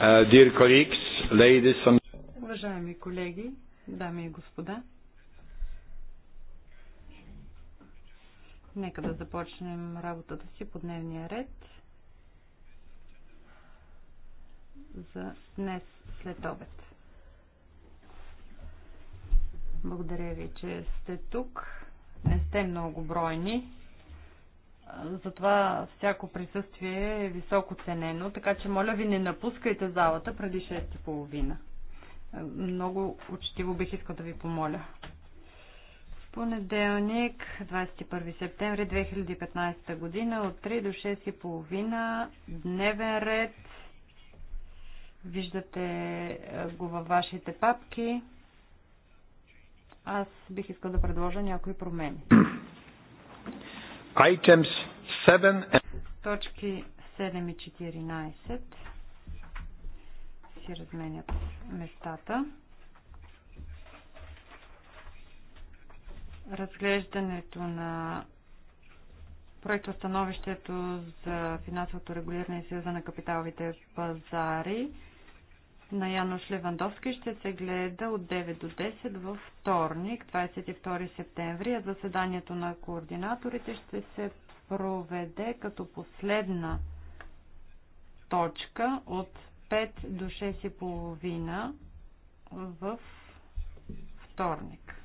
Uh, dear colleagues, ladies and... Уважаеми колеги, дами и господа, нека да започнем работата си по дневния ред за днес след обед. Благодаря ви, че сте тук. Не сте много бройни, затова всяко присъствие е високо ценено, така че моля ви не напускайте залата преди 6.30. Много учтиво бих искал да ви помоля. Понеделник, 21 септември 2015 година, от 3 до 6.30, дневен ред. Виждате го във вашите папки. Аз бих искал да предложа някои промени. Items е- Точки 7 и 14 си разменят местата. Разглеждането на проектостановището за финансовото регулиране и съюза на капиталовите пазари на Янош Левандовски ще се гледа от 9 до 10 във вторник, 22 септември, а заседанието на координаторите ще се проведе като последна точка от 5 до 6.30 в вторник.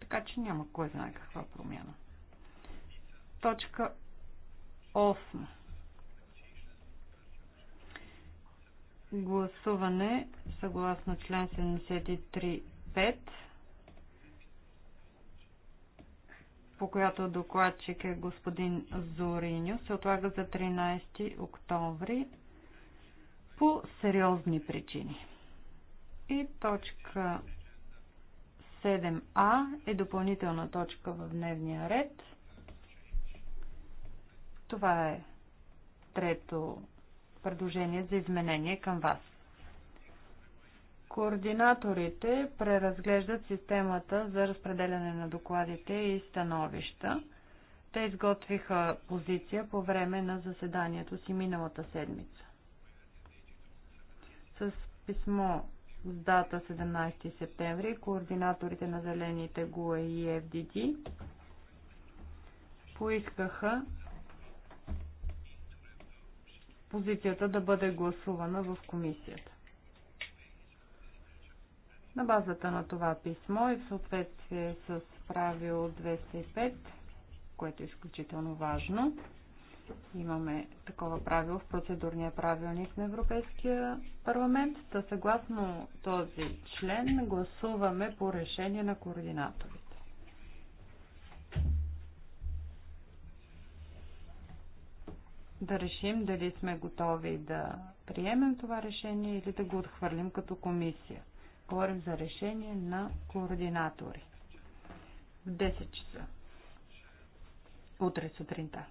Така че няма кой знае каква промяна. Точка 8. Гласуване съгласно член 73.5 по която докладчик е господин Зориньо, се отлага за 13 октомври по сериозни причини. И точка 7а е допълнителна точка в дневния ред. Това е трето предложение за изменение към вас. Координаторите преразглеждат системата за разпределяне на докладите и становища. Те изготвиха позиция по време на заседанието си миналата седмица. С писмо с дата 17 септември координаторите на зелените ГУА и ФДД поискаха позицията да бъде гласувана в комисията. На базата на това писмо и в съответствие с правило 205, което е изключително важно, имаме такова правило в процедурния правилник на Европейския парламент. да съгласно този член гласуваме по решение на координаторите. Да решим дали сме готови да приемем това решение или да го отхвърлим като комисия говорим за решение на координатори. В 10 часа. Утре сутринта.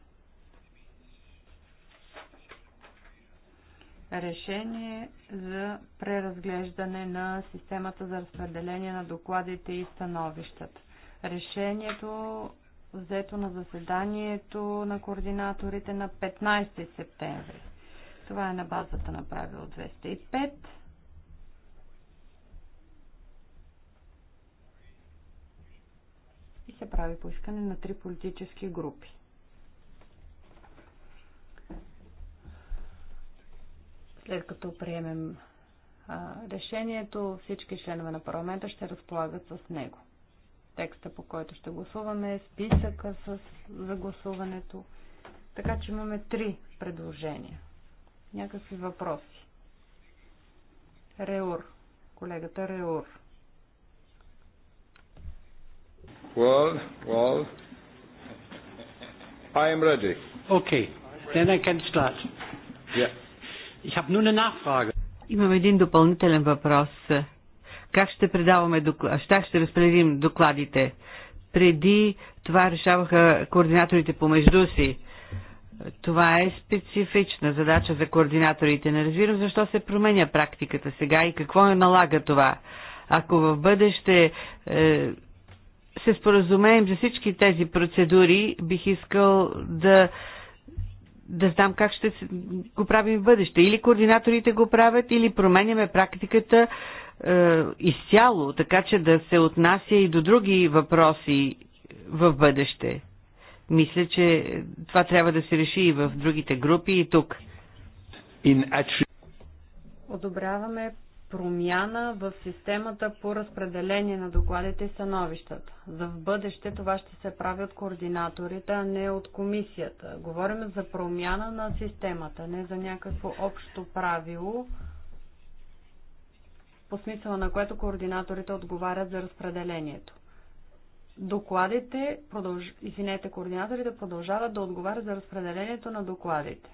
Решение за преразглеждане на системата за разпределение на докладите и становищата. Решението взето на заседанието на координаторите на 15 септември. Това е на базата на правило 205. се прави по искане на три политически групи. След като приемем решението, всички членове на парламента ще разполагат с него. Текста, по който ще гласуваме, списъка с, за гласуването. Така че имаме три предложения. Някакви въпроси. Реур. Колегата Реур. Well, well, I am ready. Okay, then I can start. Yeah. Ich habe nur eine Nachfrage. Имам един допълнителен въпрос. Как ще предаваме доклад? ще разпределим докладите? Преди това решаваха координаторите помежду си. Това е специфична задача за координаторите. Не разбирам защо се променя практиката сега и какво е налага това. Ако в бъдеще е, се споразумеем за всички тези процедури, бих искал да да знам как ще го правим в бъдеще. Или координаторите го правят, или променяме практиката е, изцяло, така че да се отнася и до други въпроси в бъдеще. Мисля, че това трябва да се реши и в другите групи, и тук. Одобряваме промяна в системата по разпределение на докладите и становищата. За в бъдеще това ще се прави от координаторите, а не от комисията. Говорим за промяна на системата, не за някакво общо правило, по смисъла на което координаторите отговарят за разпределението. Докладите, продълж... извинете, координаторите продължават да отговарят за разпределението на докладите.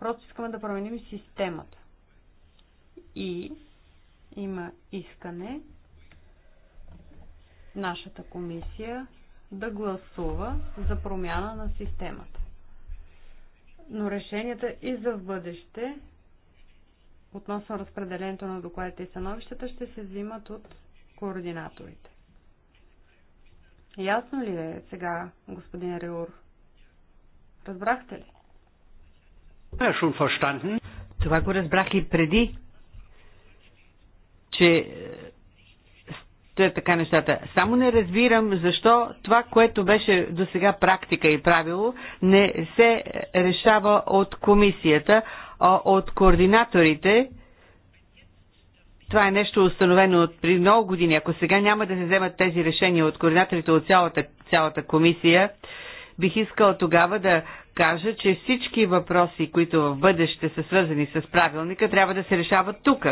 Просто искаме да променим системата и има искане нашата комисия да гласува за промяна на системата. Но решенията и за в бъдеще относно разпределението на докладите и становищата ще се взимат от координаторите. Ясно ли е сега, господин Реур? Разбрахте ли? Е, Това го разбрах и преди, че е, така нещата. Само не разбирам защо това, което беше до сега практика и правило, не се решава от комисията, а от координаторите. Това е нещо установено от при много години. Ако сега няма да се вземат тези решения от координаторите от цялата, цялата комисия, бих искал тогава да кажа, че всички въпроси, които в бъдеще са свързани с правилника, трябва да се решават тук,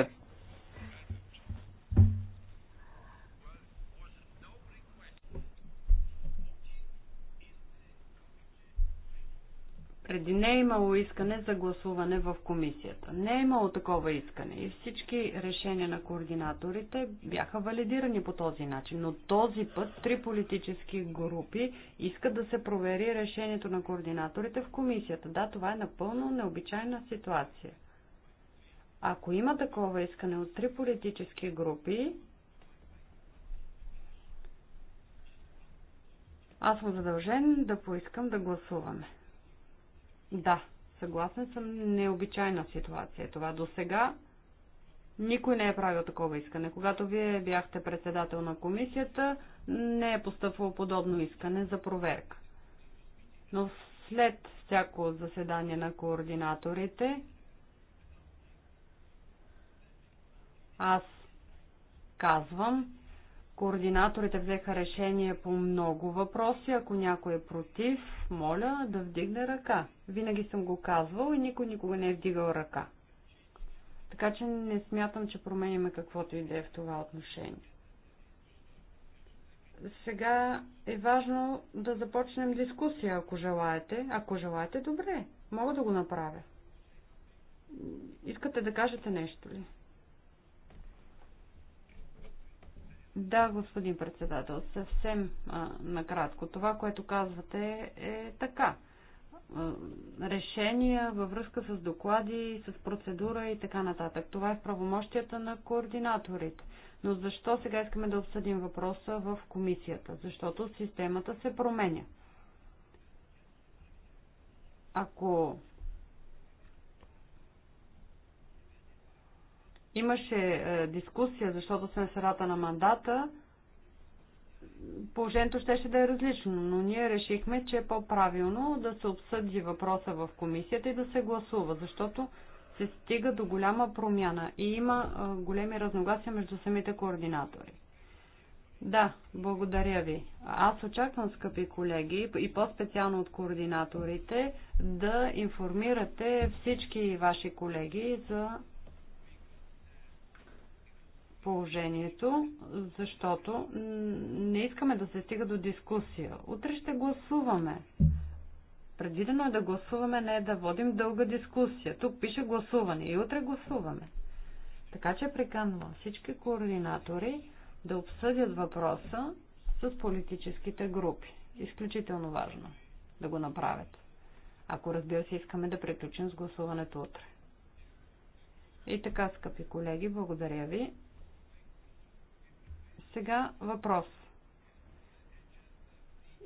преди не е имало искане за гласуване в комисията. Не е имало такова искане и всички решения на координаторите бяха валидирани по този начин, но този път три политически групи искат да се провери решението на координаторите в комисията. Да, това е напълно необичайна ситуация. Ако има такова искане от три политически групи, аз съм задължен да поискам да гласуваме. Да, съгласен съм, необичайна ситуация. Е това до сега никой не е правил такова искане. Когато вие бяхте председател на комисията, не е постъпвало подобно искане за проверка. Но след всяко заседание на координаторите, аз казвам, Координаторите взеха решение по много въпроси. Ако някой е против, моля да вдигне ръка. Винаги съм го казвал и никой никога не е вдигал ръка. Така че не смятам, че променяме каквото и да е в това отношение. Сега е важно да започнем дискусия, ако желаете. Ако желаете, добре. Мога да го направя. Искате да кажете нещо ли? Да, господин председател, съвсем а, накратко. Това, което казвате, е така. А, решения във връзка с доклади, с процедура и така нататък. Това е в правомощията на координаторите. Но защо сега искаме да обсъдим въпроса в комисията? Защото системата се променя. Ако Имаше е, дискусия, защото сме в средата на мандата. Положението щеше да е различно, но ние решихме, че е по-правилно да се обсъди въпроса в комисията и да се гласува, защото се стига до голяма промяна и има е, големи разногласия между самите координатори. Да, благодаря ви. Аз очаквам, скъпи колеги, и по-специално от координаторите, да информирате всички ваши колеги за положението, защото не искаме да се стига до дискусия. Утре ще гласуваме. Предвидено е да гласуваме, не е да водим дълга дискусия. Тук пише гласуване и утре гласуваме. Така че приканвам всички координатори да обсъдят въпроса с политическите групи. Изключително важно да го направят. Ако разбира се, искаме да приключим с гласуването утре. И така, скъпи колеги, благодаря ви. Сега въпрос.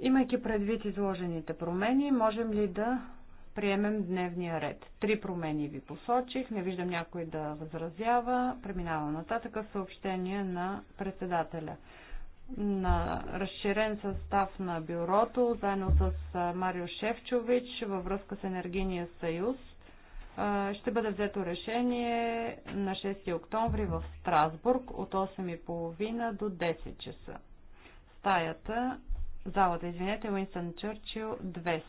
Имайки предвид изложените промени, можем ли да приемем дневния ред? Три промени ви посочих, не виждам някой да възразява. Преминавам нататък съобщение на председателя на разширен състав на бюрото, заедно с Марио Шевчович във връзка с Енергийния съюз ще бъде взето решение на 6 октомври в Страсбург от 8.30 до 10 часа. Стаята, залата, извинете, Уинстън Чърчил 200.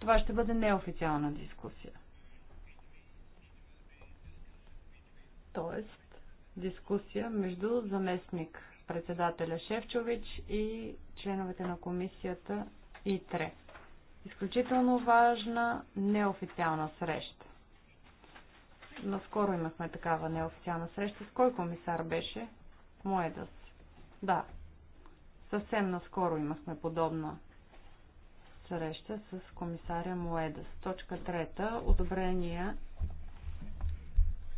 Това ще бъде неофициална дискусия. Тоест, дискусия между заместник председателя Шевчович и членовете на комисията ИТРЕ. Изключително важна неофициална среща. Наскоро имахме такава неофициална среща. С кой комисар беше? Моедас. да Да. Съвсем наскоро имахме подобна среща с комисаря Моедас. Точка трета. Одобрение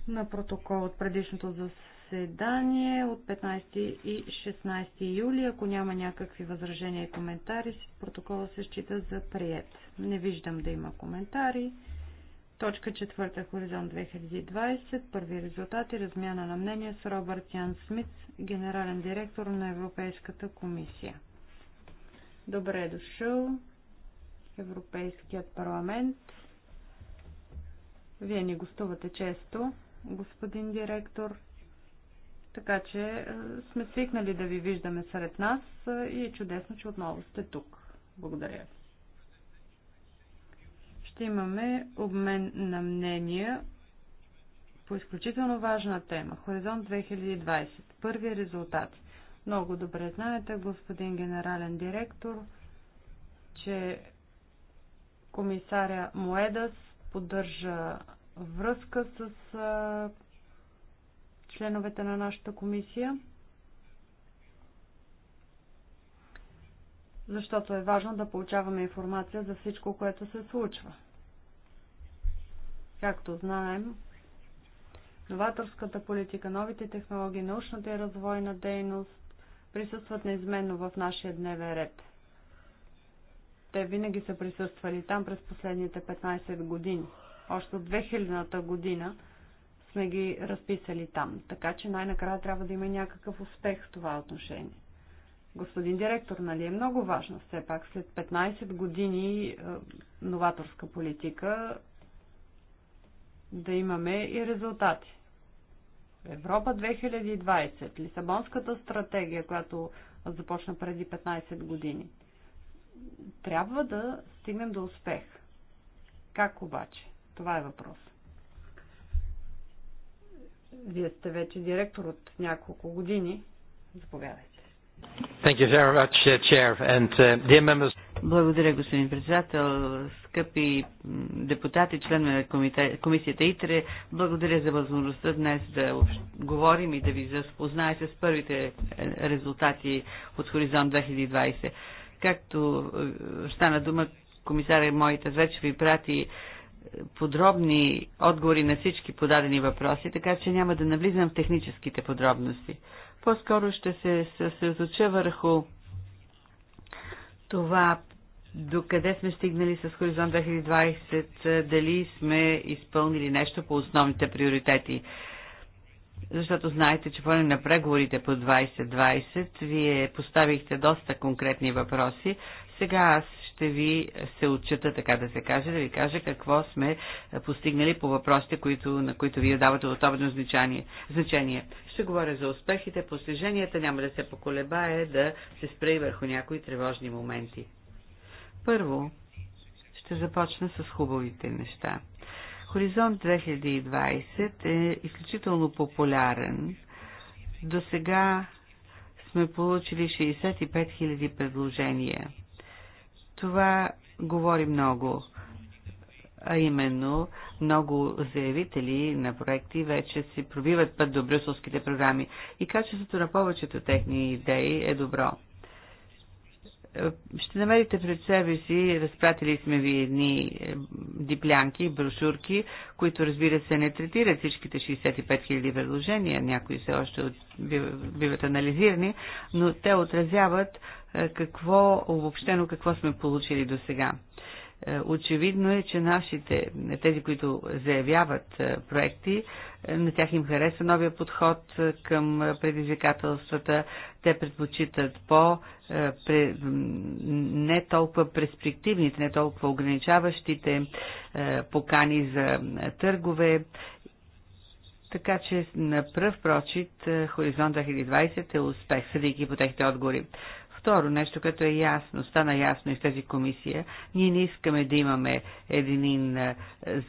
на протокол от предишното заседание заседание от 15 и 16 юли. Ако няма някакви възражения и коментари, протокола се счита за прият. Не виждам да има коментари. Точка 4 Хоризонт 2020. Първи резултати. Е размяна на мнение с Робърт Ян Смит, генерален директор на Европейската комисия. Добре е дошъл. Европейският парламент. Вие ни гостувате често, господин директор. Така че е, сме свикнали да ви виждаме сред нас е, и е чудесно, че отново сте тук. Благодаря ви. Ще имаме обмен на мнения по изключително важна тема Хоризонт 2020. Първи резултат. Много добре знаете, господин генерален директор, че комисаря Моедас поддържа връзка с е, членовете на нашата комисия, защото е важно да получаваме информация за всичко, което се случва. Както знаем, новаторската политика, новите технологии, научната и развойна дейност присъстват неизменно в нашия дневен ред. Те винаги са присъствали там през последните 15 години. Още от 2000-та година – сме ги разписали там. Така че най-накрая трябва да има някакъв успех в това отношение. Господин директор, нали е много важно все пак след 15 години е, новаторска политика да имаме и резултати. Европа 2020, Лисабонската стратегия, която започна преди 15 години. Трябва да стигнем до успех. Как обаче? Това е въпросът. Вие сте вече директор от няколко години. Заповядайте. Thank you very much, uh, Chair. And, uh, dear members... Благодаря, господин председател, скъпи депутати, членове на комите... комисията ИТРЕ. Благодаря за възможността днес да общ... говорим и да ви запознае с първите е, резултати от Хоризонт 2020. Както е, е, стана дума, комисаря моите вече ви прати подробни отговори на всички подадени въпроси, така че няма да навлизам в техническите подробности. По-скоро ще се съсредоча върху това докъде сме стигнали с Хоризонт 2020, дали сме изпълнили нещо по основните приоритети. Защото знаете, че по на преговорите по 2020 вие поставихте доста конкретни въпроси. Сега аз ще ви се отчита, така да се каже, да ви кажа какво сме постигнали по въпросите, които, на които вие давате особено значение. значение. Ще говоря за успехите, постиженията, няма да се поколебае да се спре и върху някои тревожни моменти. Първо, ще започна с хубавите неща. Хоризонт 2020 е изключително популярен. До сега сме получили 65 000 предложения. Това говори много а именно много заявители на проекти вече си пробиват път до брюсовските програми и качеството на повечето техни идеи е добро. Ще намерите пред себе си, разпратили сме ви едни е, диплянки, брошурки, които разбира се не третират всичките 65 000 предложения, някои се още биват анализирани, но те отразяват е, какво, обобщено какво сме получили до сега. Е, очевидно е, че нашите, тези, които заявяват е, проекти, на тях им хареса новия подход към предизвикателствата. Те предпочитат по не толкова перспективните, не толкова ограничаващите покани за търгове. Така че на пръв прочит Хоризонт 2020 е успех, съдейки по техните отговори. Второ, нещо, като е ясно, стана ясно и в тази комисия, ние не искаме да имаме един е,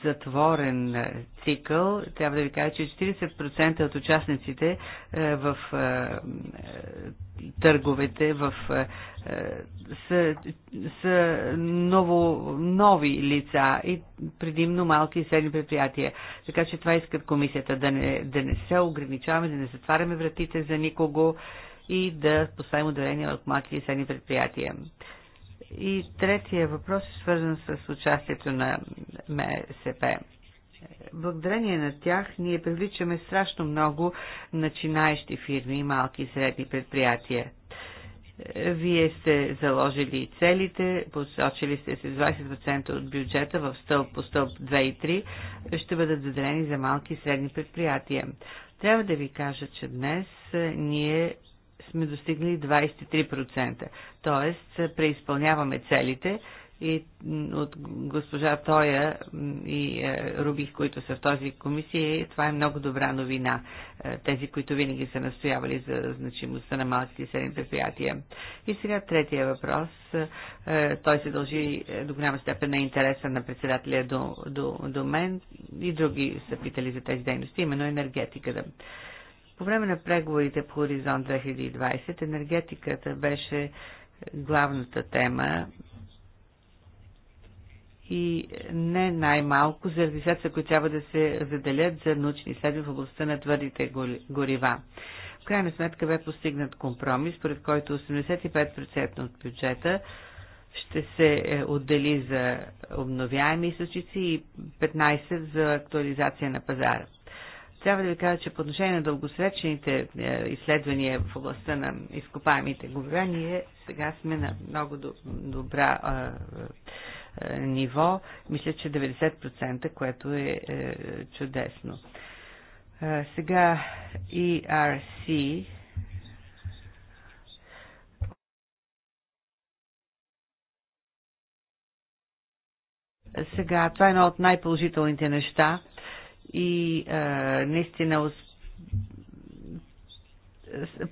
затворен е, цикъл. Трябва да ви кажа, че 40% от участниците е, в търговете в, са, са ново, нови лица и предимно малки и средни предприятия. Така че това искат комисията, да не, да не се ограничаваме, да не затваряме вратите за никого и да поставим ударение от малки и средни предприятия. И третия въпрос е свързан с участието на МСП. Благодарение на тях ние привличаме страшно много начинаещи фирми, малки и средни предприятия. Вие сте заложили целите, посочили сте с 20% от бюджета в стълб по стълб 2 и 3, ще бъдат заделени за малки и средни предприятия. Трябва да ви кажа, че днес е, ние сме достигнали 23%. Тоест, преизпълняваме целите и от госпожа Тоя и е, Рубих, които са в този комисия, това е много добра новина. Е, тези, които винаги са настоявали за значимостта на малките и средни предприятия. И сега третия въпрос. Е, той се дължи до голяма степен на интереса на председателя до, до, до мен и други са питали за тези дейности, именно енергетиката. Да по време на преговорите по Хоризонт 2020 енергетиката беше главната тема и не най-малко заради средства, които трябва да се заделят за научни изследвания в областта на твърдите горива. В крайна сметка бе постигнат компромис, според който 85% от бюджета ще се е, отдели за обновяеми източници и 15% за актуализация на пазара. Трябва да ви кажа, че по отношение на дългосречните е, изследвания в областта на изкопаемите горива, ние сега сме на много добра а, а, ниво. Мисля, че 90%, което е, е чудесно. А, сега ERC, Сега, това е едно от най-положителните неща и а, наистина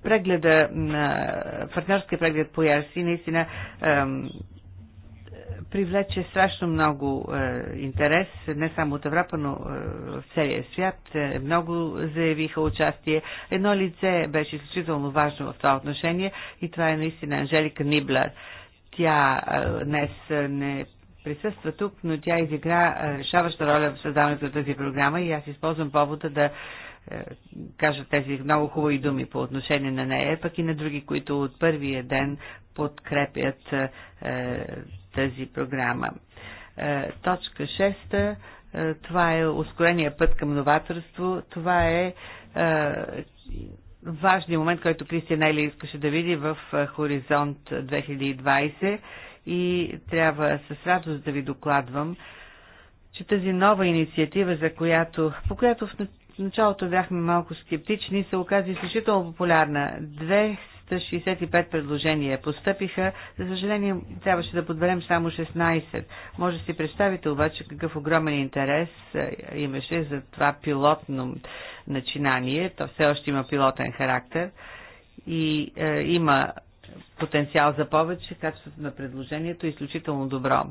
прегледа на партньорския преглед по ЯРСИ наистина а, привлече страшно много а, интерес, не само от Европа, но а, в целия свят. А, е, много заявиха участие. Едно лице беше изключително важно в това отношение и това е наистина Анжелика Нибла. Тя днес не присъства тук, но тя изигра решаваща роля в създаването на тази програма и аз използвам повода да е, кажа тези много хубави думи по отношение на нея, пък и на други, които от първия ден подкрепят е, тази програма. Е, точка 6. това е ускорения път към новаторство. Това е, е важният момент, който Кристиан Ели искаше да види в Хоризонт 2020 и трябва с радост да ви докладвам, че тази нова инициатива, за която, по която в началото бяхме малко скептични, се оказа изключително популярна. 265 предложения постъпиха. За съжаление, трябваше да подберем само 16. Може да си представите обаче какъв огромен интерес е, имаше за това пилотно начинание. То все още има пилотен характер и е, има потенциал за повече, качеството на предложението е изключително добро.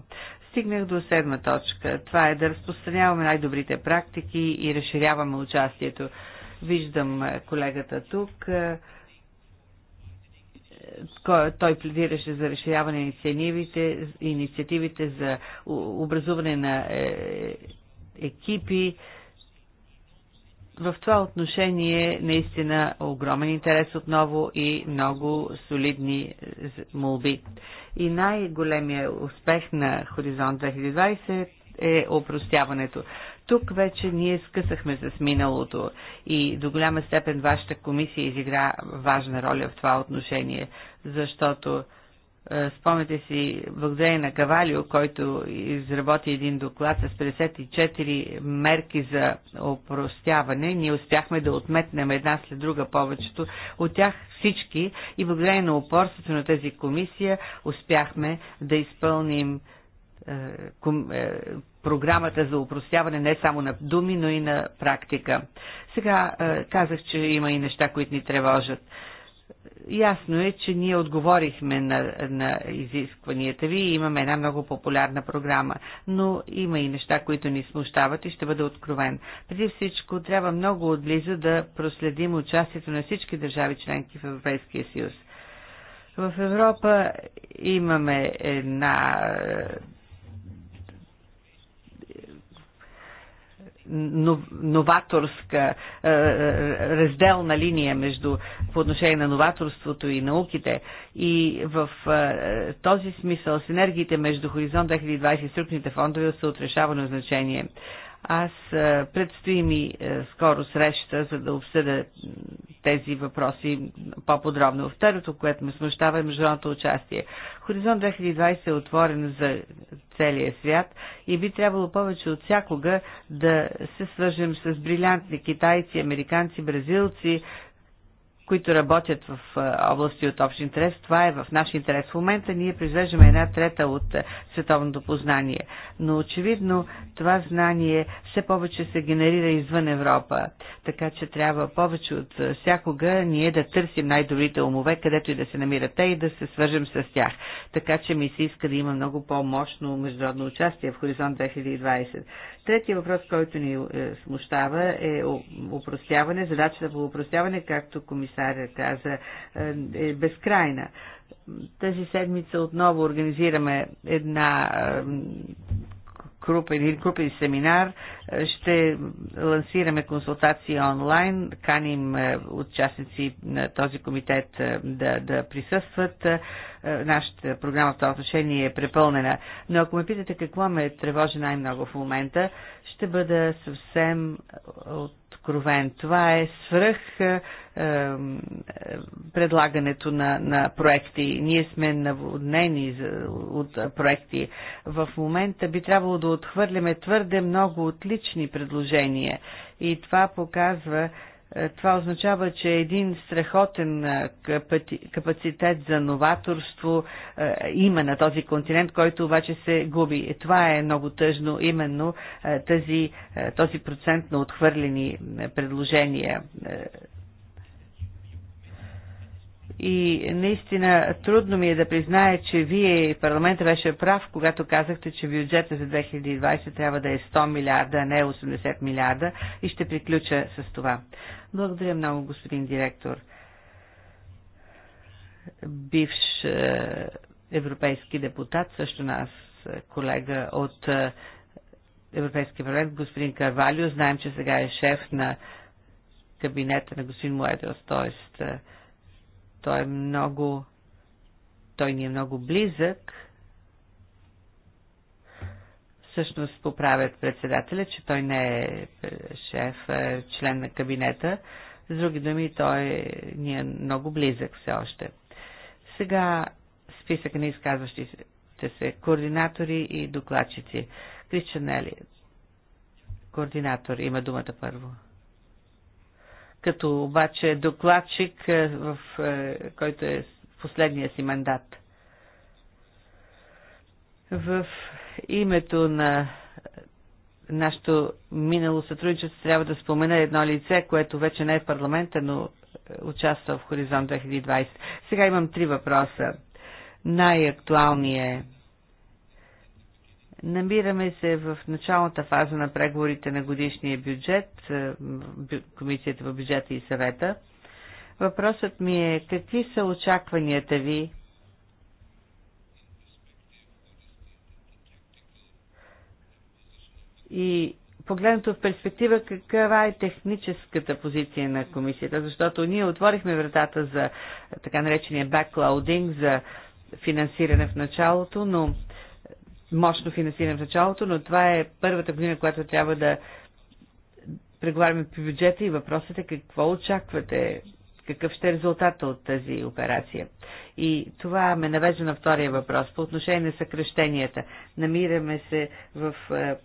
Стигнах до седма точка. Това е да разпространяваме най-добрите практики и разширяваме участието. Виждам е, колегата тук. Е, той пледираше за разширяване инициативите, инициативите за образуване на е, екипи в това отношение наистина огромен интерес отново и много солидни е, молби. И най-големия успех на Хоризонт 2020 е опростяването. Тук вече ние скъсахме с миналото и до голяма степен вашата комисия изигра важна роля в това отношение, защото е, спомняте си, благодарение на Кавалио, който изработи един доклад с 54 мерки за опростяване, ние успяхме да отметнем една след друга повечето от тях всички и благодарение на упорството на тази комисия успяхме да изпълним е, е, програмата за упростяване не само на думи, но и на практика. Сега казах, че има и неща, които ни тревожат. Ясно е, че ние отговорихме на, на изискванията ви и имаме една много популярна програма, но има и неща, които ни смущават и ще бъда откровен. Преди всичко трябва много отблизо да проследим участието на всички държави членки в Европейския съюз. В Европа имаме една новаторска е, е, разделна линия между по отношение на новаторството и науките. И в е, този смисъл синергиите между Хоризонт 2020 и структурните фондове са от значение. Аз е, предстои ми е, скоро среща, за да обсъда тези въпроси по-подробно. Второто, което ме смущава е международното участие. Хоризонт 2020 е отворен за целия свят и би трябвало повече от всякога да се свържем с брилянтни китайци, американци, бразилци, които работят в области от общ интерес. Това е в наш интерес. В момента ние произвеждаме една трета от световното познание. Но очевидно това знание все повече се генерира извън Европа. Така че трябва повече от всякога ние да търсим най-добрите умове, където и да се намират те и да се свържем с тях. Така че ми се иска да има много по-мощно международно участие в Хоризонт 2020. Третия въпрос, който ни е, смущава е упростяване. Задачата по упростяване, както комисаря каза, е, е безкрайна. Тази седмица отново организираме една е, крупен или крупен семинар. Ще лансираме консултации онлайн. Каним участници на този комитет да, да присъстват. Е, нашата програма в това отношение е препълнена. Но ако ме питате какво ме тревожи най-много в момента, ще бъда съвсем откровен. Това е свръх е, е предлагането на, на проекти. Ние сме наводнени за, от проекти. В момента би трябвало да отхвърляме твърде много отлични предложения. И това показва, е, това означава, че един страхотен е, капацитет за новаторство е, има на този континент, който обаче се губи. Това е много тъжно, именно тази, този процент на отхвърлени предложения и наистина трудно ми е да призная, че вие и парламента беше прав, когато казахте, че бюджета за 2020 трябва да е 100 милиарда, а не 80 милиарда и ще приключа с това. Благодаря много, господин директор. Бивш е, европейски депутат, също нас е, колега от е, Европейския парламент, господин Карвалио. Знаем, че сега е шеф на кабинета на господин Муедос, т.е той е много... Той ни е много близък. Всъщност поправят председателя, че той не е, е шеф, е член на кабинета. С други думи, той ни е много близък все още. Сега списък на изказващите се координатори и докладчици. Кричанели, координатор, има думата първо като обаче докладчик, е, в, е, който е последния си мандат. В името на нашето минало сътрудничество трябва да спомена едно лице, което вече не е в парламента, но е, участва в Хоризонт 2020. Сега имам три въпроса. Най-актуалният е Намираме се в началната фаза на преговорите на годишния бюджет, е, Комисията в бюджета и съвета. Въпросът ми е какви са очакванията ви и погледнато в перспектива, каква е техническата позиция на комисията, защото ние отворихме вратата за е, така наречения баклаудинг, за финансиране в началото, но мощно финансиране в началото, но това е първата година, която трябва да преговаряме по бюджета и въпросът е какво очаквате, какъв ще е резултата от тази операция. И това ме навежда на втория въпрос. По отношение на съкрещенията. Намираме се в е,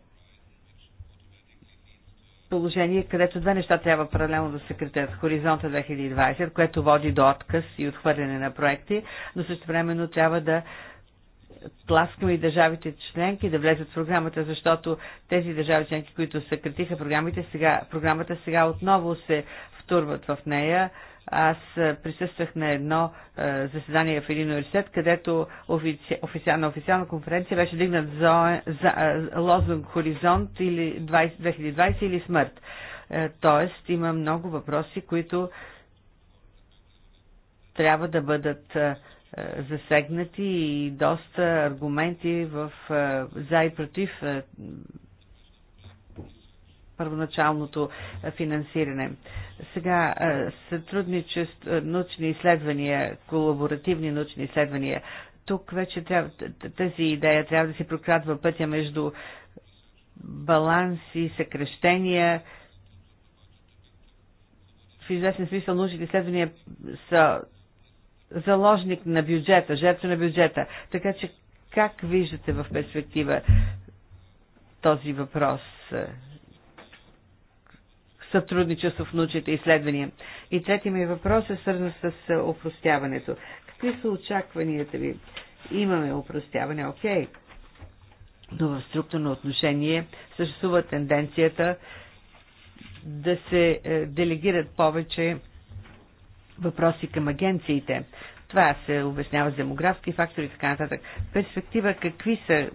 положение, където две неща трябва паралелно да се кретят. Хоризонта 2020, което води до отказ и отхвърляне на проекти, но също времено трябва да тласкаме и държавите членки да влезат в програмата, защото тези държави членки, които съкратиха програмите, сега, програмата сега отново се втурват в нея. Аз присъствах на едно е, заседание в един университет, където офици, офици, на официална конференция беше дигнат за, за, е, лозунг Хоризонт или 20, 2020 или смърт. Е, тоест има много въпроси, които трябва да бъдат е, е, засегнати и доста аргументи в, е, за и против е, първоначалното финансиране. Сега сътрудничество, научни изследвания, колаборативни научни изследвания. Тук вече трябва, тази идея трябва да се прокрадва пътя между баланси, съкрещения. В известен смисъл научните изследвания са заложник на бюджета, жертва на бюджета. Така че как виждате в перспектива този въпрос? Сътрудничество в научните изследвания. И третия ми въпрос е свързан с е, опростяването. Какви са очакванията ви? Имаме опростяване, окей. Okay. Но в структурно отношение съществува тенденцията да се е, делегират повече въпроси към агенциите. Това се обяснява с демографски фактори и така нататък. Перспектива какви са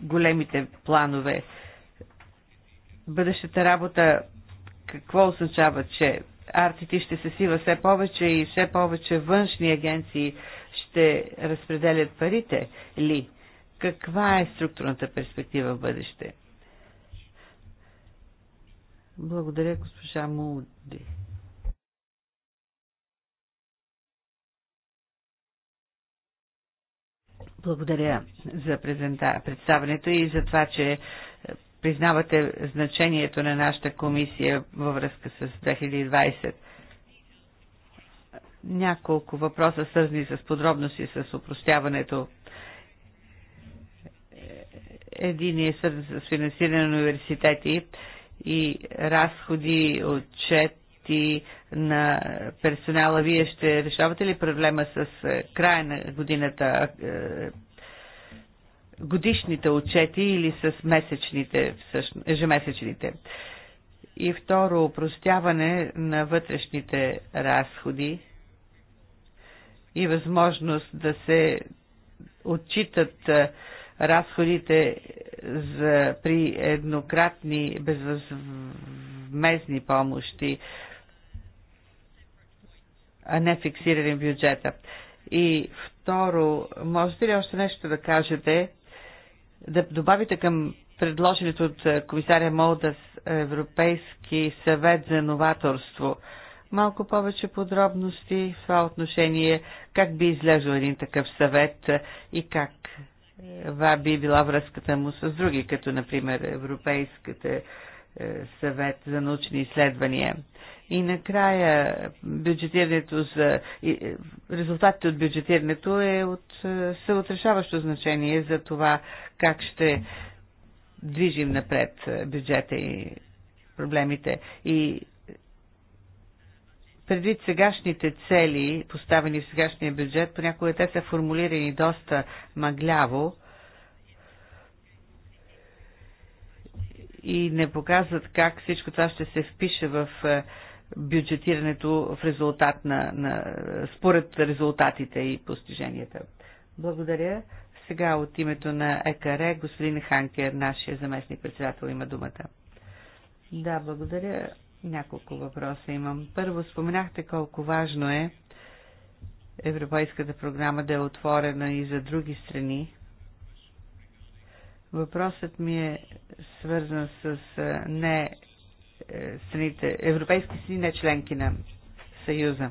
големите планове? Бъдещата работа какво означава, че артити ще се сива все повече и все повече външни агенции ще разпределят парите ли? Каква е структурната перспектива в бъдеще? Благодаря, госпожа Молди. Благодаря за представането и за това, че е, признавате значението на нашата комисия във връзка с 2020. Няколко въпроса свързани с подробности с упростяването. Един е свързан с финансиране на университети и разходи, отчет дейности на персонала. Вие ще решавате ли проблема с е, края на годината, е, годишните отчети или с месечните, всъщност, ежемесечните? И второ, упростяване на вътрешните разходи и възможност да се отчитат е, разходите за, при еднократни безвъзмезни помощи а не фиксиране бюджета. И второ, можете ли още нещо да кажете, да добавите към предложението от е, комисаря Молдас Европейски съвет за новаторство? Малко повече подробности в това отношение, как би излезъл един такъв съвет е, и как това е, би била връзката му с други, като например Европейската съвет за научни изследвания. И накрая бюджетирането за... Е, резултатите от бюджетирането е от, е, са от решаващо значение за това как ще движим напред е, бюджета и проблемите. И предвид сегашните цели, поставени в сегашния бюджет, понякога те са формулирани доста мъгляво и не показват как всичко това ще се впише в бюджетирането в резултат на, на, според резултатите и постиженията. Благодаря. Сега от името на ЕКР господин Ханкер, нашия заместник председател, има думата. Да, благодаря. Няколко въпроса имам. Първо, споменахте колко важно е Европейската програма да е отворена и за други страни. Въпросът ми е свързан с е, не е, страните, европейски страни, не членки на Съюза.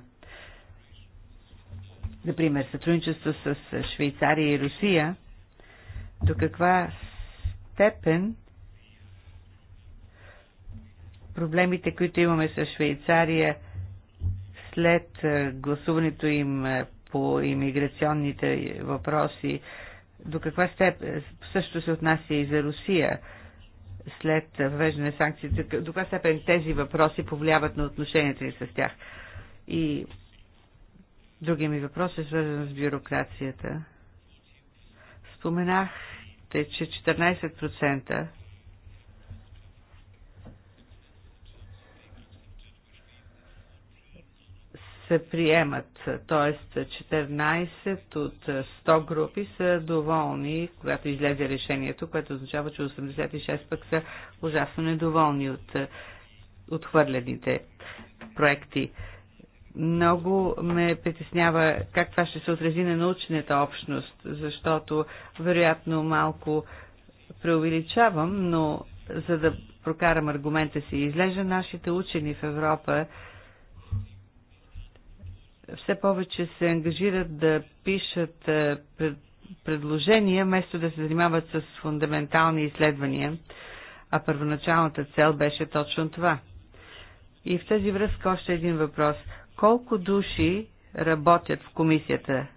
Например, сътрудничество с Швейцария и Русия, до каква степен проблемите, които имаме с Швейцария след е, гласуването им е, по иммиграционните въпроси, до каква степен също се отнася и за Русия след въвеждане санкциите, до каква степен тези въпроси повлияват на отношенията ни с тях. И другия ми въпрос е свързан с бюрокрацията. Споменахте, че 14% се приемат, т.е. 14 от 100 групи са доволни, когато излезе решението, което означава, че 86 пък са ужасно недоволни от е, отхвърлените проекти. Много ме притеснява как това ще се отрази на научната общност, защото вероятно малко преувеличавам, но за да прокарам аргумента си, излежа нашите учени в Европа все повече се ангажират да пишат е, предложения, вместо да се занимават с фундаментални изследвания, а първоначалната цел беше точно това. И в тази връзка още един въпрос. Колко души работят в комисията,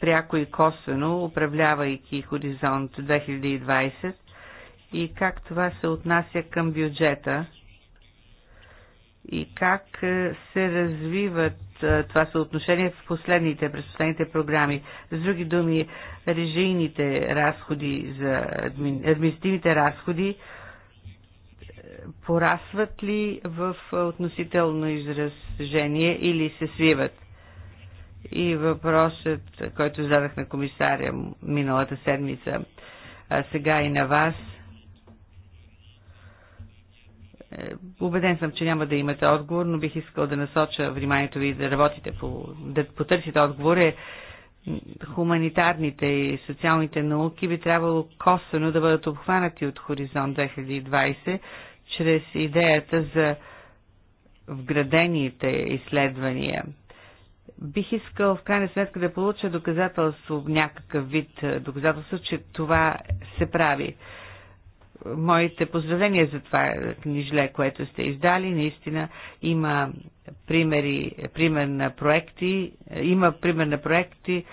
пряко и косвено, управлявайки Хоризонт 2020 и как това се отнася към бюджета и как е, се развиват това съотношение в последните, през последните програми. С други думи, режийните разходи за административните разходи порасват ли в относително изражение или се свиват? И въпросът, който задах на комисаря миналата седмица, а сега и на вас – е, убеден съм, че няма да имате отговор, но бих искал да насоча вниманието ви да работите по, да потърсите отговор е хуманитарните и социалните науки би трябвало косвено да бъдат обхванати от Хоризонт 2020 чрез идеята за вградените изследвания. Бих искал в крайна сметка да получа доказателство, някакъв вид доказателство, че това се прави моите поздравления за това книжле, което сте издали. Наистина има примери, пример на проекти, има пример на проекти,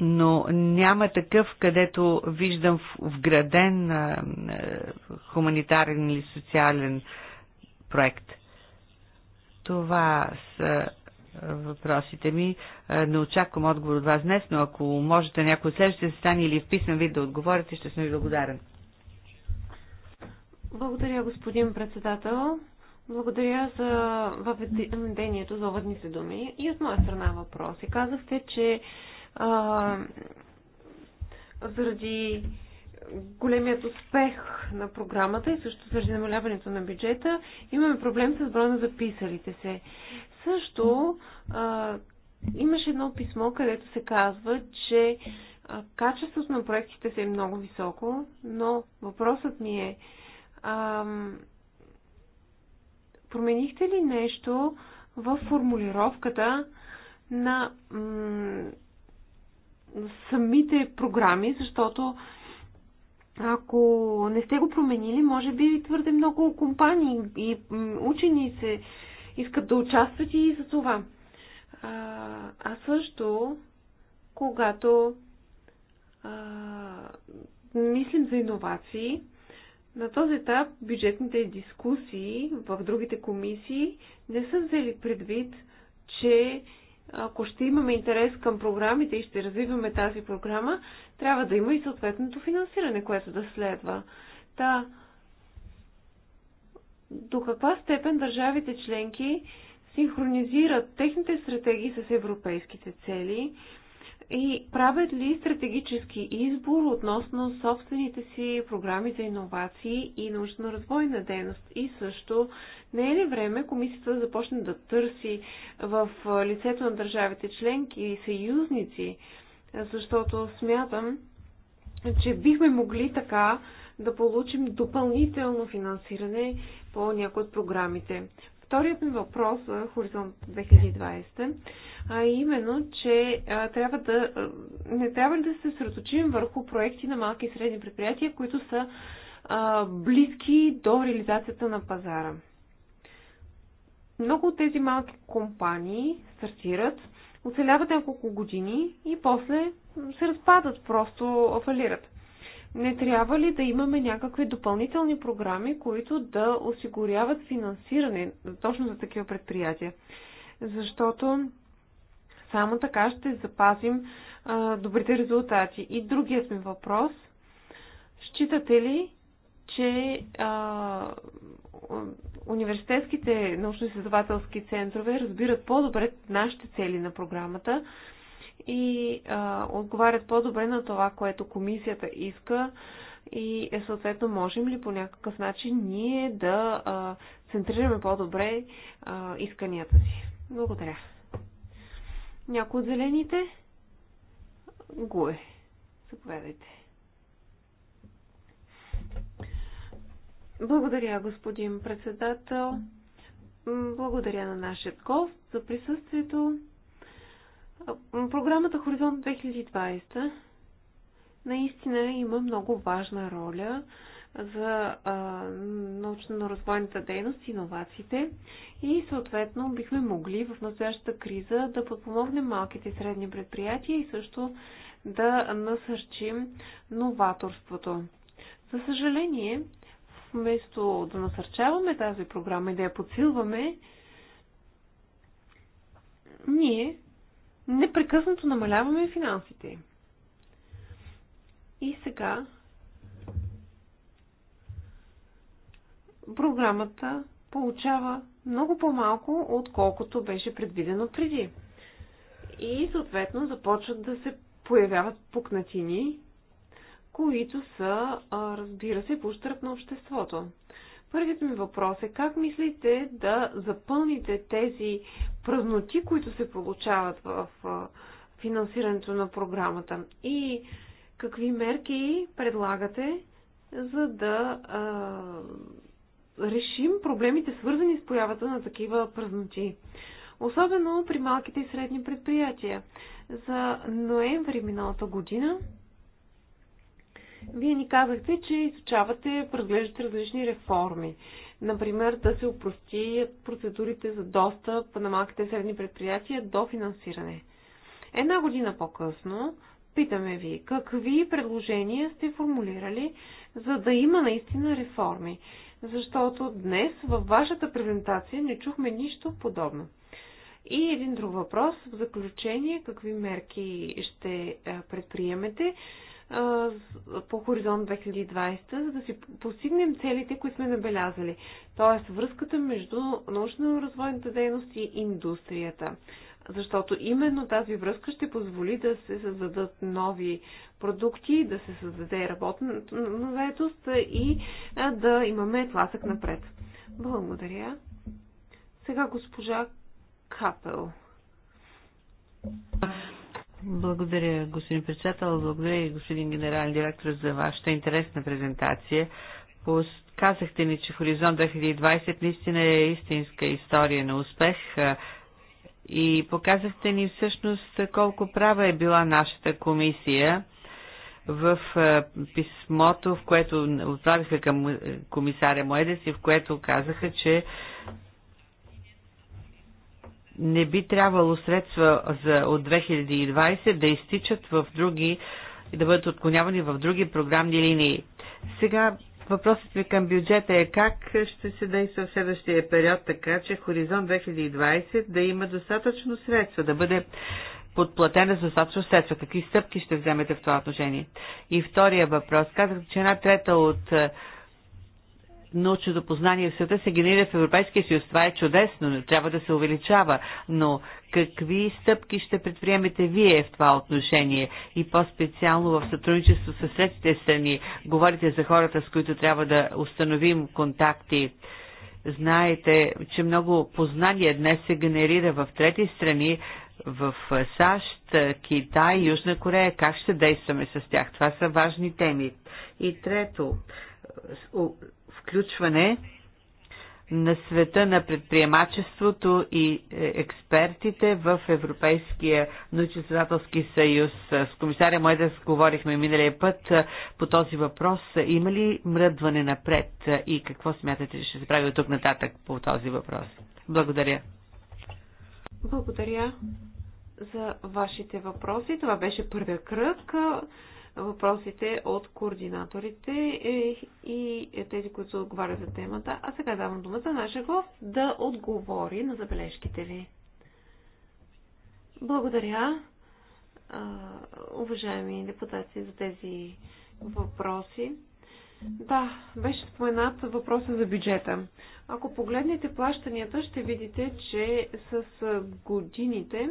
но няма такъв, където виждам вграден хуманитарен или социален проект. Това са въпросите ми. Е, не очаквам отговор от вас днес, но ако можете някой следващите стане или в писан вид да отговорите, ще съм ви благодарен. Благодаря, господин председател. Благодаря за въведението, за се думи. И от моя страна въпроси. Казахте, че а, заради големият успех на програмата и също заради намаляването на бюджета, имаме проблем с броя на записалите се. Също а, имаше едно писмо, където се казва, че а, качеството на проектите се е много високо, но въпросът ми е, а, променихте ли нещо в формулировката на самите програми, защото ако не сте го променили, може би твърде много компании и учени се искат да участват и за това. А, а също, когато а, мислим за иновации, на този етап бюджетните дискусии в другите комисии не са взели предвид, че ако ще имаме интерес към програмите и ще развиваме тази програма, трябва да има и съответното финансиране, което да следва. Та, да, до каква степен държавите членки синхронизират техните стратегии с европейските цели и правят ли стратегически избор относно собствените си програми за иновации и научно-развойна дейност? И също, не е ли време комисията да започне да търси в лицето на държавите членки и съюзници, защото смятам, че бихме могли така да получим допълнително финансиране по някои от програмите. Вторият ми въпрос за е, Хоризонт 2020, а именно, че а, трябва да, не трябва ли да се съсредоточим върху проекти на малки и средни предприятия, които са а, близки до реализацията на пазара. Много от тези малки компании стартират, оцеляват няколко години и после се разпадат, просто фалират. Не трябва ли да имаме някакви допълнителни програми, които да осигуряват финансиране точно за такива предприятия? Защото само така ще запазим а, добрите резултати. И другият ми въпрос. Считате ли, че а, университетските научно-изследователски центрове разбират по-добре нашите цели на програмата и а, отговарят по-добре на това, което комисията иска и е, съответно можем ли по някакъв начин ние да а, центрираме по-добре исканията си. Благодаря. Някои от зелените? Гуе. Заповядайте. Благодаря, господин председател. Благодаря на нашия гост за присъствието програмата Хоризонт 2020 наистина има много важна роля за научно-развойната дейност, иновациите и съответно бихме могли в настоящата криза да подпомогнем малките и средни предприятия и също да насърчим новаторството. За съжаление, вместо да насърчаваме тази програма и да я подсилваме, ние непрекъснато намаляваме финансите. И сега програмата получава много по-малко, отколкото беше предвидено преди. И съответно започват да се появяват пукнатини, които са, разбира се, пущърп на обществото. Първият ми въпрос е как мислите да запълните тези празноти, които се получават в финансирането на програмата и какви мерки предлагате, за да а, решим проблемите, свързани с появата на такива празноти. Особено при малките и средни предприятия. За ноември миналата година вие ни казахте, че изучавате, разглеждате различни реформи. Например, да се упростият процедурите за достъп на малките и средни предприятия до финансиране. Една година по-късно питаме ви какви предложения сте формулирали, за да има наистина реформи. Защото днес във вашата презентация не чухме нищо подобно. И един друг въпрос. В заключение, какви мерки ще е, предприемете, по хоризонт 2020, за да си постигнем целите, които сме набелязали. Тоест връзката между научно-развойната дейност и индустрията. Защото именно тази връзка ще позволи да се създадат нови продукти, да се създаде работна заедост и да имаме тласък напред. Благодаря. Сега госпожа Капел. Uh, благодаря, господин председател. Благодаря и господин генерален директор за вашата интересна презентация. Казахте ни, че Хоризонт 2020 наистина е истинска история на успех и показахте ни всъщност колко права е била нашата комисия в писмото, в което отправиха към комисаря Моедес и в което казаха, че не би трябвало средства за, от 2020 да изтичат в други и да бъдат отклонявани в други програмни линии. Сега въпросът ми към бюджета е как ще се действа в следващия период, така че Хоризонт 2020 да има достатъчно средства, да бъде подплатена с достатъчно средства. Какви стъпки ще вземете в това отношение? И втория въпрос. Казах, че една трета от научното познание в света се генерира в Европейския съюз. Това е чудесно, но трябва да се увеличава. Но какви стъпки ще предприемете вие в това отношение и по-специално в сътрудничество с съседите страни? Говорите за хората, с които трябва да установим контакти. Знаете, че много познание днес се генерира в трети страни, в САЩ, Китай, Южна Корея. Как ще действаме с тях? Това са важни теми. И трето, включване на света на предприемачеството и е, експертите в Европейския научно-изследователски съюз. С комисаря Моедес говорихме миналия път е, по този въпрос. Има ли мръдване напред и какво смятате, че ще се прави от тук нататък по този въпрос? Благодаря. Благодаря за вашите въпроси. Това беше първия кръг въпросите от координаторите е, и тези, които отговарят за темата. А сега давам думата на нашия гост да отговори на забележките ви. Благодаря, уважаеми депутати, за тези въпроси. Да, беше споменат въпроса за бюджета. Ако погледнете плащанията, ще видите, че с годините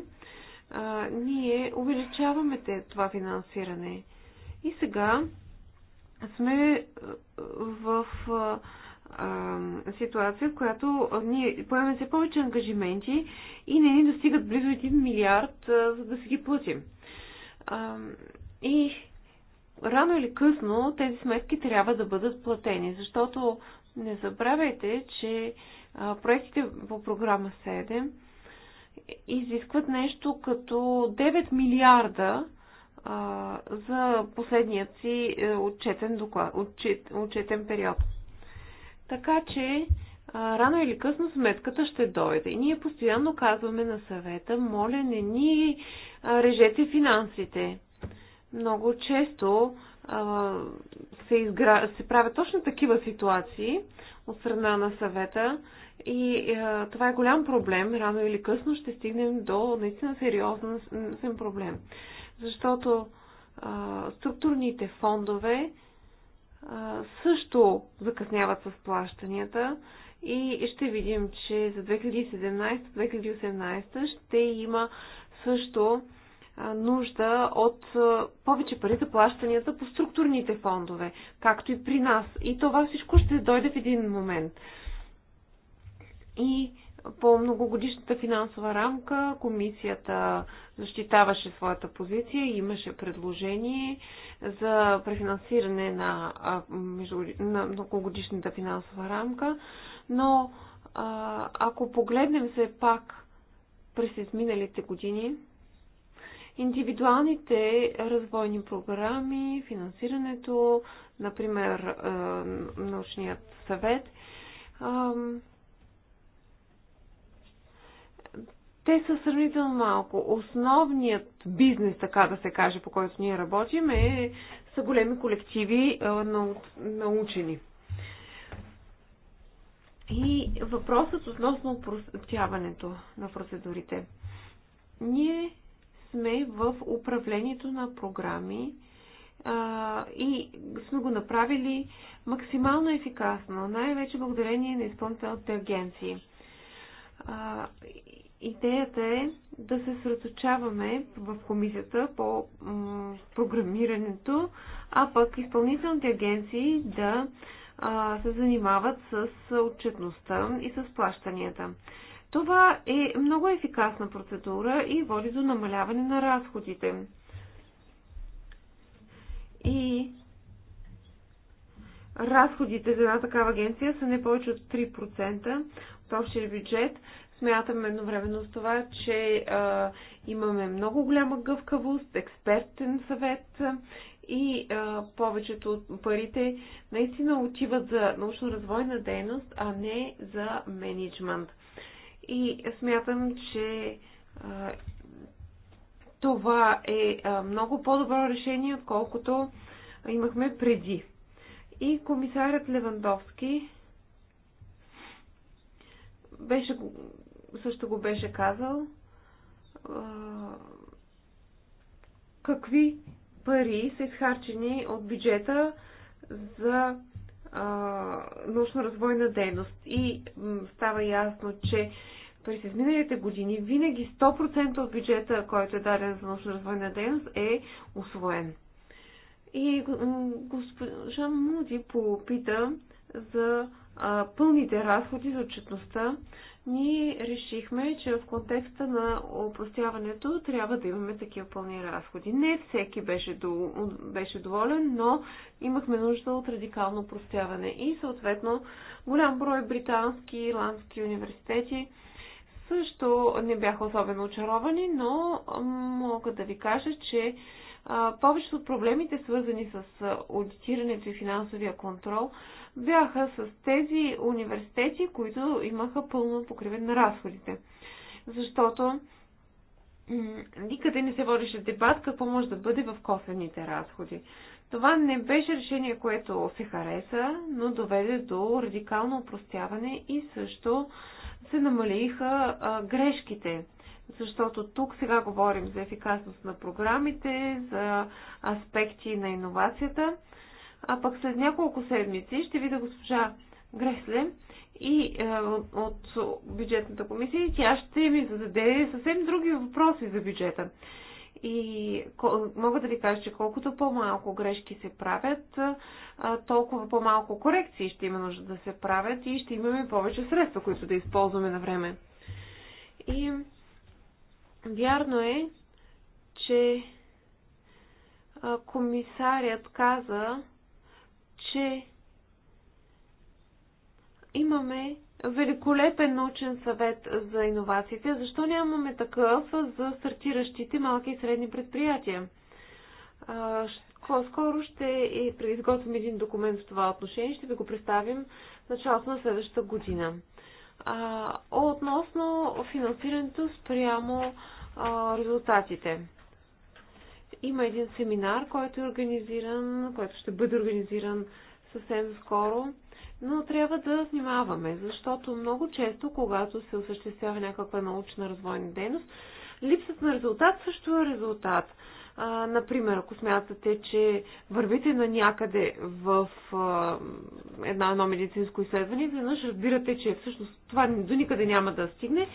а, ние увеличаваме това финансиране. И сега сме е, в е, е, ситуация, в която ние поемаме все повече ангажименти и не ни достигат близо 1 милиард, за да си ги платим. И рано или късно тези сметки трябва да бъдат платени, защото не забравяйте, че проектите по програма 7 изискват нещо като 9 милиарда за последният си е, отчетен, доклад, отчет, отчетен период. Така че рано или късно сметката ще дойде. И ние постоянно казваме на съвета, моля не ни режете финансите. Много често се, изгра... се правят точно такива ситуации от страна на съвета и е, това е голям проблем. Рано или късно ще стигнем до наистина сериозен проблем защото а, структурните фондове а, също закъсняват с плащанията и ще видим, че за 2017-2018 ще има също нужда от повече пари за плащанията по структурните фондове, както и при нас. И това всичко ще дойде в един момент. И по многогодишната финансова рамка комисията защитаваше своята позиция и имаше предложение за префинансиране на, на многогодишната финансова рамка, но ако погледнем се пак през изминалите години, индивидуалните развойни програми, финансирането, например научният съвет, те са сравнително малко. Основният бизнес, така да се каже, по който ние работим, е, са големи колективи е, на, на учени. И въпросът относно упростяването на процедурите. Ние сме в управлението на програми а, и сме го направили максимално ефикасно, най-вече благодарение на изпълнителните агенции. А, Идеята е да се сръточаваме в комисията по програмирането, а пък изпълнителните агенции да се занимават с отчетността и с плащанията. Това е много ефикасна процедура и води до намаляване на разходите. И разходите за една такава агенция са не повече от 3% от общия бюджет, Смятам едновременно с това, че а, имаме много голяма гъвкавост, експертен съвет и а, повечето от парите наистина отиват за научно-развойна дейност, а не за менеджмент. И смятам, че а, това е а, много по-добро решение, отколкото имахме преди. И комисарят Левандовски беше също го беше казал. Какви пари са изхарчени от бюджета за научно-развойна дейност? И става ясно, че през изминалите години винаги 100% от бюджета, който е даден за научно-развойна дейност, е освоен. И госпожа Муди попита за а, пълните разходи за отчетността ние решихме, че в контекста на опростяването трябва да имаме такива пълни разходи. Не всеки беше, до, беше доволен, но имахме нужда от радикално опростяване. И съответно голям брой британски и ирландски университети също не бяха особено очаровани, но мога да ви кажа, че повечето от проблемите, свързани с аудитирането и финансовия контрол, бяха с тези университети, които имаха пълно покриване на разходите. Защото никъде не се водеше дебат какво може да бъде в косвените разходи. Това не беше решение, което се хареса, но доведе до радикално упростяване и също се намалиха а, грешките. Защото тук сега говорим за ефикасност на програмите, за аспекти на иновацията а пък след няколко седмици ще видя госпожа Гресле и е, от бюджетната комисия и тя ще ми зададе съвсем други въпроси за бюджета. И мога да ви кажа, че колкото по-малко грешки се правят, е, толкова по-малко корекции ще има нужда да се правят и ще имаме повече средства, които да използваме на време. И вярно е, че е, комисарят каза, че имаме великолепен научен съвет за иновациите. Защо нямаме такъв за стартиращите малки и средни предприятия? Скоро ще изготвим един документ в това отношение и ще ви го представим в началото на следващата година. Относно финансирането спрямо резултатите. Има един семинар, който е организиран, който ще бъде организиран съвсем скоро, но трябва да внимаваме, защото много често, когато се осъществява някаква научна развойна дейност, липсът на резултат също е резултат. А, например, ако смятате, че вървите на някъде в а, една, едно медицинско изследване, веднъж разбирате, че всъщност това до никъде няма да стигне,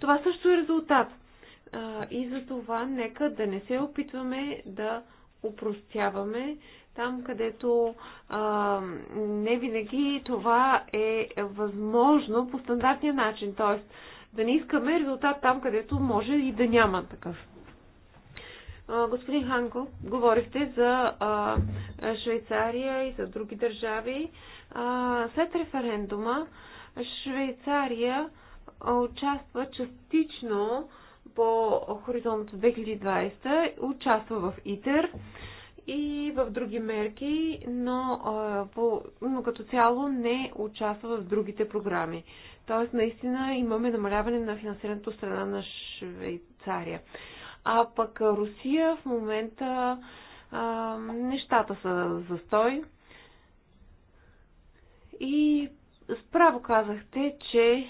това също е резултат. А, и за това нека да не се опитваме да упростяваме там, където а, не винаги това е възможно по стандартния начин. Т.е. да не искаме резултат там, където може и да няма такъв. А, господин Ханко, говорихте за а, Швейцария и за други държави. А, след референдума Швейцария участва частично по Хоризонт 2020 участва в ИТЕР и в други мерки, но, но като цяло не участва в другите програми. Тоест, наистина имаме намаляване на финансирането страна на Швейцария. А пък Русия в момента а, нещата са застой. И справо казахте, че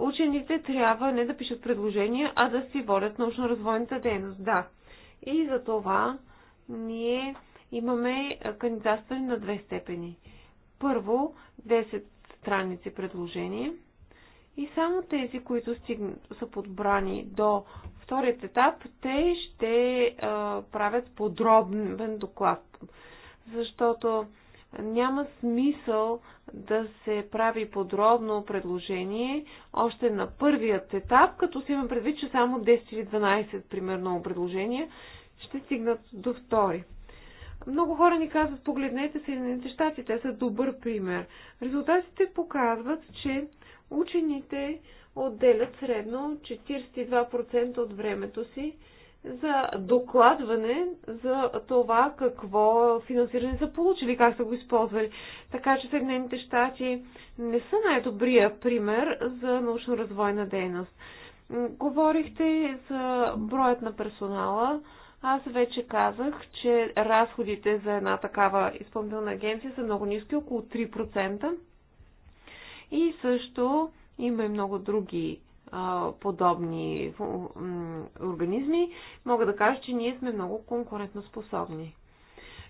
учените трябва не да пишат предложения, а да си водят научно-развойната дейност. Да. И за това ние имаме кандидатстване на две степени. Първо, 10 страници предложения и само тези, които са подбрани до вторият етап, те ще а, правят подробен доклад. Защото няма смисъл да се прави подробно предложение още на първият етап, като си има предвид, че само 10 или 12 примерно предложения ще стигнат до втори. Много хора ни казват, погледнете се на щати, те са добър пример. Резултатите показват, че учените отделят средно 42% от времето си за докладване за това какво финансиране са получили, как са го използвали. Така че Съединените щати не са най-добрия пример за научно-развойна дейност. Говорихте за броят на персонала. Аз вече казах, че разходите за една такава изпълнителна агенция са много ниски, около 3%. И също има и много други подобни организми, мога да кажа, че ние сме много конкурентоспособни.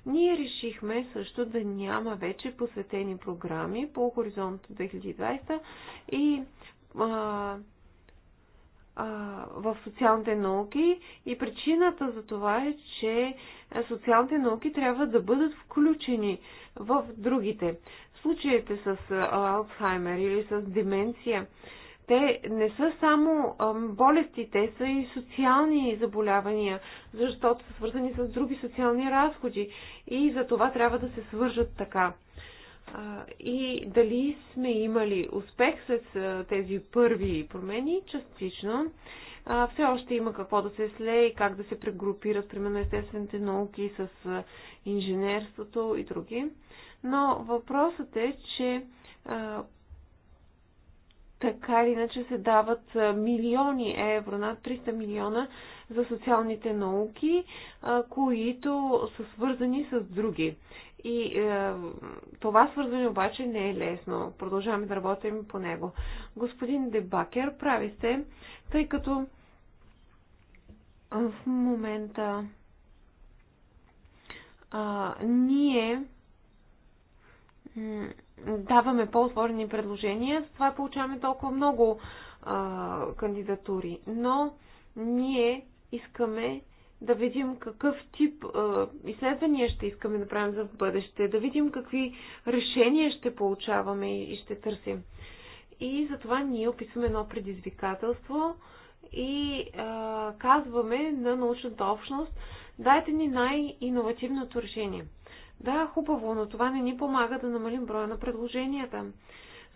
Ние решихме също да няма вече посветени програми по Хоризонт 2020 и а, а, в социалните науки и причината за това е, че социалните науки трябва да бъдат включени в другите. Случаите с Алцхаймер или с деменция, те не са само болести, те са и социални заболявания, защото са свързани с други социални разходи и за това трябва да се свържат така. И дали сме имали успех с тези първи промени? Частично. Все още има какво да се слее и как да се прегрупират, примерно, естествените науки с инженерството и други. Но въпросът е, че така или иначе се дават милиони евро, над 300 милиона за социалните науки, които са свързани с други. И е, това свързване обаче не е лесно. Продължаваме да работим по него. Господин Дебакер, прави сте, тъй като в момента а, ние даваме по-отворени предложения, с това получаваме толкова много а, кандидатури. Но ние искаме да видим какъв тип а, изследвания ще искаме да правим за в бъдеще, да видим какви решения ще получаваме и ще търсим. И затова ние описваме едно предизвикателство и а, казваме на научната общност, дайте ни най-инновативното решение – да, хубаво, но това не ни помага да намалим броя на предложенията.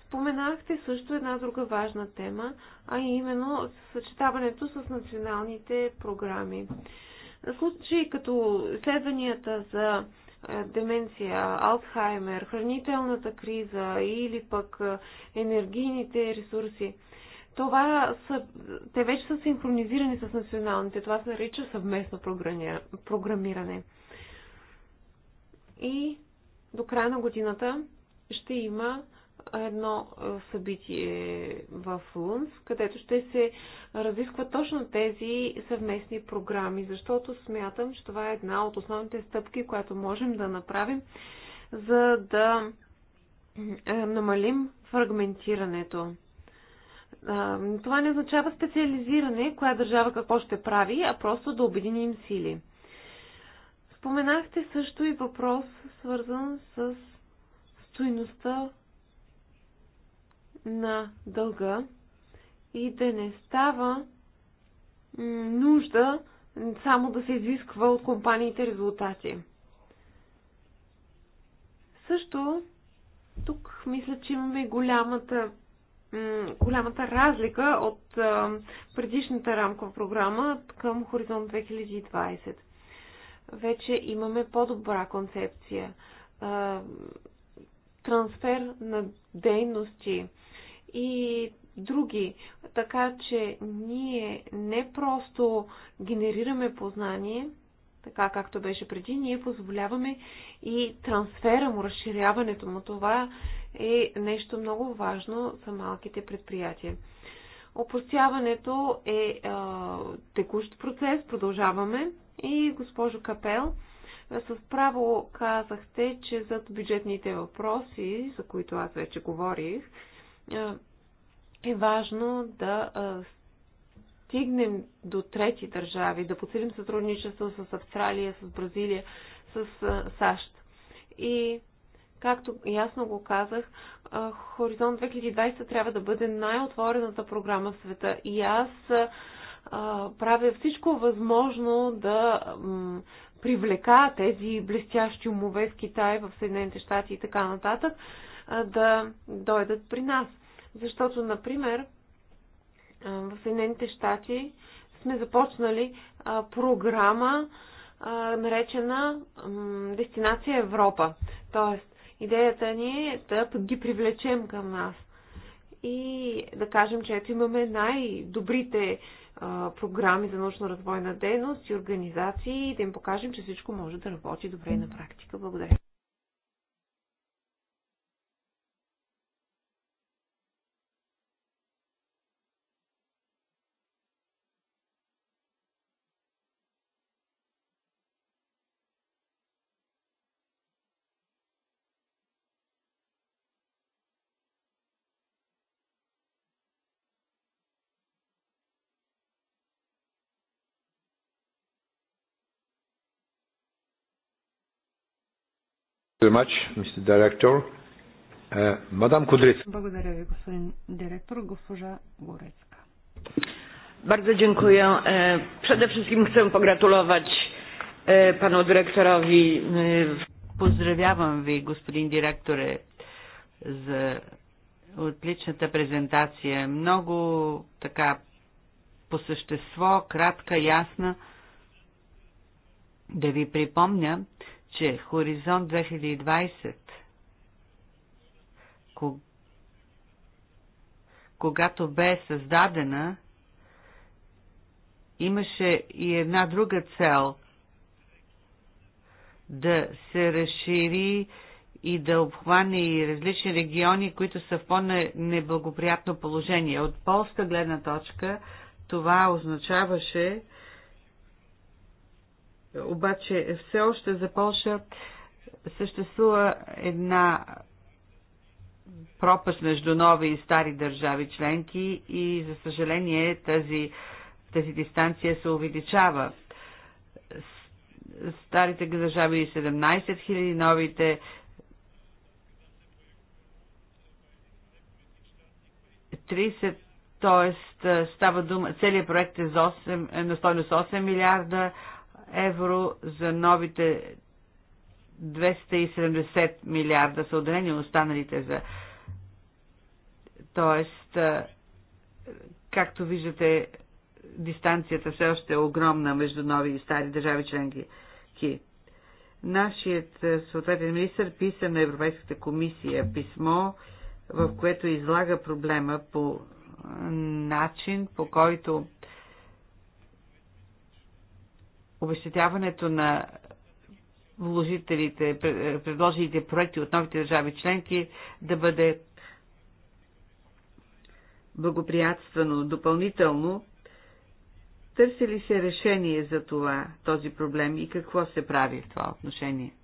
Споменахте също една друга важна тема, а именно съчетаването с националните програми. Случаи като изследванията за е, деменция, Алцхаймер, хранителната криза или пък е, енергийните ресурси. Това са, те вече са синхронизирани с националните. Това се нарича съвместно програмиране. И до края на годината ще има едно е, събитие в Лунс, където ще се разисква точно тези съвместни програми, защото смятам, че това е една от основните стъпки, която можем да направим, за да е, намалим фрагментирането. Това не означава специализиране, коя държава какво ще прави, а просто да обединим сили. Споменахте също и въпрос, свързан с стойността на дълга и да не става нужда само да се изисква от компаниите резултати. Също тук мисля, че имаме голямата, голямата разлика от предишната рамкова програма към Хоризонт 2020 вече имаме по-добра концепция. Трансфер на дейности и други. Така че ние не просто генерираме познание, така както беше преди, ние позволяваме и трансфера му, разширяването му. Това е нещо много важно за малките предприятия. Опростяването е а, текущ процес, продължаваме. И госпожо Капел, с право казахте, че зад бюджетните въпроси, за които аз вече говорих, е важно да стигнем до трети държави, да подсилим сътрудничество с Австралия, с Бразилия, с САЩ. И както ясно го казах, Хоризонт 2020 трябва да бъде най-отворената програма в света. И аз правя всичко възможно да привлека тези блестящи умове в Китай, в Съединените щати и така нататък, да дойдат при нас. Защото, например, в Съединените щати сме започнали програма, наречена Дестинация Европа. Тоест, идеята ни е да ги привлечем към нас и да кажем, че ето имаме най-добрите програми за научно-развойна дейност и организации и да им покажем, че всичко може да работи добре на практика. Благодаря. Uh, Благодаря ви, господин директор. Госпожа Горецка. Bardzo dziękuję. E, przede wszystkim chcę pogratulować e, panu dyrektorowi. Поздравявам ви, господин директоре, за отличната презентация. Много така по същество, кратка, ясна. Да ви припомня, че Хоризонт 2020, когато бе създадена, имаше и една друга цел да се разшири и да обхване и различни региони, които са в по-неблагоприятно положение. От полска гледна точка това означаваше обаче все още за Польша съществува една пропаст между нови и стари държави членки и за съжаление тази, тази дистанция се увеличава. Старите държави 17 000, новите 30, т.е. става дума, целият проект е за 8, е на стойност 8 милиарда, евро за новите 270 милиарда са отделени, останалите за... Тоест, както виждате, дистанцията все още е огромна между нови и стари държави членки. Нашият съответен министр писа на Европейската комисия писмо, в което излага проблема по начин, по който обещетяването на вложителите, е, предложените проекти от новите държави членки да бъде благоприятствано допълнително. Търси ли се решение за това, този проблем и какво се прави в това отношение?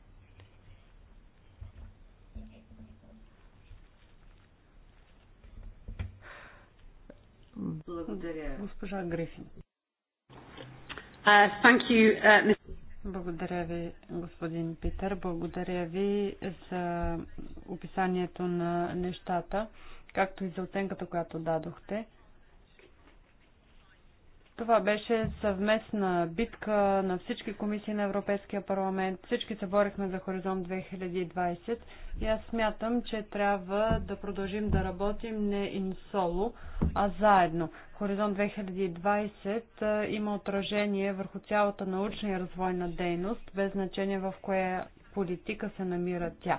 Благодаря. Госпожа Грифин. Uh, uh благодаря ви, господин Питър. Благодаря ви за описанието на нещата, както и за оценката, която дадохте. Това беше съвместна битка на всички комисии на Европейския парламент. Всички се борихме за Хоризонт 2020 и аз смятам, че трябва да продължим да работим не ин соло, а заедно. Хоризонт 2020 има отражение върху цялата научна и развойна дейност, без значение в коя политика се намира тя.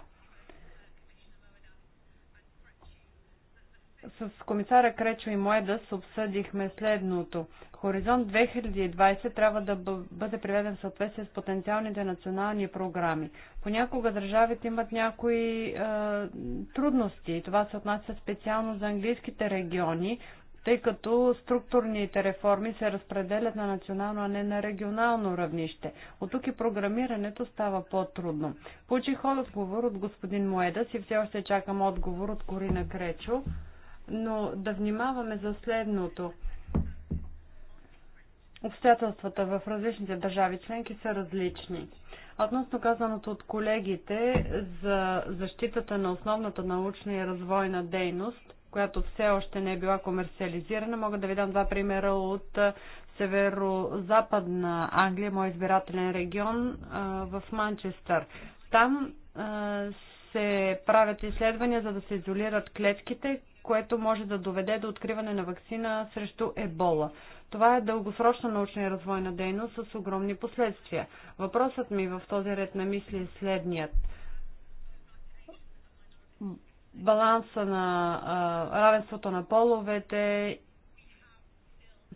с комисара Кречо и Моедас обсъдихме следното. Хоризонт 2020 трябва да бъде приведен в съответствие с потенциалните национални програми. Понякога държавите имат някои е, трудности. Това се отнася специално за английските региони, тъй като структурните реформи се разпределят на национално, а не на регионално равнище. От тук и програмирането става по-трудно. Получих отговор от господин Моедас и все още чакам отговор от Корина Кречо, но да внимаваме за следното – Обстоятелствата в различните държави членки са различни. Относно казаното от колегите за защитата на основната научна и развойна дейност, която все още не е била комерциализирана, мога да ви дам два примера от северо-западна Англия, мой избирателен регион в Манчестър. Там се правят изследвания, за да се изолират клетките, което може да доведе до откриване на вакцина срещу ебола. Това е дългосрочна научна и развойна дейност с огромни последствия. Въпросът ми в този ред на мисли е следният. Баланса на а, равенството на половете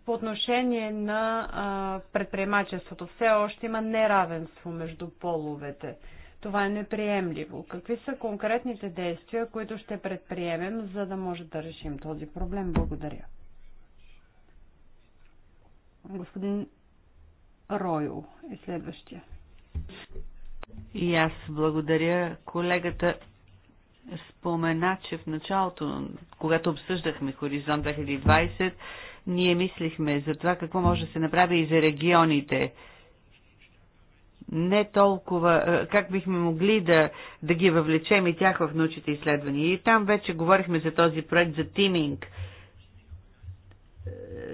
по отношение на а, предприемачеството. Все още има неравенство между половете. Това е неприемливо. Какви са конкретните действия, които ще предприемем, за да може да решим този проблем? Благодаря. Господин Ройл е следващия. И аз благодаря. Колегата спомена, че в началото, когато обсъждахме Хоризонт 2020, ние мислихме за това какво може да се направи и за регионите. Не толкова, как бихме могли да, да ги въвлечем и тях в научните изследвания. И там вече говорихме за този проект за тиминг –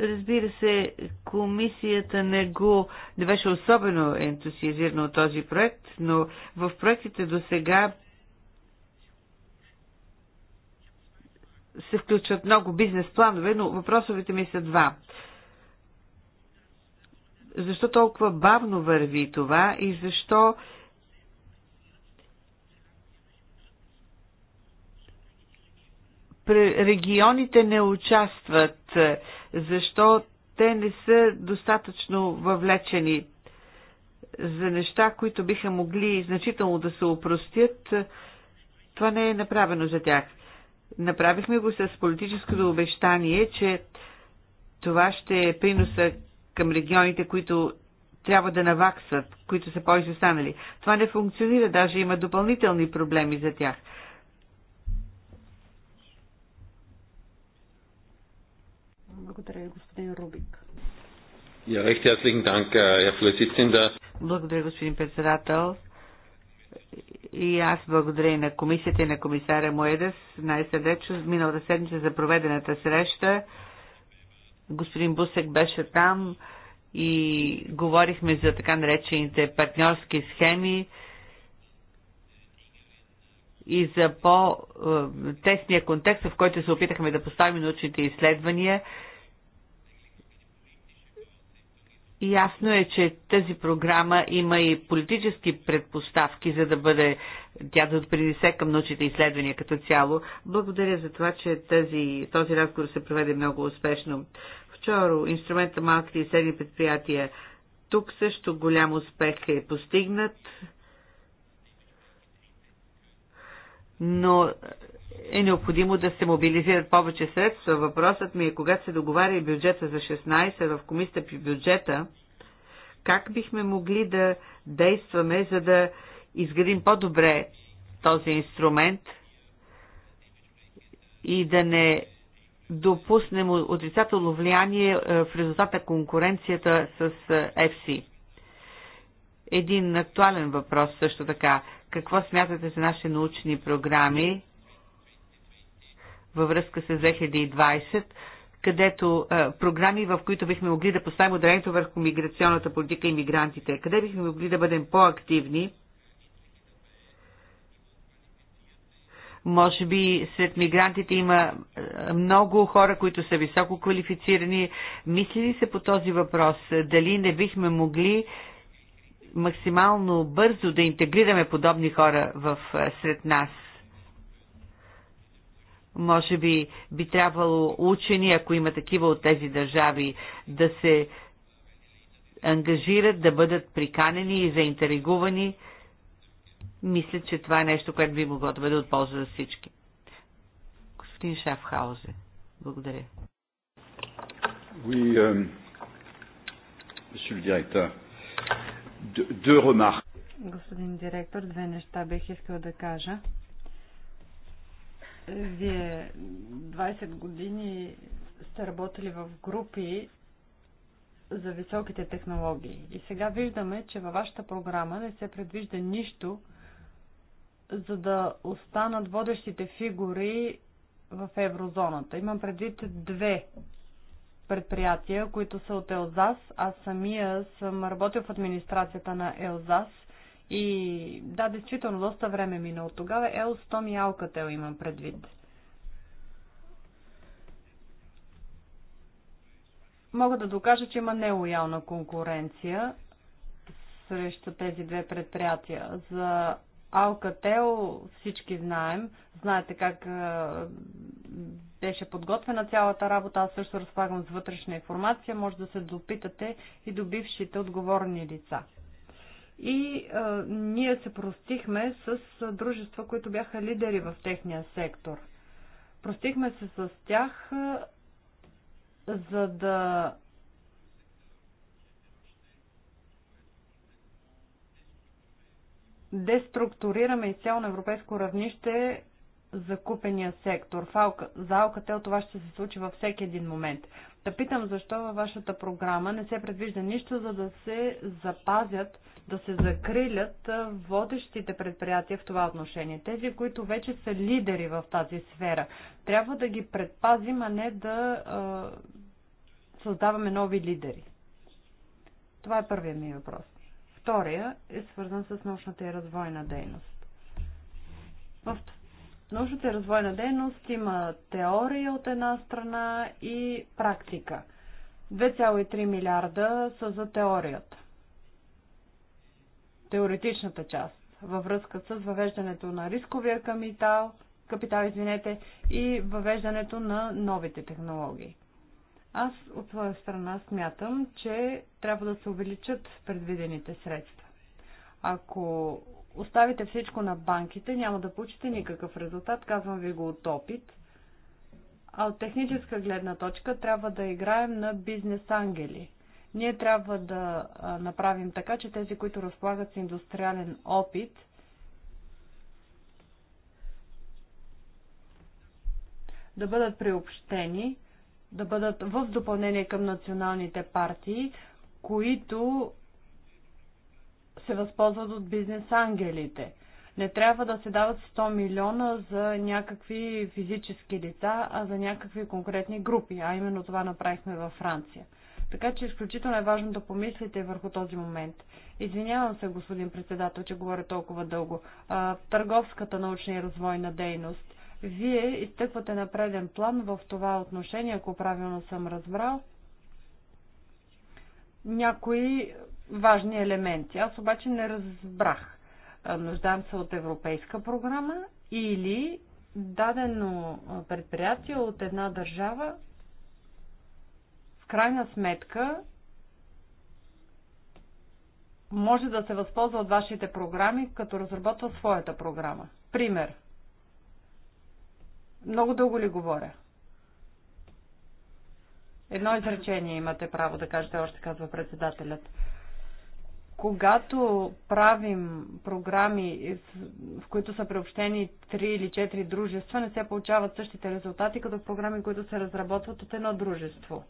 Разбира се, комисията не го не беше особено ентусиазирана от този проект, но в проектите до сега се включват много бизнес планове, но въпросовете ми са два. Защо толкова бавно върви това и защо регионите не участват защо те не са достатъчно въвлечени за неща, които биха могли значително да се опростят, това не е направено за тях. Направихме го с политическото обещание, че това ще е приноса към регионите, които трябва да наваксат, които са по-изостанали. Това не функционира, даже има допълнителни проблеми за тях. Благодаря, господин Рубик. Äh, благодаря, господин председател. И аз благодаря и на комисията и на комисаря Моедес най-сърдечно миналата седмица за проведената среща. Господин Бусек беше там и говорихме за така наречените партньорски схеми и за по-тесния е, контекст, в който се опитахме да поставим научните изследвания Ясно е, че тази програма има и политически предпоставки, за да бъде тя да принесе към научните изследвания като цяло. Благодаря за това, че тази, този разговор се проведе много успешно. Вчора, инструмента малките и средни предприятия. Тук също голям успех е постигнат, но е необходимо да се мобилизират повече средства. Въпросът ми е, когато се договаря и бюджета за 16 в комисията при бюджета, как бихме могли да действаме, за да изградим по-добре този инструмент и да не допуснем отрицателно влияние е, в резултат на конкуренцията с FC. Е, Един актуален въпрос също така. Какво смятате за нашите научни програми? във връзка с 2020, където а, програми, в които бихме могли да поставим ударението върху миграционната политика и мигрантите, къде бихме могли да бъдем по-активни, Може би сред мигрантите има много хора, които са високо квалифицирани. Мисли ли се по този въпрос? Дали не бихме могли максимално бързо да интегрираме подобни хора в, сред нас? Може би би трябвало учени, ако има такива от тези държави, да се ангажират, да бъдат приканени и заинтеригувани. Мисля, че това е нещо, което би могло да бъде от полза за всички. Господин Шафхаузе, благодаря. Euh, Господин директор, две неща бих искал да кажа. Вие 20 години сте работили в групи за високите технологии. И сега виждаме, че във вашата програма не се предвижда нищо, за да останат водещите фигури в еврозоната. Имам предвид две предприятия, които са от Елзас. Аз самия съм работил в администрацията на Елзас – и да, действително, доста време е мина от тогава. Елстом и Алкател имам предвид. Мога да докажа, че има нелоялна конкуренция срещу тези две предприятия. За Алкател всички знаем. Знаете как беше подготвена цялата работа. Аз също разполагам с вътрешна информация. Може да се допитате и до бившите отговорни лица и а, ние се простихме с дружества, които бяха лидери в техния сектор. Простихме се с тях, а, за да деструктурираме изцяло на европейско равнище закупения сектор. Фалка, за Алкател това ще се случи във всеки един момент. Да питам защо във вашата програма не се предвижда нищо, за да се запазят, да се закрилят водещите предприятия в това отношение. Тези, които вече са лидери в тази сфера. Трябва да ги предпазим, а не да а, създаваме нови лидери. Това е първият ми въпрос. Втория е свързан с научната и развойна дейност. В научната и развойна дейност има теория от една страна и практика. 2,3 милиарда са за теорията. Теоретичната част във връзка с въвеждането на рисковия капитал, капитал извинете, и въвеждането на новите технологии. Аз от своя страна смятам, че трябва да се увеличат предвидените средства. Ако оставите всичко на банките, няма да получите никакъв резултат, казвам ви го от опит. А от техническа гледна точка трябва да играем на бизнес ангели. Ние трябва да направим така, че тези, които разполагат с индустриален опит, да бъдат приобщени, да бъдат в допълнение към националните партии, които се възползват от бизнес ангелите. Не трябва да се дават 100 милиона за някакви физически лица, а за някакви конкретни групи, а именно това направихме във Франция. Така че изключително е важно да помислите върху този момент. Извинявам се, господин председател, че говоря толкова дълго. А, търговската научна и развойна дейност. Вие изтъквате на преден план в това отношение, ако правилно съм разбрал. Някои важни елементи. Аз обаче не разбрах. Нуждам се от европейска програма или дадено предприятие от една държава в крайна сметка може да се възползва от вашите програми, като разработва своята програма. Пример. Много дълго ли говоря? Едно изречение имате право да кажете, още казва председателят когато правим програми, в които са приобщени 3 или 4 дружества, не се получават същите резултати, като в програми, които се разработват от едно дружество.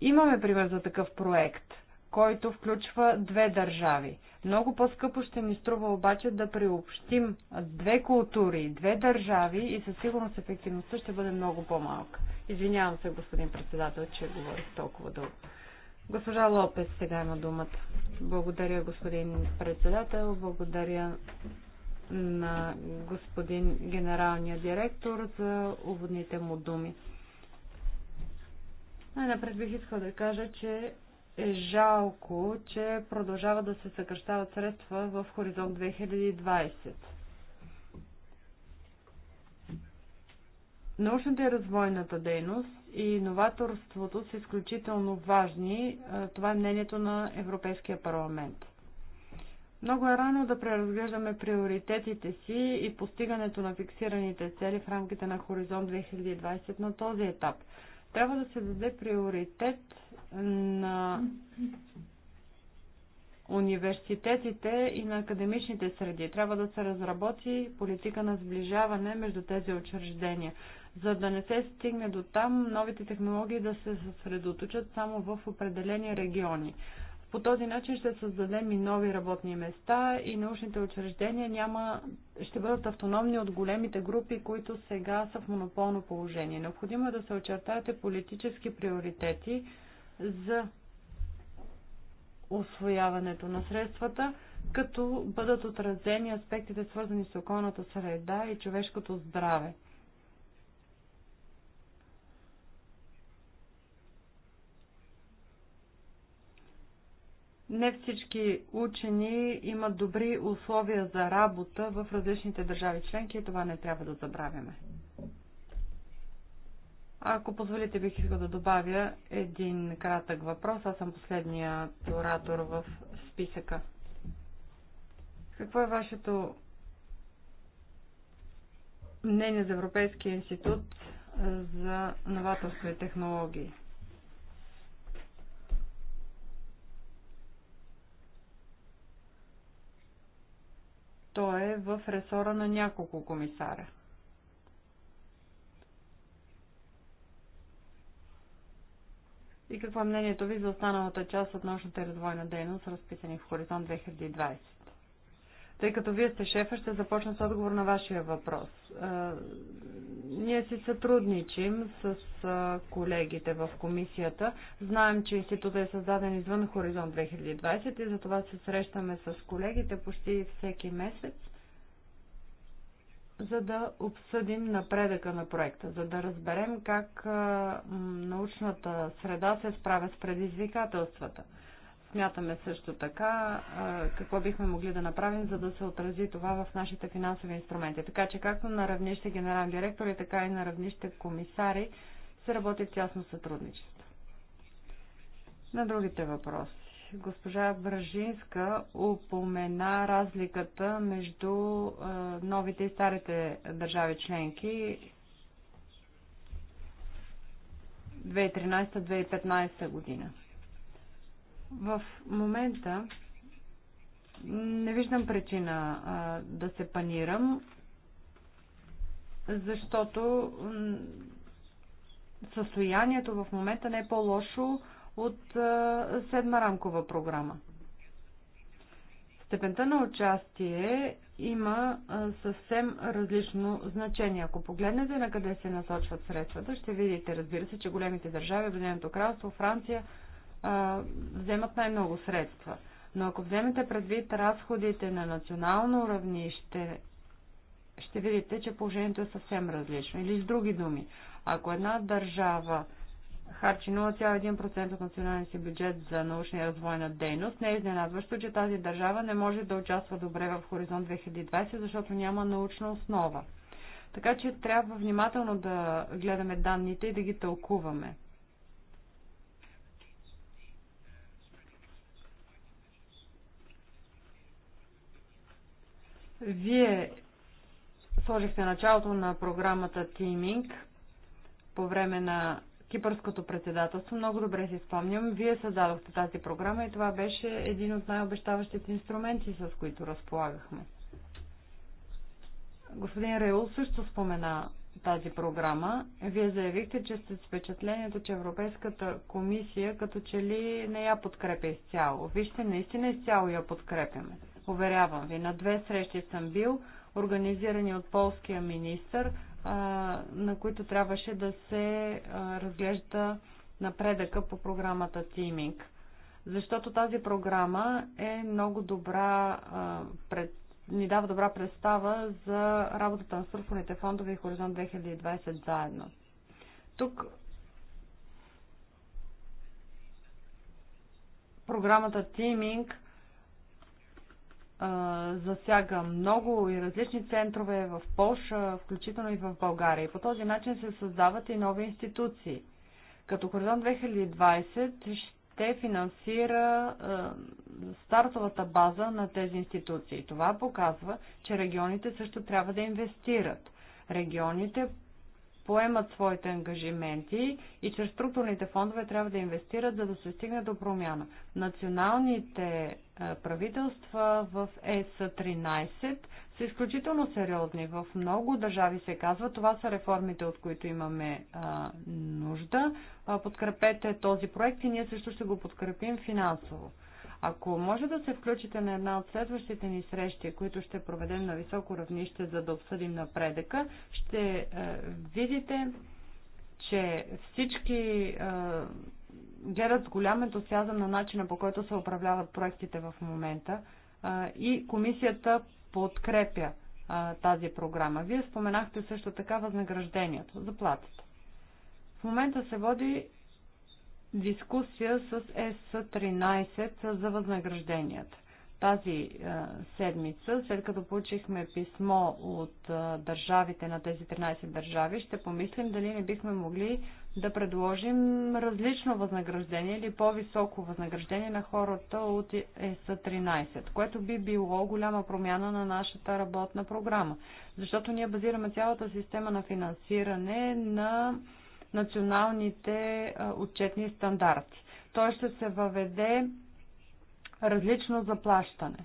Имаме пример за такъв проект, който включва две държави. Много по-скъпо ще ни струва обаче да приобщим две култури, две държави и със сигурност ефективността ще бъде много по-малка. Извинявам се, господин председател, че говорих толкова дълго. Госпожа Лопес сега има думата. Благодаря, господин председател. Благодаря на господин генералния директор за уводните му думи. Най-напред бих искал да кажа, че е жалко, че продължава да се съкръщават средства в Хоризонт 2020. Научната и развойната дейност и новаторството са изключително важни. Е, това е мнението на Европейския парламент. Много е рано да преразглеждаме приоритетите си и постигането на фиксираните цели в рамките на Хоризонт 2020 на този етап. Трябва да се даде приоритет на университетите и на академичните среди. Трябва да се разработи политика на сближаване между тези учреждения за да не се стигне до там новите технологии да се съсредоточат само в определени региони. По този начин ще създадем и нови работни места и научните учреждения няма, ще бъдат автономни от големите групи, които сега са в монополно положение. Необходимо е да се очертаете политически приоритети за освояването на средствата, като бъдат отразени аспектите свързани с околната среда и човешкото здраве. не всички учени имат добри условия за работа в различните държави членки и това не трябва да забравяме. Ако позволите, бих искал да добавя един кратък въпрос. Аз съм последният оратор в списъка. Какво е вашето мнение за Европейския институт за новаторство и технологии? То е в ресора на няколко комисара. И какво е мнението ви за останалата част от нощната развойна дейност, разписани в Хоризонт 2020? Тъй като вие сте шефа, ще започна с отговор на вашия въпрос. Ние си сътрудничим с колегите в комисията. Знаем, че института е създаден извън Хоризонт 2020 и затова се срещаме с колегите почти всеки месец за да обсъдим напредъка на проекта, за да разберем как научната среда се справя с предизвикателствата. Смятаме също така какво бихме могли да направим, за да се отрази това в нашите финансови инструменти. Така че както на равнище генерални директори, така и на равнище комисари се работи в тясно сътрудничество. На другите въпроси госпожа Бражинска упомена разликата между новите и старите държави членки 2013-2015 година. В момента не виждам причина а, да се панирам, защото състоянието в момента не е по-лошо от а, седма рамкова програма. Степента на участие има а, съвсем различно значение. Ако погледнете на къде се насочват средствата, ще видите, разбира се, че големите държави, Обединеното кралство, Франция, а, вземат най-много средства. Но ако вземете предвид разходите на национално равнище, ще видите, че положението е съвсем различно. Или с други думи, ако една държава харчи 0,1% от националния си бюджет за научна и развойна дейност, не е изненадващо, че тази държава не може да участва добре в Хоризонт 2020, защото няма научна основа. Така че трябва внимателно да гледаме данните и да ги тълкуваме. Вие сложихте началото на програмата Teaming по време на кипърското председателство. Много добре си спомням. Вие създадохте тази програма и това беше един от най-обещаващите инструменти, с които разполагахме. Господин Реул също спомена тази програма. Вие заявихте, че сте с впечатлението, че Европейската комисия като че ли не я подкрепя изцяло. Вижте, наистина изцяло я подкрепяме. Уверявам ви, на две срещи съм бил, организирани от полския министр, на които трябваше да се разглежда напредъка по програмата Тиминг. Защото тази програма е много добра, пред, ни дава добра представа за работата на структурните фондове и Хоризонт 2020 заедно. Тук програмата Teaming засяга много и различни центрове в Польша, включително и в България. И по този начин се създават и нови институции. Като Хоризонт 2020 ще финансира стартовата база на тези институции. Това показва, че регионите също трябва да инвестират. Регионите поемат своите ангажименти и чрез структурните фондове трябва да инвестират, за да се стигне до промяна. Националните е, правителства в ЕС-13 са изключително сериозни. В много държави се казва, това са реформите, от които имаме нужда. подкрепете този проект и ние също ще го подкрепим финансово. Ако може да се включите на една от следващите ни срещи, които ще проведем на високо равнище, за да обсъдим напредъка, ще е, видите, че всички е, гледат с голям ентусиазъм на начина по който се управляват проектите в момента е, и комисията подкрепя тази програма. Вие споменахте също така възнаграждението, заплатата. В момента се води дискусия с с 13 за възнагражденията. Тази е, седмица, след като получихме писмо от е, държавите на тези 13 държави, ще помислим дали не бихме могли да предложим различно възнаграждение или по-високо възнаграждение на хората от ЕС-13, което би било голяма промяна на нашата работна програма. Защото ние базираме цялата система на финансиране на националните отчетни стандарти. Той ще се въведе различно заплащане.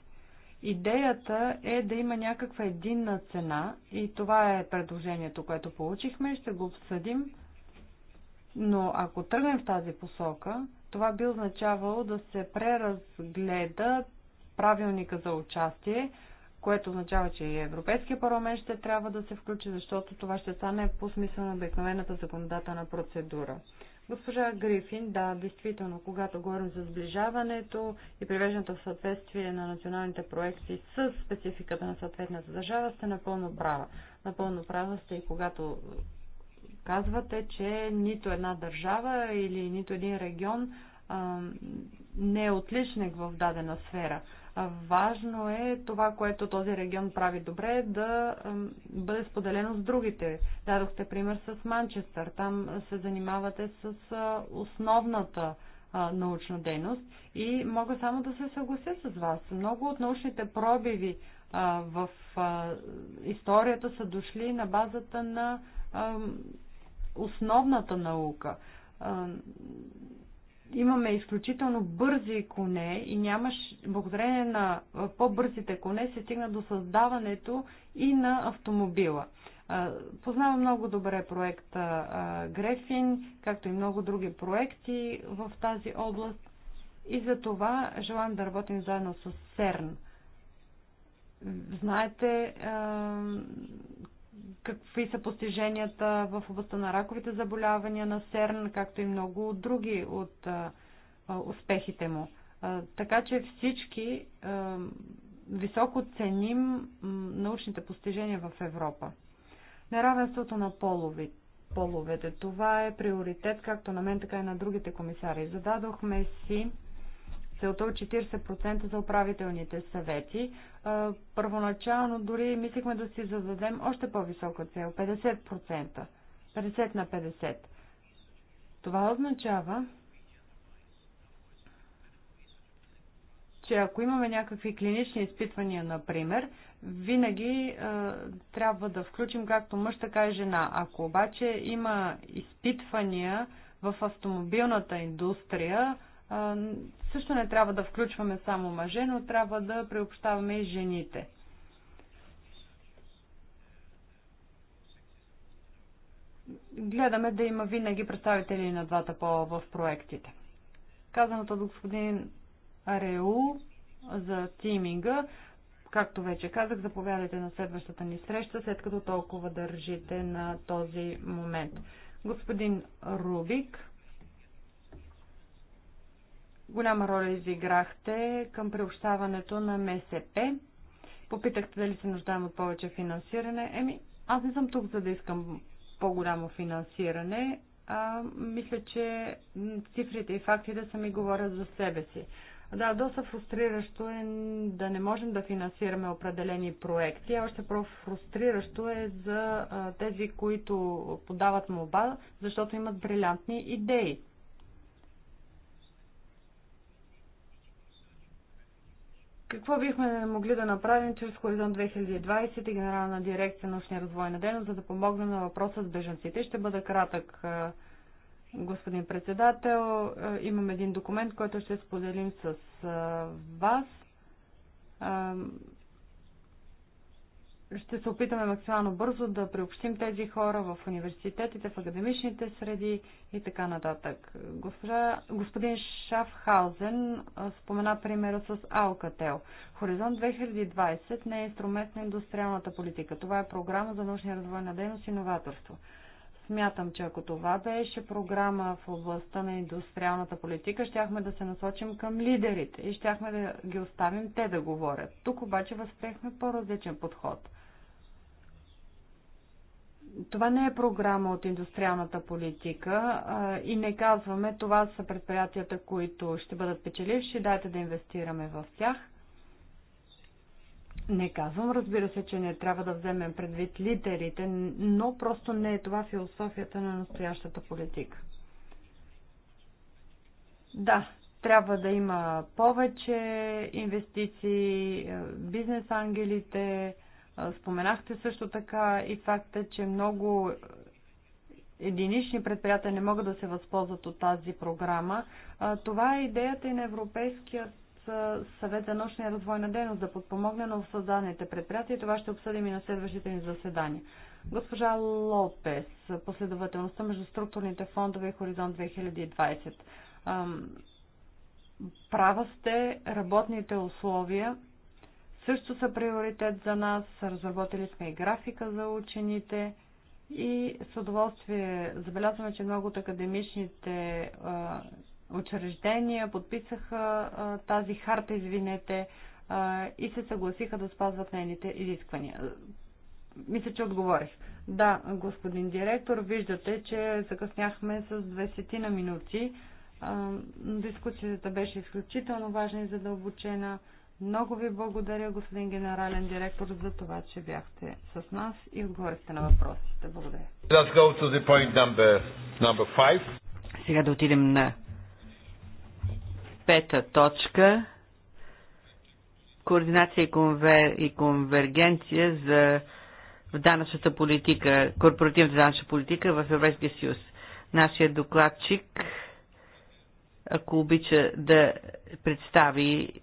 Идеята е да има някаква единна цена и това е предложението, което получихме. Ще го обсъдим. Но ако тръгнем в тази посока, това би означавало да се преразгледа правилника за участие, което означава, че и Европейския парламент ще трябва да се включи, защото това ще стане по смисъл на обикновената законодателна процедура. Госпожа Грифин, да, действително, когато говорим за сближаването и привеждането в съответствие на националните проекти с спецификата на съответната държава, сте напълно права. Напълно права сте и когато казвате, че нито една държава или нито един регион а, не е отличник в дадена сфера. Важно е това, което този регион прави добре, да бъде споделено с другите. Дадохте пример с Манчестър. Там се занимавате с основната научна дейност и мога само да се съглася с вас. Много от научните пробиви в историята са дошли на базата на основната наука имаме изключително бързи коне и нямаш, благодарение на по-бързите коне се стигна до създаването и на автомобила. Познавам много добре проекта Грефин, както и много други проекти в тази област и за това желаем да работим заедно с СЕРН. Знаете какви са постиженията в областта на раковите заболявания на СЕРН, както и много други от успехите му. Така че всички високо ценим научните постижения в Европа. Неравенството на половите половете. Това е приоритет както на мен, така и на другите комисари. Зададохме си целта от 40% за управителните съвети. Първоначално дори мислихме да си зададем още по-висока цел 50%. 50 на 50. Това означава, че ако имаме някакви клинични изпитвания, например, винаги е, трябва да включим както мъж, така и жена. Ако обаче има изпитвания в автомобилната индустрия, също не трябва да включваме само мъже, но трябва да приобщаваме и жените. Гледаме да има винаги представители на двата пола в проектите. Казаното от господин Реу за тиминга, както вече казах, заповядайте на следващата ни среща, след като толкова държите на този момент. Господин Рубик, Голяма роля изиграхте към преобщаването на МСП. Попитахте дали се нуждаем от повече финансиране. Еми, аз не съм тук, за да искам по-голямо финансиране. А, мисля, че цифрите и фактите сами говорят за себе си. Да, доста фрустриращо е да не можем да финансираме определени проекти, а още по-фрустриращо е за тези, които подават молба, защото имат брилянтни идеи. Какво бихме могли да направим чрез Хоризонт 2020 и Генерална дирекция научния развой на дейност, за да помогнем на въпроса с бежанците? Ще бъда кратък, господин председател. Имам един документ, който ще споделим с вас ще се опитаме максимално бързо да приобщим тези хора в университетите, в академичните среди и така нататък. Госпожа, господин Шафхаузен спомена примера с Алкател. Хоризонт 2020 не е инструмент на индустриалната политика. Това е програма за научния развой на дейност и новаторство. Смятам, че ако това беше програма в областта на индустриалната политика, щяхме да се насочим към лидерите и щяхме да ги оставим те да говорят. Тук обаче възприехме по-различен подход – това не е програма от индустриалната политика а, и не казваме това са предприятията, които ще бъдат печеливши, дайте да инвестираме в тях. Не казвам, разбира се, че не трябва да вземем предвид лидерите, но просто не е това философията на настоящата политика. Да, трябва да има повече инвестиции, е, бизнес ангелите, Споменахте също така и факта, че много единични предприятия не могат да се възползват от тази програма. Това е идеята и на Европейският съвет за научна и развойна дейност да подпомогне на създадените предприятия и това ще обсъдим и на следващите ни заседания. Госпожа Лопес, последователността между структурните фондове и Хоризонт 2020. Права сте, работните условия също са приоритет за нас. Разработили сме и графика за учените и с удоволствие забелязваме, че много от академичните учреждения подписаха тази харта, извинете, и се съгласиха да спазват нейните изисквания. Мисля, че отговорих. Да, господин директор, виждате, че закъсняхме с 20 на минути. Дискусията беше изключително важна и задълбочена. Много ви благодаря, господин генерален директор, за това, че бяхте с нас и отговорихте на въпросите. Благодаря. Let's go to the point number, number five. Сега да отидем на пета точка. Координация и, конвер... и конвергенция за в данъчната политика, корпоративната данъчна политика в Европейския съюз. Нашия докладчик, ако обича да представи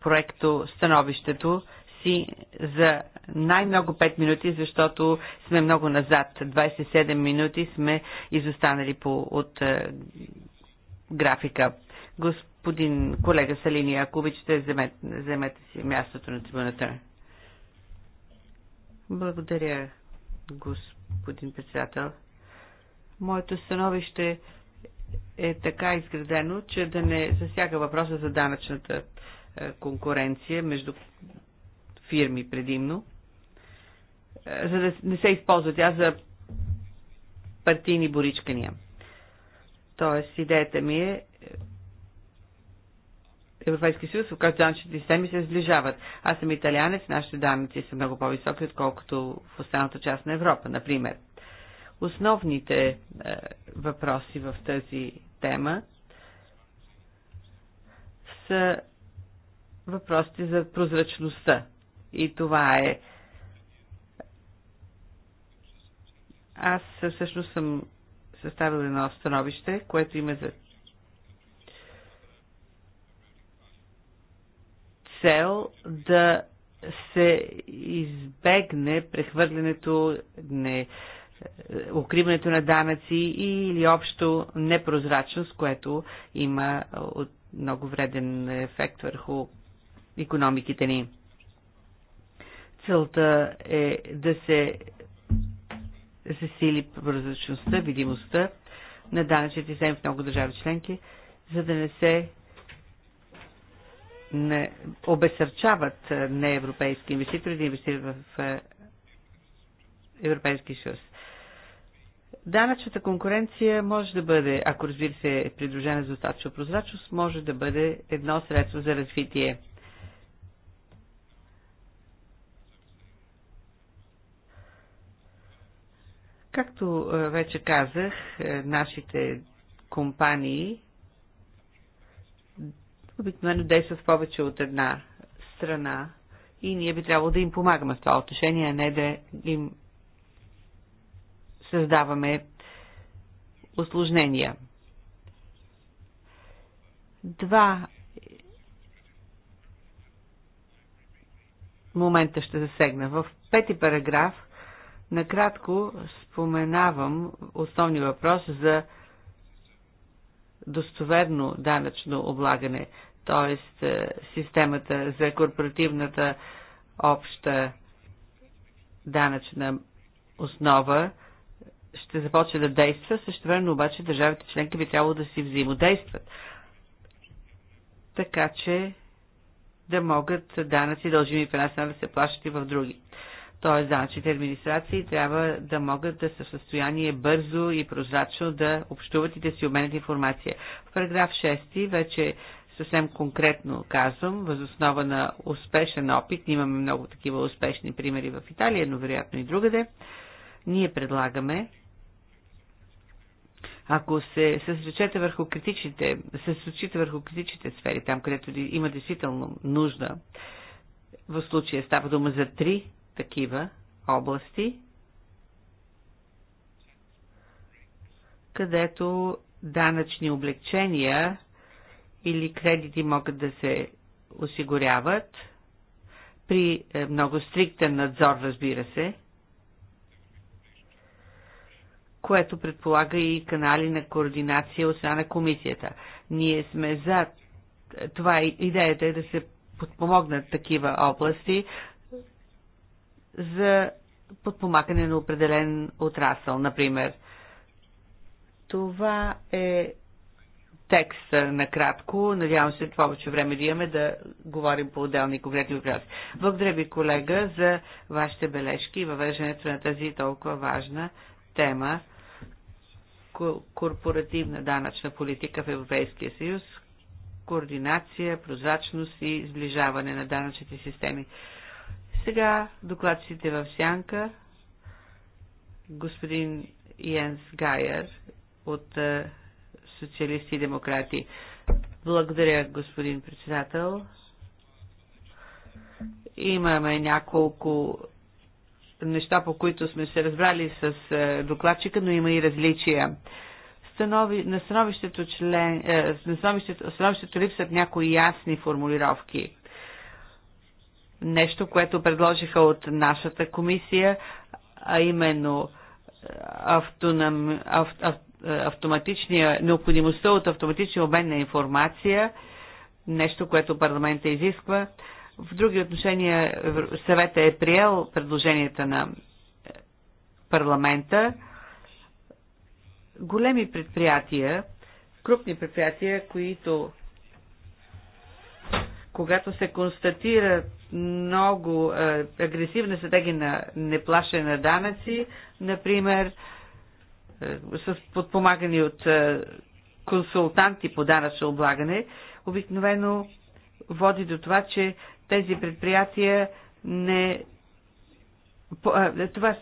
проекто становището си за най-много 5 минути, защото сме много назад. 27 минути сме изостанали по, от е, графика. Господин колега Салини, ако обичате, вземете, вземете си мястото на трибуната. Благодаря, господин председател. Моето становище е така изградено, че да не засяга въпроса за данъчната е, конкуренция между фирми предимно, е, за да не се използва тя за партийни боричкания. Тоест, идеята ми е Европейския съюз, в който данъчните системи се сближават. Аз съм италианец, нашите данъци са много по-високи, отколкото в останалата част на Европа, например. Основните е, въпроси в тази тема са въпросите за прозрачността. И това е. Аз всъщност съм съставил едно становище, което има за цел да се избегне прехвърлянето, не, укриването на данъци или общо непрозрачност, което има много вреден ефект върху економиките ни. Целта е да се засили прозрачността, видимостта на данъчните системи в много държави членки, за да не се не обесърчават неевропейски инвеститори да инвестират в Европейски съюз. Данъчната конкуренция може да бъде, ако разбира се е придружена с достатъчно прозрачност, може да бъде едно средство за развитие. Както е, вече казах, е, нашите компании обикновено действат в повече от една страна и ние би трябвало да им помагаме в това отношение, а не да им създаваме осложнения. Два момента ще засегна. В пети параграф Накратко споменавам основния въпрос за достоверно данъчно облагане, т.е. системата за корпоративната обща данъчна основа ще започне да действа, също време обаче държавите членки би трябвало да си взаимодействат. Така че да могат данъци дължими в една да се плащат и в други т.е. данъчните администрации трябва да могат да са в състояние бързо и прозрачно да общуват и да си обменят информация. В параграф 6 вече съвсем конкретно казвам, възоснова на успешен опит, имаме много такива успешни примери в Италия, но вероятно и другаде, ние предлагаме ако се съсредоточите върху критичните, съсредоточите върху критичните сфери, там където има действително нужда, в случая става дума за три такива области, където данъчни облегчения или кредити могат да се осигуряват при е, много стриктен надзор, разбира се, което предполага и канали на координация от страна на комисията. Ние сме за това. Идеята е да се подпомогнат такива области, за подпомагане на определен отрасъл, например. Това е текста накратко. Надявам се повече време да имаме да говорим по отделни конкретни въпроси. Благодаря ви, колега, за вашите бележки и въвеждането на тази толкова важна тема корпоративна данъчна политика в Европейския съюз, координация, прозрачност и сближаване на данъчните системи. Сега докладчите в сянка. Господин Йенс Гайер от е, Социалисти и демократи. Благодаря, господин председател. Имаме няколко неща, по които сме се разбрали с е, докладчика, но има и различия. Станови, на становището, член, е, на становището, становището липсват някои ясни формулировки нещо, което предложиха от нашата комисия, а именно е, автонам, ав, ав, е, автоматичния, необходимостта от автоматичния обмен на информация, нещо, което парламента изисква. В други отношения съвета е приел предложенията на е, парламента. Големи предприятия, крупни предприятия, които когато се констатира много е, агресивна стратегия на неплащане на данъци, например, е, с подпомагани от е, консултанти по данъчно облагане, обикновено води до това, че тези предприятия не това,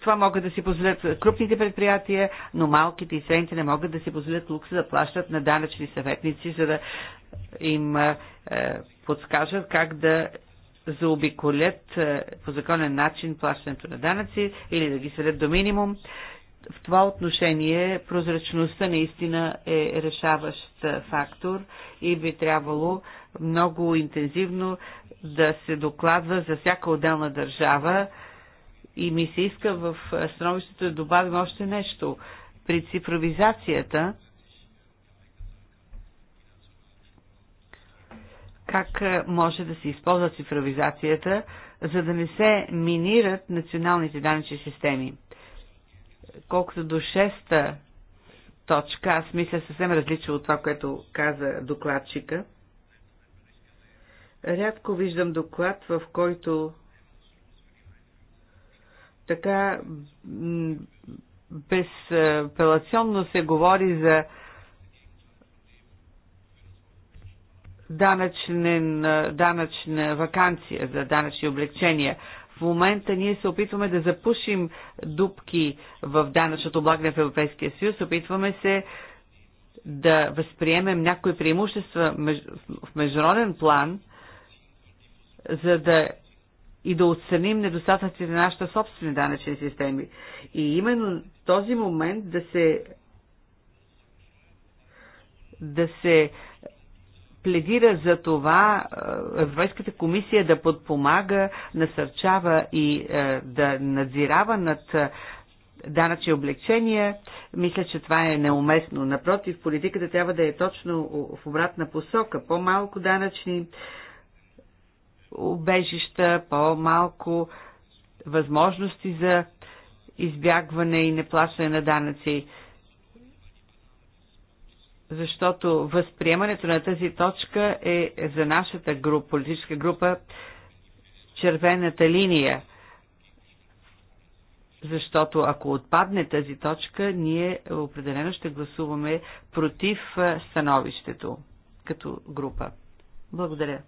това могат да си позволят крупните предприятия, но малките и средните не могат да си позволят лукса да плащат на данъчни съветници, за да им е, подскажат как да заобиколят е, по законен начин плащането на данъци или да ги сведат до минимум. В това отношение прозрачността наистина е решаващ фактор и би трябвало много интензивно да се докладва за всяка отделна държава, и ми се иска в становището да добавим още нещо. При цифровизацията, как може да се използва цифровизацията, за да не се минират националните данъчни системи. Колкото до шеста точка, аз мисля съвсем различно от това, което каза докладчика. Рядко виждам доклад, в който така безпелационно се говори за данъчен, данъчна вакансия, за данъчни облегчения. В момента ние се опитваме да запушим дупки в данъчното облагане в Европейския съюз, опитваме се да възприемем някои преимущества в международен план, за да и да отстраним недостатъците на нашите собствени данъчни системи. И именно този момент да се да се пледира за това е, Европейската комисия да подпомага, насърчава и е, да надзирава над е, данъчни облегчения. Мисля, че това е неуместно. Напротив, политиката трябва да е точно в обратна посока. По-малко данъчни убежища, по-малко възможности за избягване и неплащане на данъци. Защото възприемането на тази точка е за нашата група, политическа група червената линия. Защото ако отпадне тази точка, ние определено ще гласуваме против становището като група. Благодаря.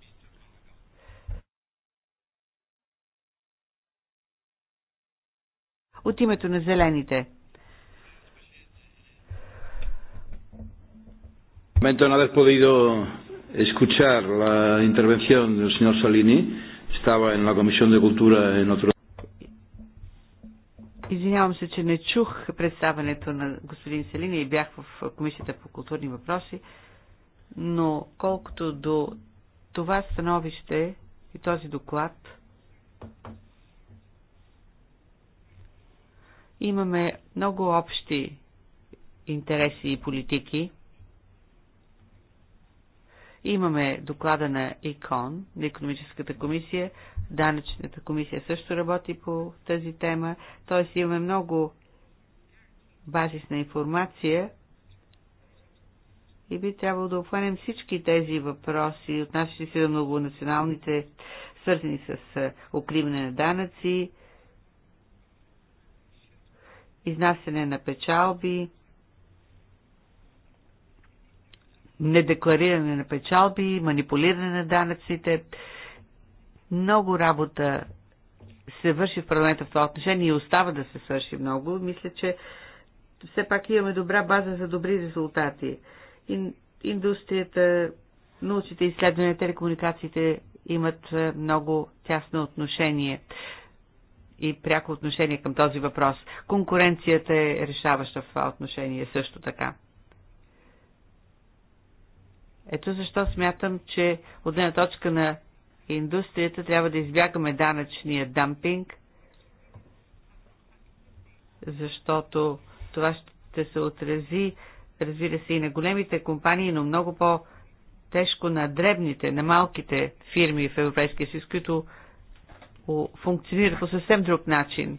от името на зелените. Lamento no haber podido escuchar la intervención del señor Salini. Estaba en la Comisión de Cultura en otro. Извинявам се, че не чух представането на господин Селини и бях в Комисията по културни въпроси, но колкото до това становище и този доклад, Имаме много общи интереси и политики. Имаме доклада на ИКОН, на економическата комисия, данъчната комисия също работи по тази тема, т.е. имаме много базисна информация и би трябвало да обхванем всички тези въпроси, отнасящи се до многонационалните, свързани с укриване на данъци, изнасяне на печалби, недеклариране на печалби, манипулиране на данъците. Много работа се върши в парламента в това отношение и остава да се свърши много. Мисля, че все пак имаме добра база за добри резултати. Ин, индустрията, научните изследвания, телекомуникациите имат е, много тясно отношение и пряко отношение към този въпрос. Конкуренцията е решаваща в това отношение е също така. Ето защо смятам, че от една точка на индустрията трябва да избягаме данъчния дампинг, защото това ще се отрази, разбира се, и на големите компании, но много по-тежко на дребните, на малките фирми в Европейския съюз, които функционира по съвсем друг начин.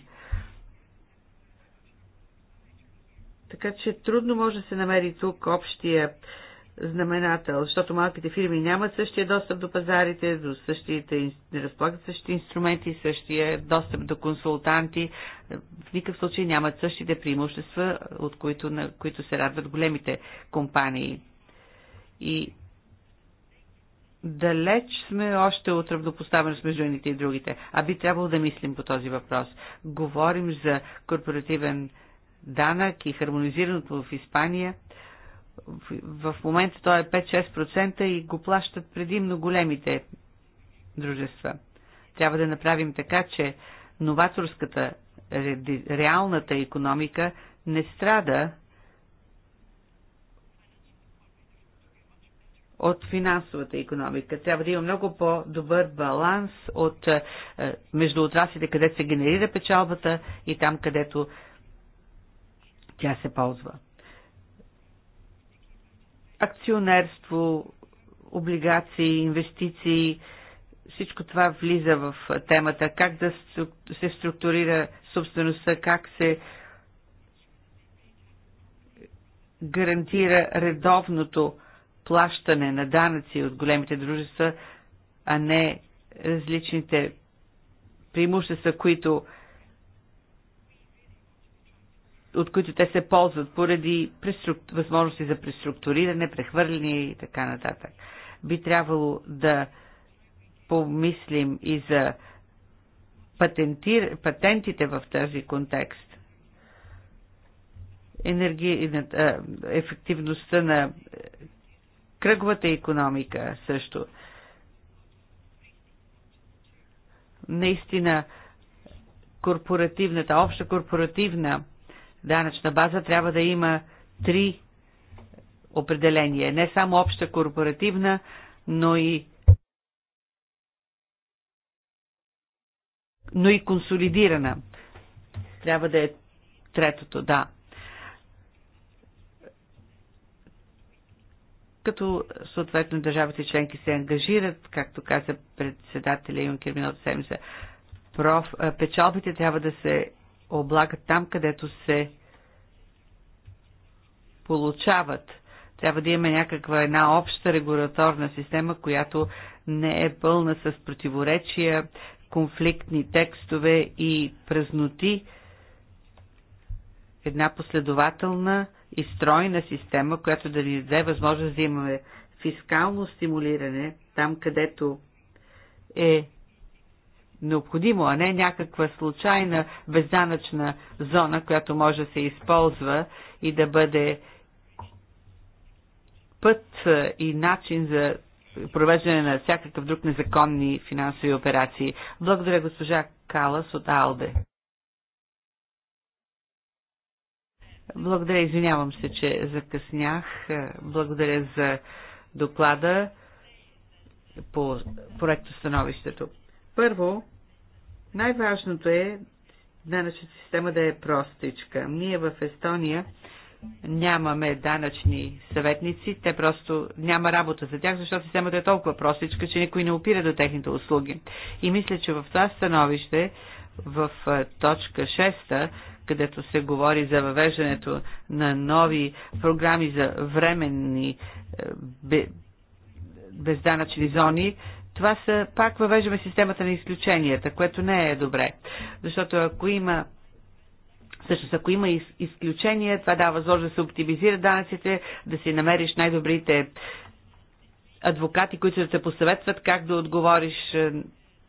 Така че трудно може да се намери тук общия знаменател, защото малките фирми нямат същия достъп до пазарите, до същите, не разполагат същите инструменти, същия достъп до консултанти. В никакъв случай нямат същите преимущества, от които, на които се радват големите компании. И далеч сме още от равнопоставеност между едните и другите, а би трябвало да мислим по този въпрос. Говорим за корпоративен данък и хармонизираното в Испания. В момента той е 5-6% и го плащат предимно големите дружества. Трябва да направим така, че новаторската, реалната економика не страда от финансовата економика. Трябва да има много по-добър баланс от, е, между отраслите, където се генерира печалбата и там, където тя се ползва. Акционерство, облигации, инвестиции, всичко това влиза в темата, как да се структурира собствеността, как се гарантира редовното плащане на данъци от големите дружества, а не различните преимущества, които от които те се ползват поради възможности за преструктуриране, прехвърляне и така нататък. Би трябвало да помислим и за патентир, патентите в този контекст. Енерги, ефективността на кръговата економика също. Наистина, корпоративната, обща корпоративна данъчна база трябва да има три определения. Не само обща корпоративна, но и но и консолидирана. Трябва да е третото, да. като съответно държавите членки се ангажират, както каза председателя Юнкер миналата седмица, проф, печалбите трябва да се облагат там, където се получават. Трябва да има някаква една обща регуляторна система, която не е пълна с противоречия, конфликтни текстове и празноти. Една последователна и стройна система, която да ни даде възможност да имаме фискално стимулиране там, където е необходимо, а не някаква случайна безданъчна зона, която може да се използва и да бъде път и начин за провеждане на всякакъв друг незаконни финансови операции. Благодаря госпожа Калас от АЛДЕ. Благодаря, извинявам се, че закъснях. Благодаря за доклада по проекто становището. Първо, най-важното е данъчната система да е простичка. Ние в Естония нямаме данъчни съветници, те просто няма работа за тях, защото системата е толкова простичка, че никой не опира до техните услуги. И мисля, че в това становище, в точка 6, където се говори за въвеждането на нови програми за временни е, безданъчни зони, това са пак въвеждаме системата на изключенията, което не е добре. Защото ако има Всъщност, ако има изключения, това дава възможност да се оптимизира данъците, да си намериш най-добрите адвокати, които да те посъветват как да отговориш е,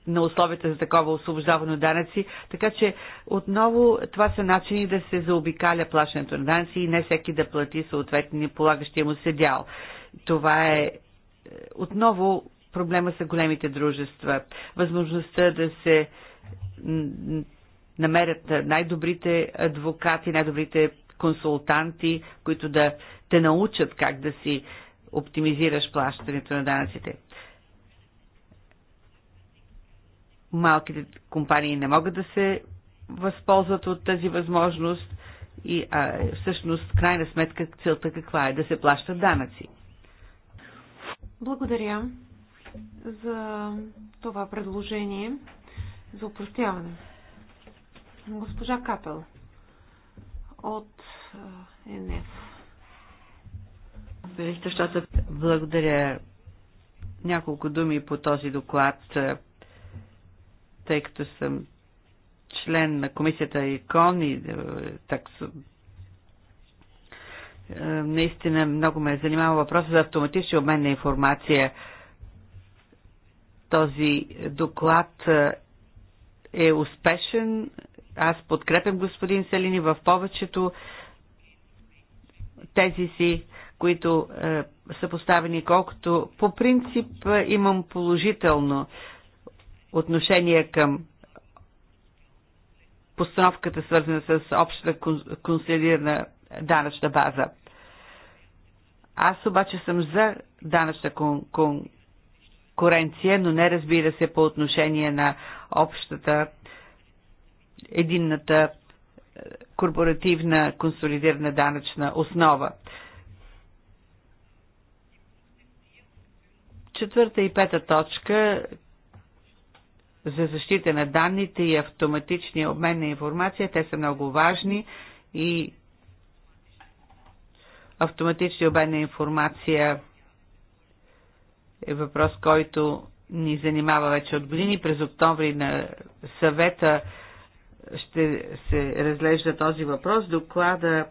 на условията за такова освобождаване от данъци. Така че отново това са начини да се заобикаля плащането на данъци и не всеки да плати съответния полагащия му седял. Това е, е отново проблема са големите дружества. Възможността да се намерят най-добрите адвокати, най-добрите консултанти, които да те научат как да си оптимизираш плащането на данъците малките компании не могат да се възползват от тази възможност и а, всъщност, крайна сметка, целта каква е? Да се плащат данъци. Благодаря за това предложение за упростяване. Госпожа Капел от ЕНЕФ. Благодаря. Няколко думи по този доклад тъй като съм член на комисията ИКОН и е, съм, е, наистина много ме е занимава въпроса за автоматичен обмен на информация. Този доклад е, е успешен. Аз подкрепям господин Селини в повечето тези си, които е, са поставени, колкото по принцип е, имам положително отношение към постановката, свързана с общата консолидирана данъчна база. Аз обаче съм за данъчна конкуренция, но не разбира се по отношение на общата единната е, корпоративна консолидирана данъчна основа. Четвърта и пета точка за защита на данните и автоматичния обмен на информация, те са много важни и автоматичния обмен на информация е въпрос, който ни занимава вече от години. През октомври на съвета ще се разглежда този въпрос. Доклада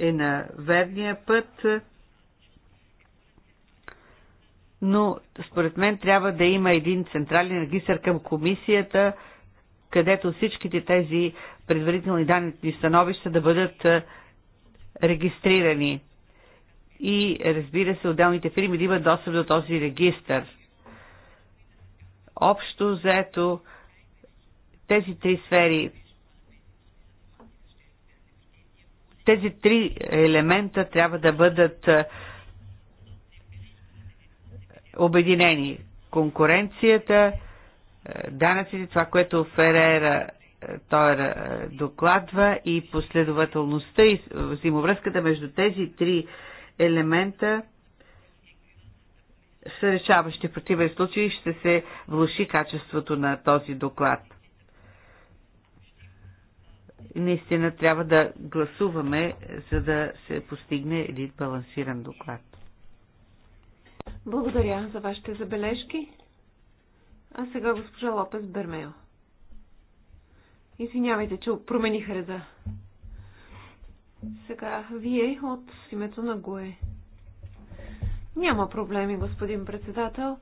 е на верния път но според мен трябва да има един централен регистр към комисията, където всичките тези предварителни данни и становища да бъдат регистрирани. И разбира се, отделните фирми да имат достъп до този регистр. Общо заето тези три сфери, тези три елемента трябва да бъдат обединени. Конкуренцията, е, данъците, това, което Ферера е, той е, докладва и последователността и взаимовръзката между тези три елемента са решаващи. В противен случай ще се влуши качеството на този доклад. Наистина трябва да гласуваме, за да се постигне един балансиран доклад. Благодаря за вашите забележки. А сега госпожа Лопес Бермео. Извинявайте, че промених реда. Сега вие от името на Гое. Няма проблеми, господин председател.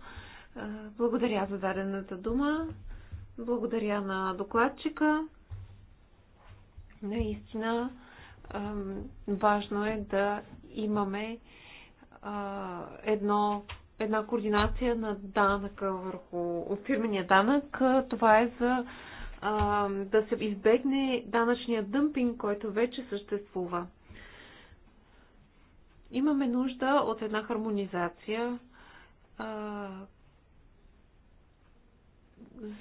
Благодаря за дадената дума. Благодаря на докладчика. Наистина важно е да имаме а, едно, една координация на данъка върху фирмения данък. Това е за а, да се избегне данъчния дъмпинг, който вече съществува. Имаме нужда от една хармонизация, а,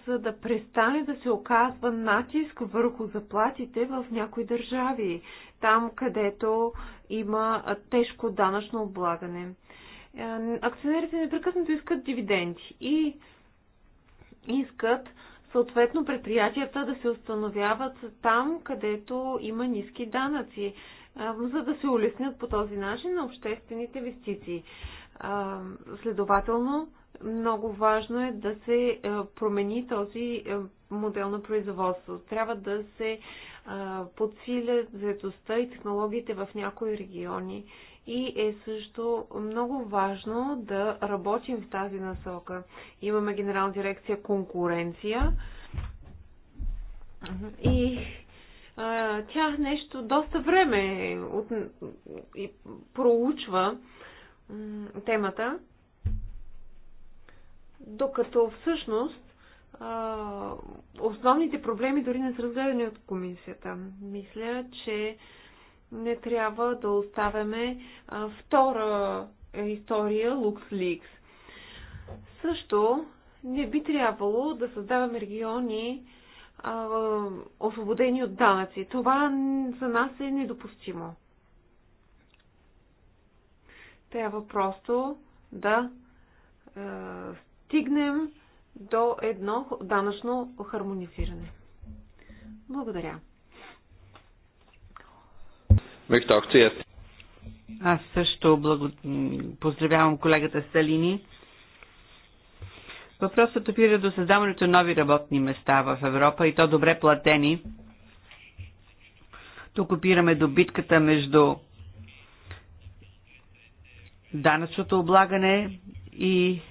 за да престане да се оказва натиск върху заплатите в някои държави там, където има тежко данъчно облагане. Е, акционерите непрекъснато искат дивиденти и искат съответно предприятията да се установяват там, където има ниски данъци, е, за да се улеснят по този начин на обществените инвестиции. Е, следователно, много важно е да се промени този модел на производство. Трябва да се подсилят заедостта и технологиите в някои региони и е също много важно да работим в тази насока. Имаме генерална дирекция конкуренция и а, тя нещо доста време от, и проучва темата, докато всъщност основните проблеми дори не са разгледани от комисията. Мисля, че не трябва да оставяме втора история LuxLeaks. Също не би трябвало да създаваме региони а, освободени от данъци. Това за нас е недопустимо. Трябва просто да а, стигнем до едно данъчно хармонизиране. Благодаря. Е. Аз също благо... поздравявам колегата Салини. Въпросът опира до създаването на нови работни места в Европа и то добре платени. Тук опираме до битката между данъчното облагане и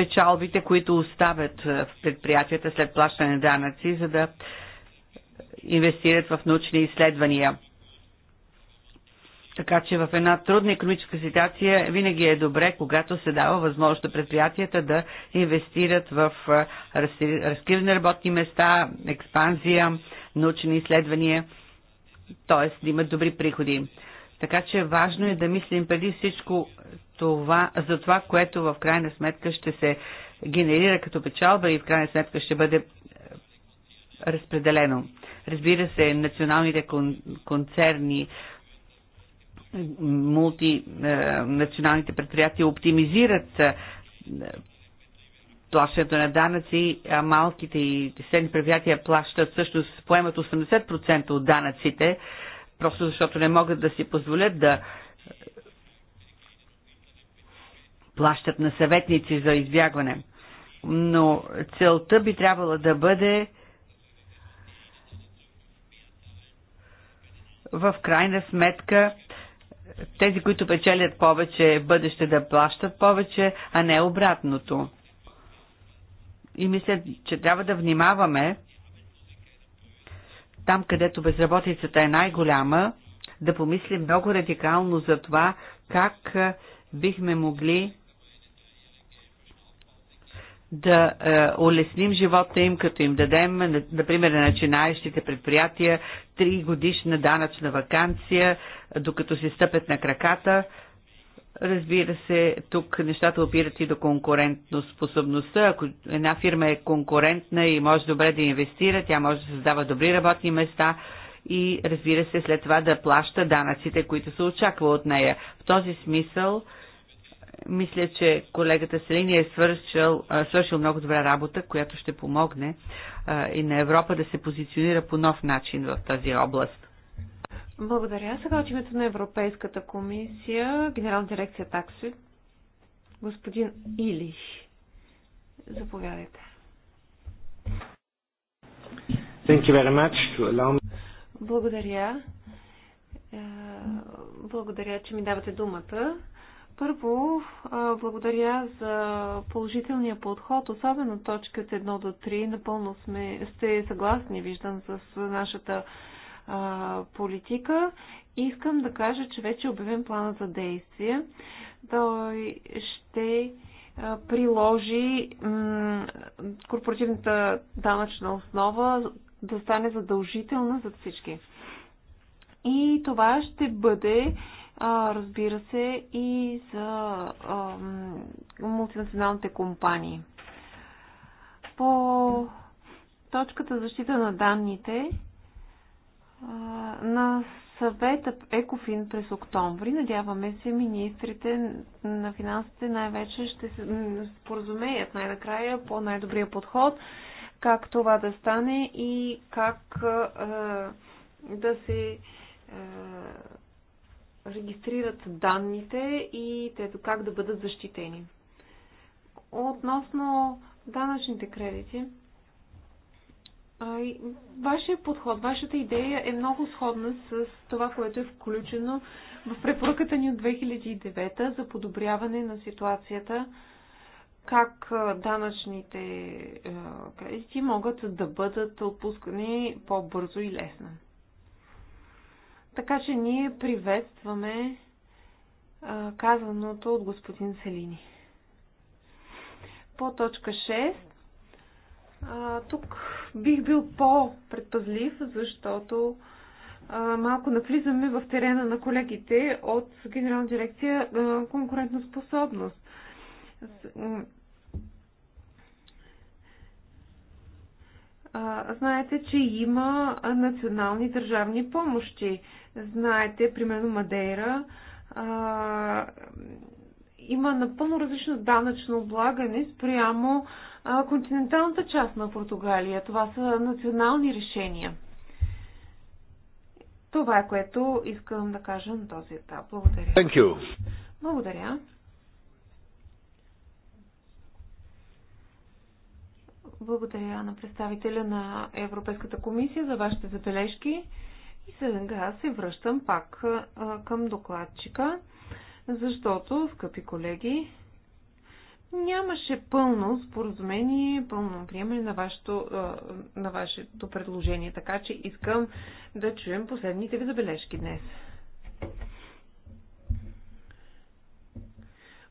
печалбите, които оставят е, в предприятията след плащане на данъци, за да инвестират в научни изследвания. Така че в една трудна економическа ситуация винаги е добре, когато се дава възможност на предприятията да инвестират в е, разкриване работни места, експанзия, научни изследвания, т.е. да имат добри приходи. Така че важно е да мислим преди всичко това, за това, което в крайна сметка ще се генерира като печалба и в крайна сметка ще бъде е, разпределено. Разбира се, националните кон, концерни, мултинационалните е, предприятия оптимизират е, плащането на данъци, а малките и средни предприятия плащат, всъщност поемат 80% от данъците, просто защото не могат да си позволят да плащат на съветници за избягване. Но целта би трябвало да бъде в крайна сметка тези, които печелят повече, бъдеще да плащат повече, а не обратното. И мисля, че трябва да внимаваме там, където безработицата е най-голяма, да помислим много радикално за това, как бихме могли да е, улесним живота им, като им дадем, например, на начинаещите предприятия три годишна данъчна вакансия, докато се стъпят на краката. Разбира се, тук нещата опират и до конкурентно способността. Ако една фирма е конкурентна и може добре да инвестира, тя може да създава добри работни места и разбира се след това да плаща данъците, които се очаква от нея. В този смисъл мисля, че колегата Селини е свършил, свършил много добра работа, която ще помогне и на Европа да се позиционира по нов начин в тази област. Благодаря. Сега от името на Европейската комисия, Генерална дирекция такси, господин Илиш. Заповядайте. Thank you very much to allow me... Благодаря. Е, благодаря, че ми давате думата. Първо, благодаря за положителния подход, особено точката 1 до 3. Напълно сме, сте съгласни, виждам, с нашата а, политика. Искам да кажа, че вече обявен плана за действие. Той ще приложи корпоративната данъчна основа да стане задължителна за всички. И това ще бъде а, разбира се, и за а, мултинационалните компании. По точката защита на данните а, на съвета Екофин през октомври, надяваме се, министрите на финансите най-вече ще се споразумеят най-накрая по най-добрия подход, как това да стане и как а, да се а, регистрират данните и те как да бъдат защитени. Относно данъчните кредити, вашия подход, вашата идея е много сходна с това, което е включено в препоръката ни от 2009 за подобряване на ситуацията, как данъчните кредити могат да бъдат отпускани по-бързо и лесно. Така че ние приветстваме а, казаното от господин Селини. По точка 6. А, тук бих бил по-предпазлив, защото а, малко навлизаме в терена на колегите от Генерална дирекция а, конкурентоспособност. знаете, че има национални държавни помощи. Знаете, примерно Мадейра а, има напълно различно данъчно облагане спрямо а, континенталната част на Португалия. Това са национални решения. Това е което искам да кажа на този етап. Благодаря. Thank you. Благодаря. Благодаря на представителя на Европейската комисия за вашите забележки. И сега се връщам пак към докладчика, защото, скъпи колеги, нямаше пълно споразумение, пълно приемане на вашето, на вашето предложение. Така че искам да чуем последните ви забележки днес.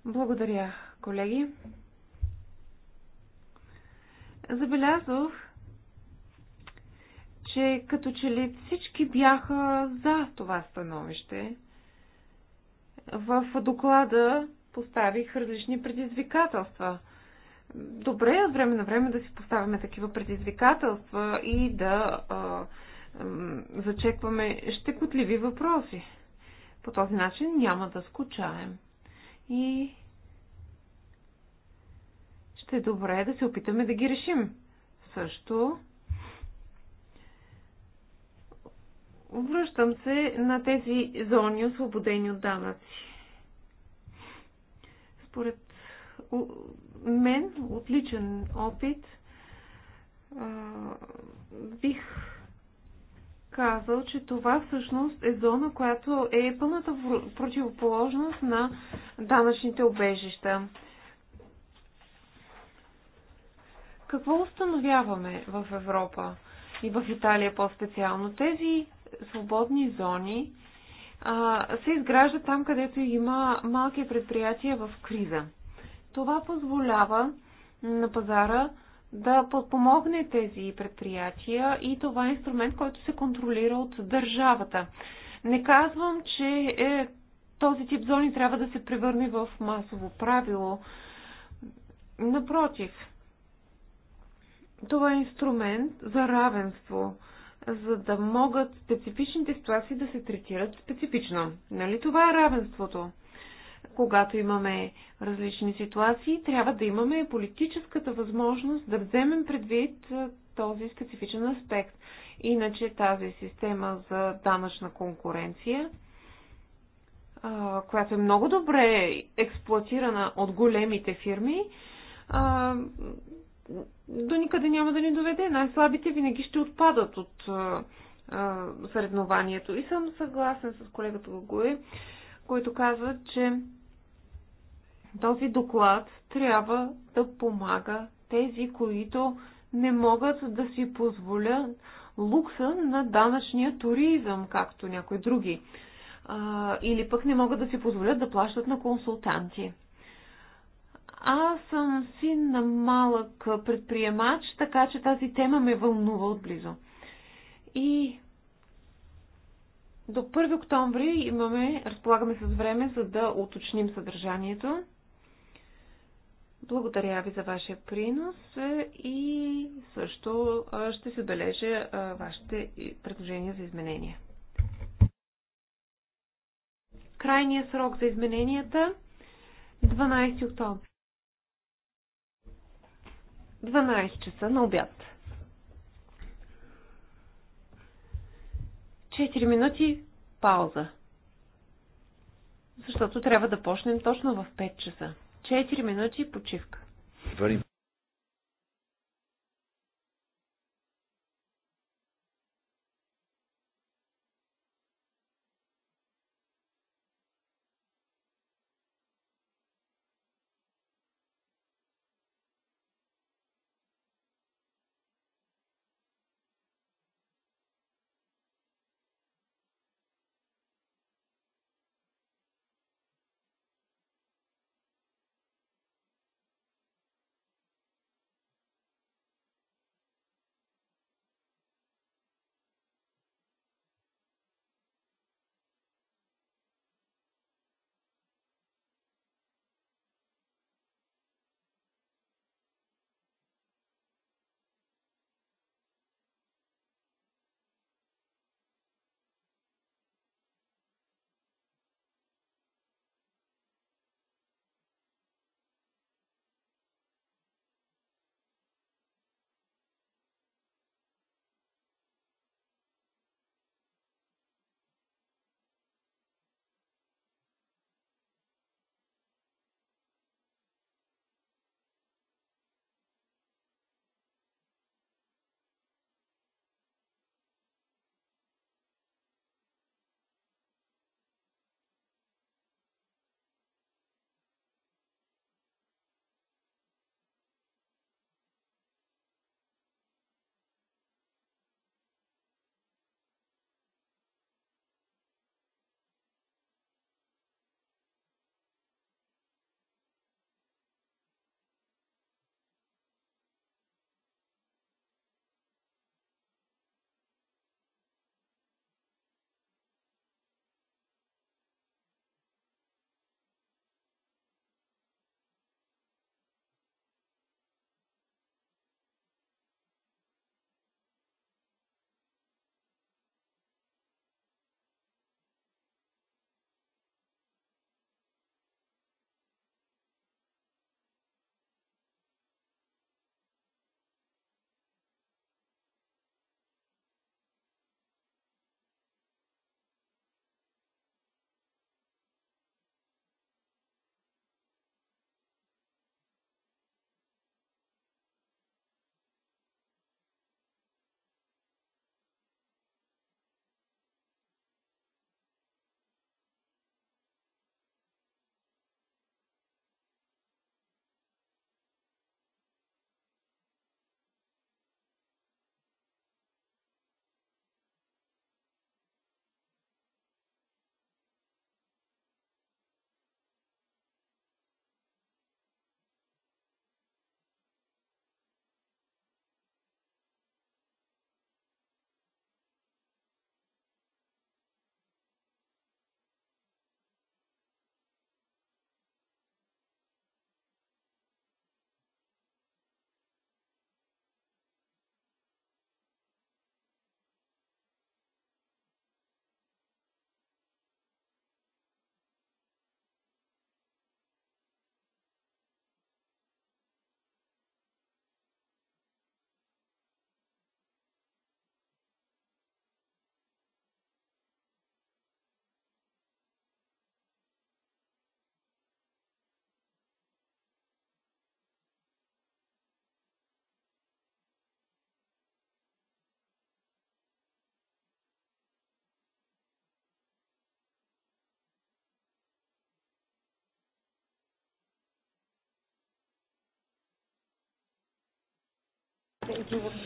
Благодаря, колеги забелязах, че като че ли всички бяха за това становище. В доклада поставих различни предизвикателства. Добре е от време на време да си поставяме такива предизвикателства и да а, а, зачекваме щекотливи въпроси. По този начин няма да скучаем. И ще е добре да се опитаме да ги решим. Също връщам се на тези зони, освободени от данъци. Според мен, отличен опит, бих казал, че това всъщност е зона, която е пълната противоположност на данъчните обежища. Какво установяваме в Европа и в Италия по-специално? Тези свободни зони а, се изграждат там, където има малки предприятия в криза. Това позволява на пазара да подпомогне тези предприятия и това е инструмент, който се контролира от държавата. Не казвам, че е, този тип зони трябва да се превърне в масово правило. Напротив, това е инструмент за равенство, за да могат специфичните ситуации да се третират специфично. Нали това е равенството? Когато имаме различни ситуации, трябва да имаме политическата възможност да вземем предвид този специфичен аспект. Иначе тази система за данъчна конкуренция, която е много добре експлуатирана от големите фирми, до никъде няма да ни доведе. Най-слабите винаги ще отпадат от а, съревнованието. И съм съгласен с колегата Гогуе, който казва, че този доклад трябва да помага тези, които не могат да си позволят лукса на данъчния туризъм, както някои други. А, или пък не могат да си позволят да плащат на консултанти. Аз съм син на малък предприемач, така че тази тема ме вълнува отблизо. И до 1 октомври имаме, разполагаме с време, за да уточним съдържанието. Благодаря ви за вашия принос е, и също е, ще се отбележа е, вашите предложения за изменения. Крайният срок за измененията 12 октомври. 12 часа на обяд. 4 минути пауза. Защото трябва да почнем точно в 5 часа. 4 минути почивка.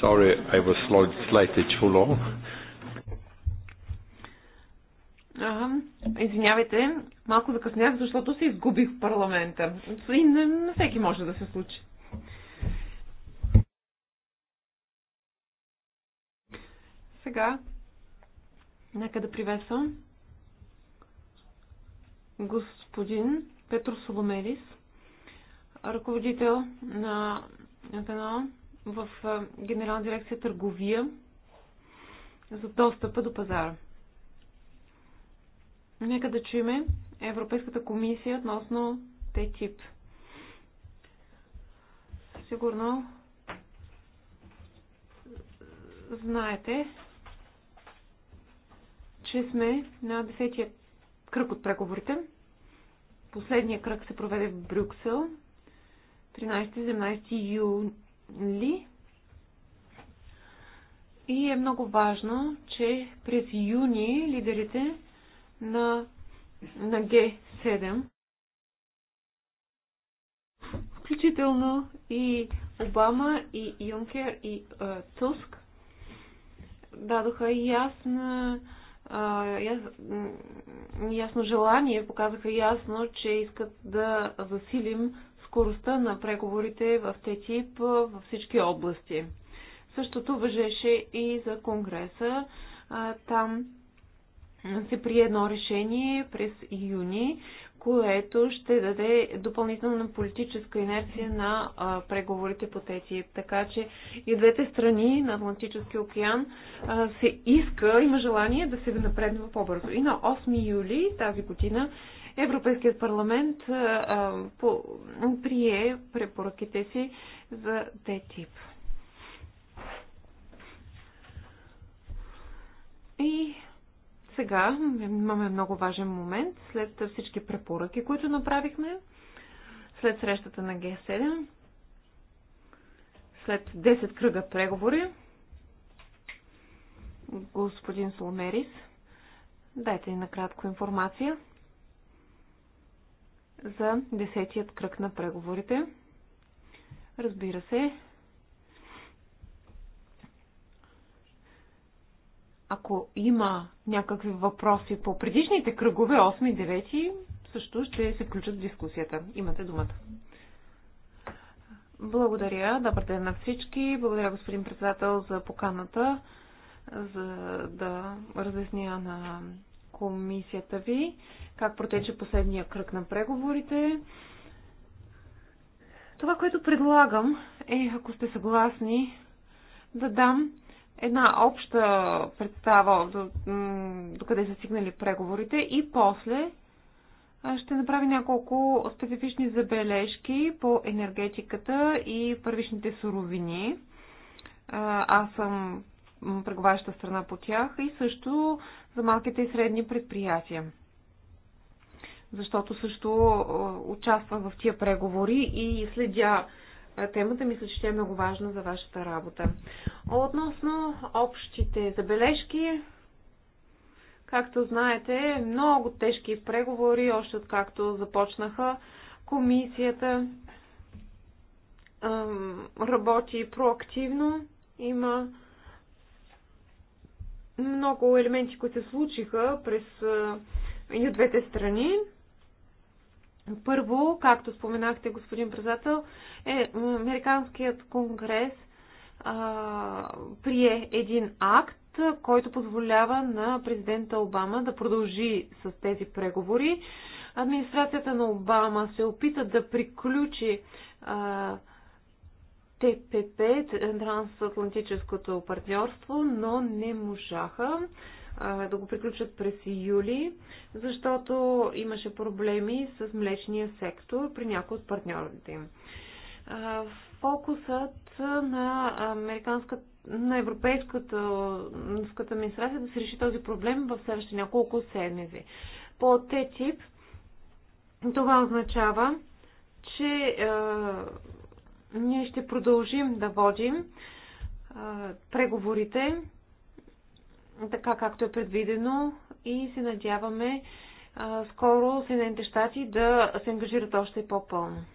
Sorry, I was slightly too long. Ага, извинявайте, малко закъснях, защото се изгубих в парламента. И на, на всеки може да се случи. Сега, нека да привесвам господин Петро Соломелис, ръководител на ФНО в Генерална дирекция търговия за достъпа до пазара. Нека да чуем Европейската комисия относно ТТИП. Сигурно знаете, че сме на 10-я кръг от преговорите. Последния кръг се проведе в Брюксел 13-17 ли? И е много важно, че през юни лидерите на, на Г7, включително и Обама, и Юнкер, и е, Туск, дадоха ясна, е, яс, ясно желание, показаха ясно, че искат да засилим скоростта на преговорите в ТТИП във всички области. Същото въжеше и за Конгреса. Там се прие едно решение през юни, което ще даде допълнителна политическа инерция на преговорите по тези. Така че и двете страни на Атлантически океан се иска, има желание да се напредне по-бързо. И на 8 юли тази година Европейският парламент по, прие препоръките си за Т-тип. И сега имаме много важен момент след всички препоръки, които направихме, след срещата на Г7, след 10 кръга преговори. Господин Солмерис, дайте ни накратко информация за десетият кръг на преговорите. Разбира се, ако има някакви въпроси по предишните кръгове, 8 и 9, също ще се включат в дискусията. Имате думата. Благодаря. Добър ден на всички. Благодаря, господин председател, за поканата за да разясня на комисията ви, как протече последния кръг на преговорите. Това, което предлагам е, ако сте съгласни, да дам една обща представа до, до къде са стигнали преговорите и после ще направи няколко специфични забележки по енергетиката и първичните суровини. Аз съм преговаряща страна по тях и също за малките и средни предприятия. Защото също е, участвах в тия преговори и следя е, темата, мисля, че тя е много важна за вашата работа. Относно общите забележки, както знаете, много тежки преговори, още откакто започнаха комисията работи проактивно, има много елементи, които се случиха през и от двете страни. Първо, както споменахте, господин председател, е, Американският конгрес а, прие един акт, който позволява на президента Обама да продължи с тези преговори. Администрацията на Обама се опита да приключи а, ТПП, трансатлантическото партньорство, но не можаха да го приключат през юли, защото имаше проблеми с млечния сектор при някои от партньорите им. Фокусът на на европейската администрация е да се реши този проблем в следващите няколко седмици. По ТТИП това означава, че ние ще продължим да водим преговорите, така както е предвидено и се надяваме скоро Съединените щати да се ангажират още по-пълно.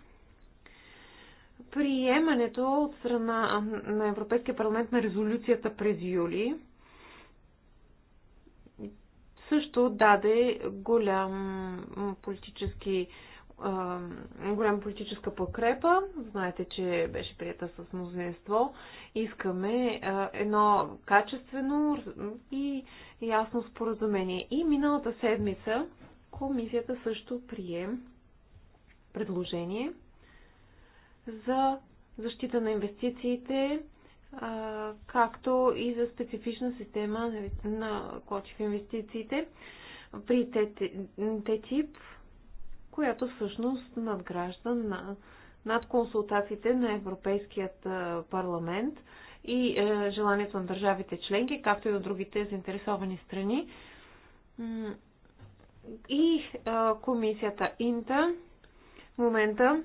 Приемането от страна на Европейския парламент на резолюцията през юли също даде голям политически голяма политическа подкрепа. Знаете, че беше прията с мнозинство. Искаме а, едно качествено и ясно споразумение. И миналата седмица комисията също прие предложение за защита на инвестициите, а, както и за специфична система на, на инвестициите при ТТИП която всъщност надгражда на, над консултациите на Европейският парламент и е, желанието на държавите членки, както и от другите заинтересовани страни. И е, комисията Инта в момента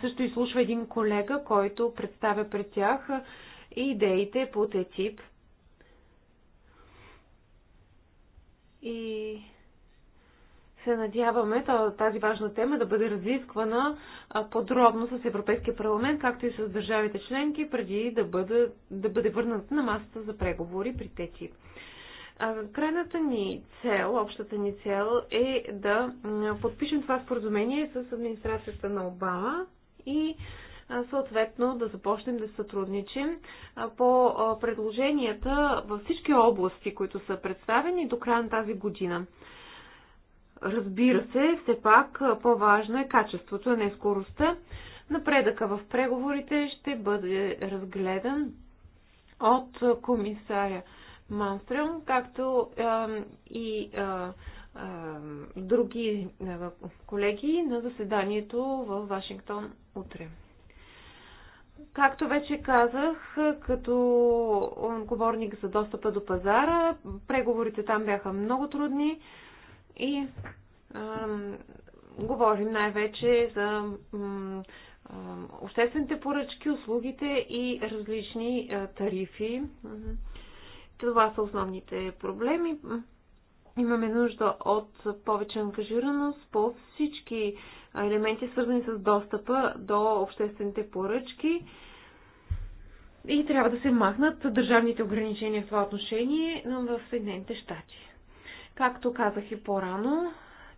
също изслушва един колега, който представя пред тях идеите по ТЕТИП. И се надяваме тази важна тема да бъде разисквана подробно с Европейския парламент, както и с държавите членки, преди да бъде, да бъде върнат на масата за преговори при тети. Крайната ни цел, общата ни цел е да подпишем това споразумение с администрацията на Обама и съответно да започнем да сътрудничим по предложенията във всички области, които са представени до края на тази година. Разбира се, все пак по-важно е качеството, а не скоростта. Напредъка в преговорите ще бъде разгледан от комисаря Манстрем, както и други колеги на заседанието в Вашингтон утре. Както вече казах, като говорник за достъпа до пазара, преговорите там бяха много трудни. И ам, говорим най-вече за обществените поръчки, услугите и различни а, тарифи. Това са основните проблеми. Имаме нужда от повече ангажираност по всички елементи, свързани с достъпа до обществените поръчки. И трябва да се махнат държавните ограничения в това отношение в Съединените щати. Както казах и по-рано,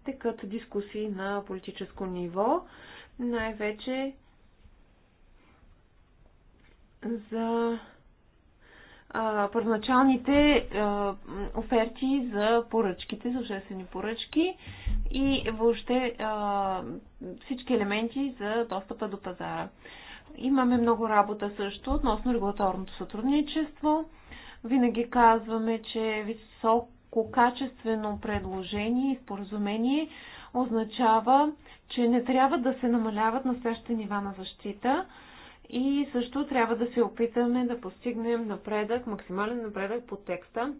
текат дискусии на политическо ниво, най-вече за а, първоначалните а, оферти за поръчките, за обществени поръчки и въобще а, всички елементи за достъпа до пазара. Имаме много работа също относно регулаторното сътрудничество. Винаги казваме, че висок всяко качествено предложение и споразумение означава, че не трябва да се намаляват настоящите нива на защита и също трябва да се опитаме да постигнем напредък, максимален напредък по текста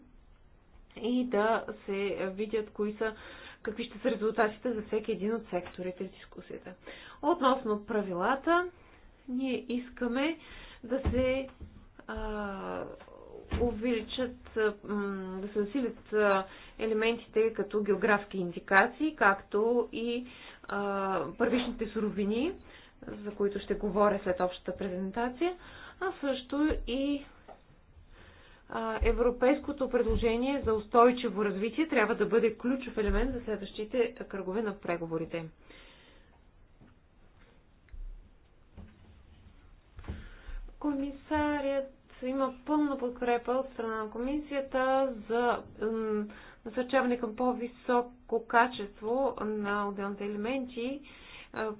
и да се видят кои са какви ще са резултатите за всеки един от секторите в дискусията. Относно правилата, ние искаме да се а, увеличат, да се засилят елементите като географски индикации, както и първичните суровини, за които ще говоря след общата презентация, а също и европейското предложение за устойчиво развитие трябва да бъде ключов елемент за следващите кръгове на преговорите. Комисарият има пълна подкрепа от страна на комисията за насърчаване към по-високо качество на отделните елементи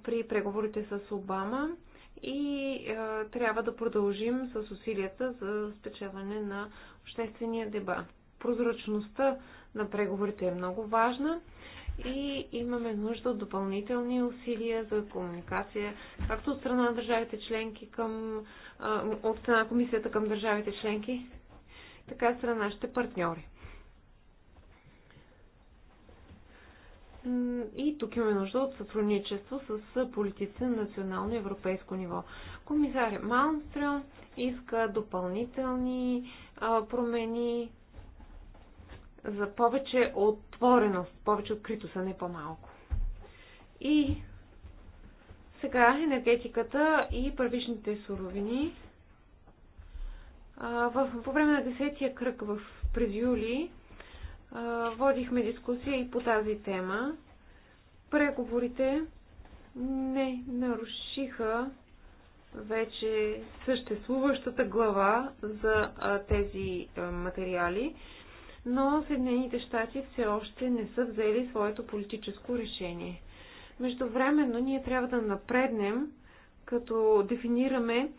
при преговорите с Обама и трябва да продължим с усилията за спечаване на обществения дебат. Прозрачността на преговорите е много важна и имаме нужда от допълнителни усилия за комуникация, както от страна на държавите членки към, от страна на комисията към държавите членки, така и страна нашите партньори. И тук имаме нужда от сътрудничество с политици на национално и европейско ниво. Комисаря Малмстрел иска допълнителни промени за повече отвореност, повече откритост, а не по-малко. И сега енергетиката и първичните суровини. В, по време на 10-я кръг в, през юли водихме дискусия и по тази тема. Преговорите не нарушиха вече съществуващата глава за тези материали но Съединените щати все още не са взели своето политическо решение. Междувременно ние трябва да напреднем, като дефинираме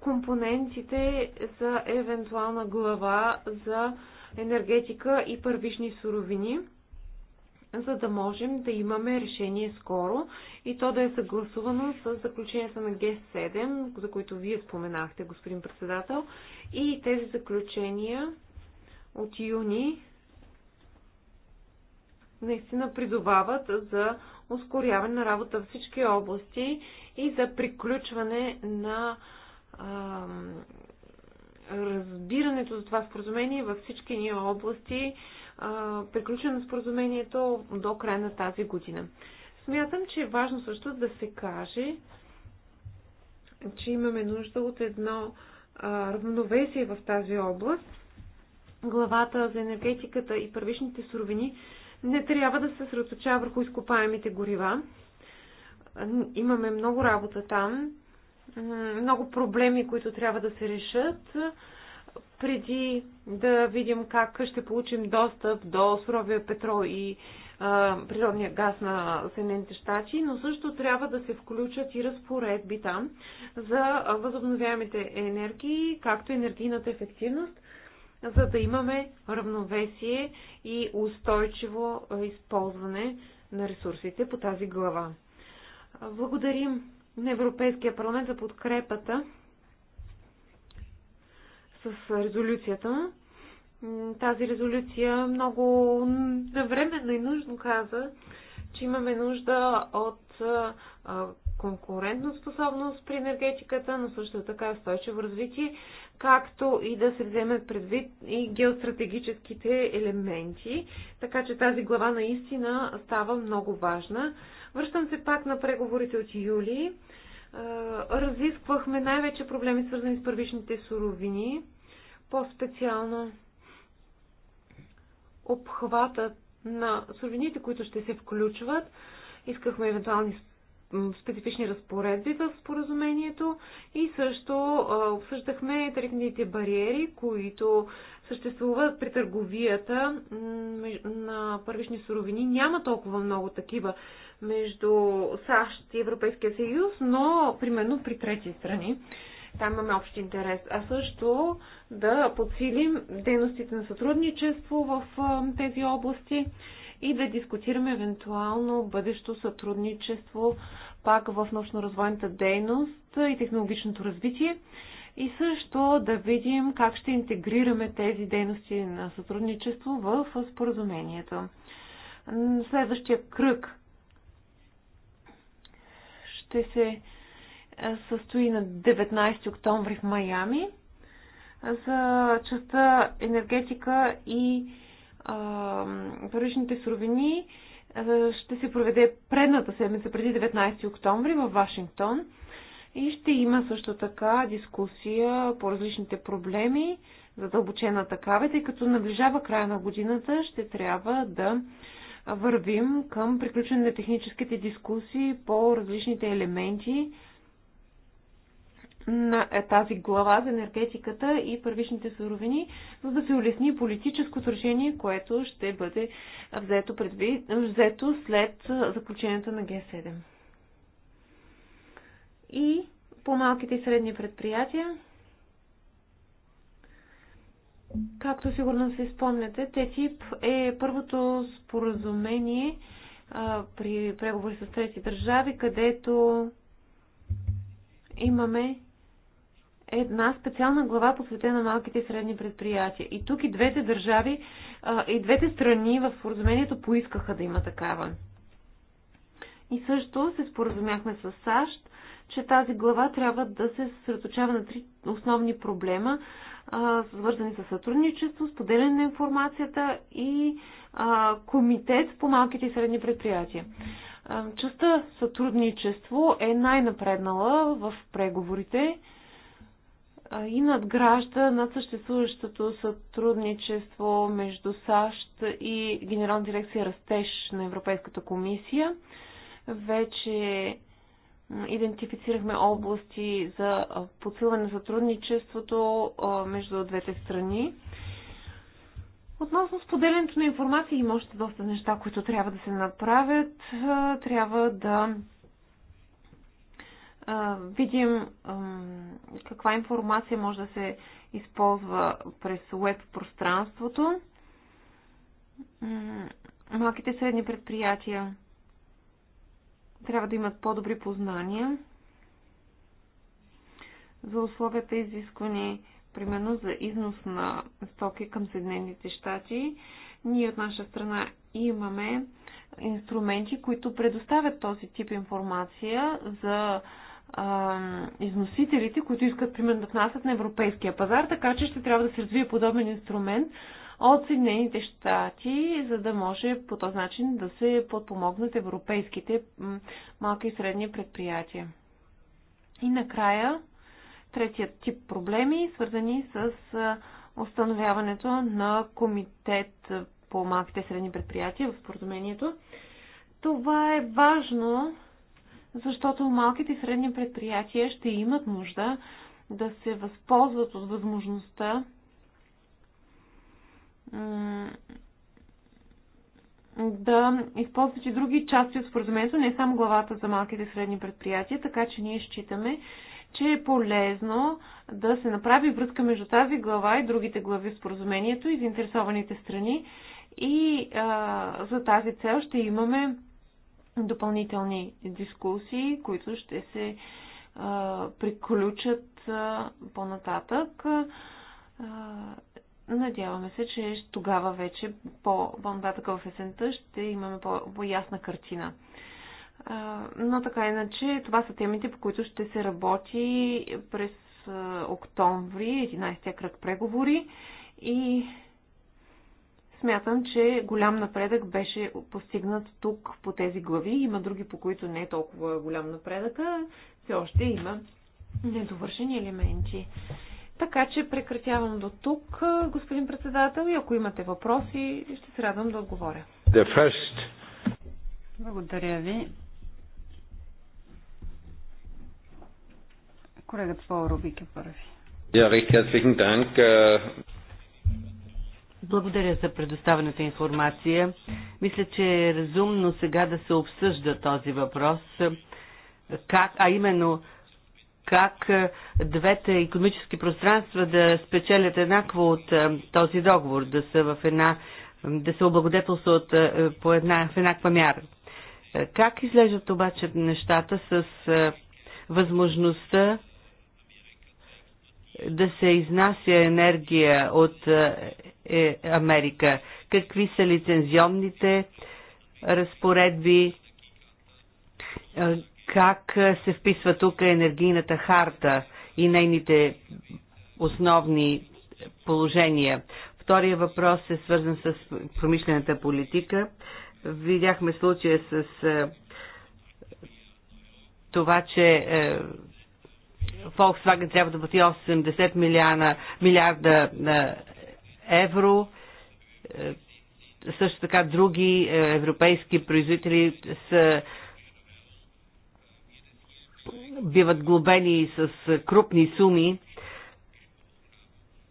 компонентите за евентуална глава за енергетика и първични суровини, за да можем да имаме решение скоро и то да е съгласувано с заключенията на Г7, за които вие споменахте, господин председател, и тези заключения от юни наистина призовават за ускоряване на работа в всички области и за приключване на а, разбирането за това споразумение във всички ние области, а, приключване на споразумението до края на тази година. Смятам, че е важно също да се каже, че имаме нужда от едно а, равновесие в тази област – главата за енергетиката и първичните суровини не трябва да се съсредоточава върху изкопаемите горива. Имаме много работа там, много проблеми, които трябва да се решат преди да видим как ще получим достъп до суровия петрол и природния газ на Съединените щати, но също трябва да се включат и разпоредби там за възобновяемите енергии, както енергийната ефективност за да имаме равновесие и устойчиво използване на ресурсите по тази глава. Благодарим на Европейския парламент за подкрепата с резолюцията. Тази резолюция много навременно и нужно каза, че имаме нужда от конкурентна способност при енергетиката, но също така устойчиво развитие както и да се вземе предвид и геостратегическите елементи. Така че тази глава наистина става много важна. Връщам се пак на преговорите от юли. Е, разисквахме най-вече проблеми, свързани с първичните суровини, по-специално обхватът на суровините, които ще се включват. Искахме евентуални специфични разпоредби в споразумението и също обсъждахме тарифните бариери, които съществуват при търговията на първични суровини. Няма толкова много такива между САЩ и Европейския съюз, но примерно при трети страни. Там имаме общ интерес. А също да подсилим дейностите на сътрудничество в тези области и да дискутираме евентуално бъдещо сътрудничество пак в научно-развойната дейност и технологичното развитие и също да видим как ще интегрираме тези дейности на сътрудничество в споразумението. Следващия кръг ще се състои на 19 октомври в Майами за частта енергетика и първичните суровини ще се проведе предната седмица, преди 19 октомври в Вашингтон. И ще има също така дискусия по различните проблеми, задълбочена такава, тъй като наближава края на годината, ще трябва да вървим към приключване на техническите дискусии по различните елементи на тази глава за енергетиката и първичните суровини, за да се улесни политическото решение, което ще бъде взето, предвид, взето след заключението на Г7. И по малките и средни предприятия, както сигурно се спомняте, ТТИП е първото споразумение а, при преговори с трети държави, където имаме една специална глава посветена на малките и средни предприятия. И тук и двете държави, и двете страни в споразумението поискаха да има такава. И също се споразумяхме с САЩ, че тази глава трябва да се съсредоточава на три основни проблема, свързани с сътрудничество, споделяне на информацията и комитет по малките и средни предприятия. Частта сътрудничество е най-напреднала в преговорите и надгражда над съществуващото сътрудничество между САЩ и Генерална дирекция Растеж на Европейската комисия. Вече идентифицирахме области за подсилване на сътрудничеството между двете страни. Относно споделянето на информация има още доста неща, които трябва да се направят. Трябва да видим каква информация може да се използва през веб пространството. Малките средни предприятия трябва да имат по-добри познания за условията изисквани, примерно за износ на стоки към Съединените щати. Ние от наша страна имаме инструменти, които предоставят този тип информация за а, износителите, които искат, примерно, да внасят на европейския пазар, така че ще трябва да се развие подобен инструмент от Съединените щати, за да може по този начин да се подпомогнат европейските малки и средни предприятия. И накрая, третият тип проблеми, свързани с установяването на комитет по малките и средни предприятия в споразумението. Това е важно, защото малките и средни предприятия ще имат нужда да се възползват от възможността да използват и други части от споразумението, не само главата за малките и средни предприятия, така че ние считаме, че е полезно да се направи връзка между тази глава и другите глави в споразумението и заинтересованите страни. И а, за тази цел ще имаме допълнителни дискусии, които ще се приключат по-нататък. Надяваме се, че тогава вече по-нататък в есента ще имаме по-ясна картина. Но така иначе, това са темите, по които ще се работи през октомври, 11-я кръг преговори и Смятам, че голям напредък беше постигнат тук по тези глави. Има други, по които не е толкова голям напредък, а все още има недовършени елементи. Така че прекратявам до тук, господин председател, и ако имате въпроси, ще се радвам да отговоря. The first... Благодаря ви. Колегата Павел Рубик е първи. Ja, recht herzlichen Dank. Äh, благодаря за предоставената информация. Мисля, че е разумно сега да се обсъжда този въпрос, как, а именно как е, двете економически пространства да спечелят еднакво от е, този договор, да са в една, да се облагодетелстват е, по една, в еднаква мяра. Как излежат обаче нещата с възможността да се изнася енергия от е Америка? Какви са лицензионните разпоредби? Е, как е, се вписва тук енергийната харта и нейните основни положения? Втория въпрос е свързан с промишлената политика. Видяхме случая с е, това, че Volkswagen трябва да плати 80 милиарда милиарда евро. Е, също така други е, европейски производители са биват глобени с крупни суми.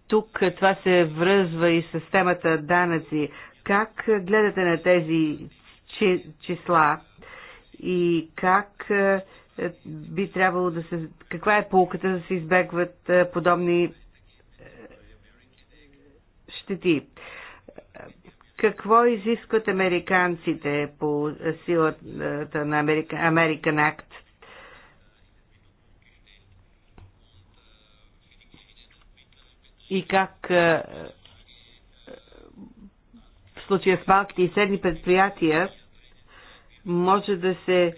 Тук е, това се връзва и с темата данъци. Как гледате на тези числа и как би трябвало да се... Каква е полката да се избегват подобни щети. Какво изискват американците по силата на Американ American Act? И как е, в случая с малките и средни предприятия може да се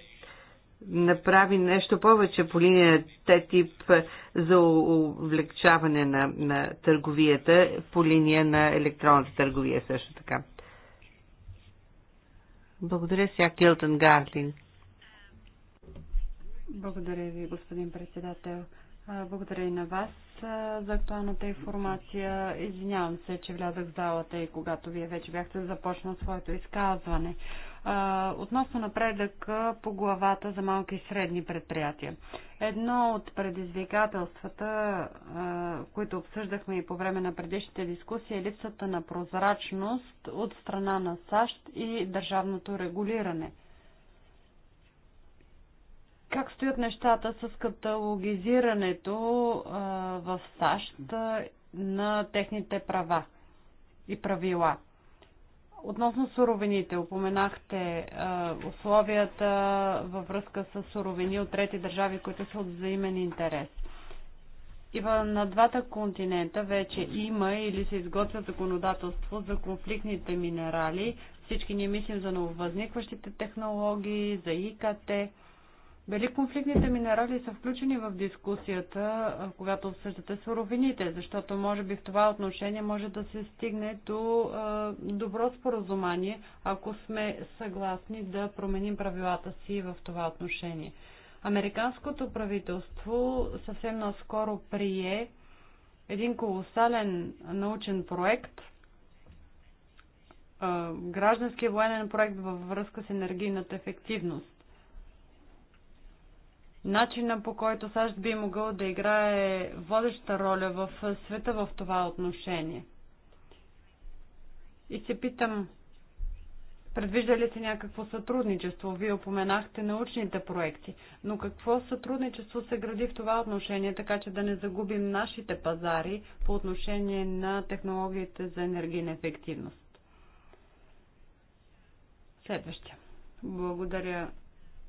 направи нещо повече по линия ТТИП за облегчаване на, на търговията, по линия на електронната търговия също така. Благодаря сега Килтън Гарлин. Благодаря ви, господин председател. Благодаря и на вас за актуалната информация. Извинявам се, че влязах в залата и когато вие вече бяхте започнал своето изказване. Относно напредък по главата за малки и средни предприятия. Едно от предизвикателствата, които обсъждахме и по време на предишните дискусии, е липсата на прозрачност от страна на САЩ и държавното регулиране. Как стоят нещата с каталогизирането в САЩ на техните права и правила? Относно суровините, упоменахте а, е, условията във връзка с суровини от трети държави, които са от взаимен интерес. И на двата континента вече има или се изготвя законодателство за конфликтните минерали. Всички ние мислим за нововъзникващите технологии, за ИКТ. Дали конфликтните минерали са включени в дискусията, когато обсъждате суровините? Защото може би в това отношение може да се стигне до добро споразумание, ако сме съгласни да променим правилата си в това отношение. Американското правителство съвсем наскоро прие един колосален научен проект, граждански военен проект във връзка с енергийната ефективност начина по който САЩ би могъл да играе водеща роля в света в това отношение. И се питам, предвижда ли се някакво сътрудничество? Вие упоменахте научните проекти, но какво сътрудничество се гради в това отношение, така че да не загубим нашите пазари по отношение на технологиите за енергийна ефективност? Следващия. Благодаря,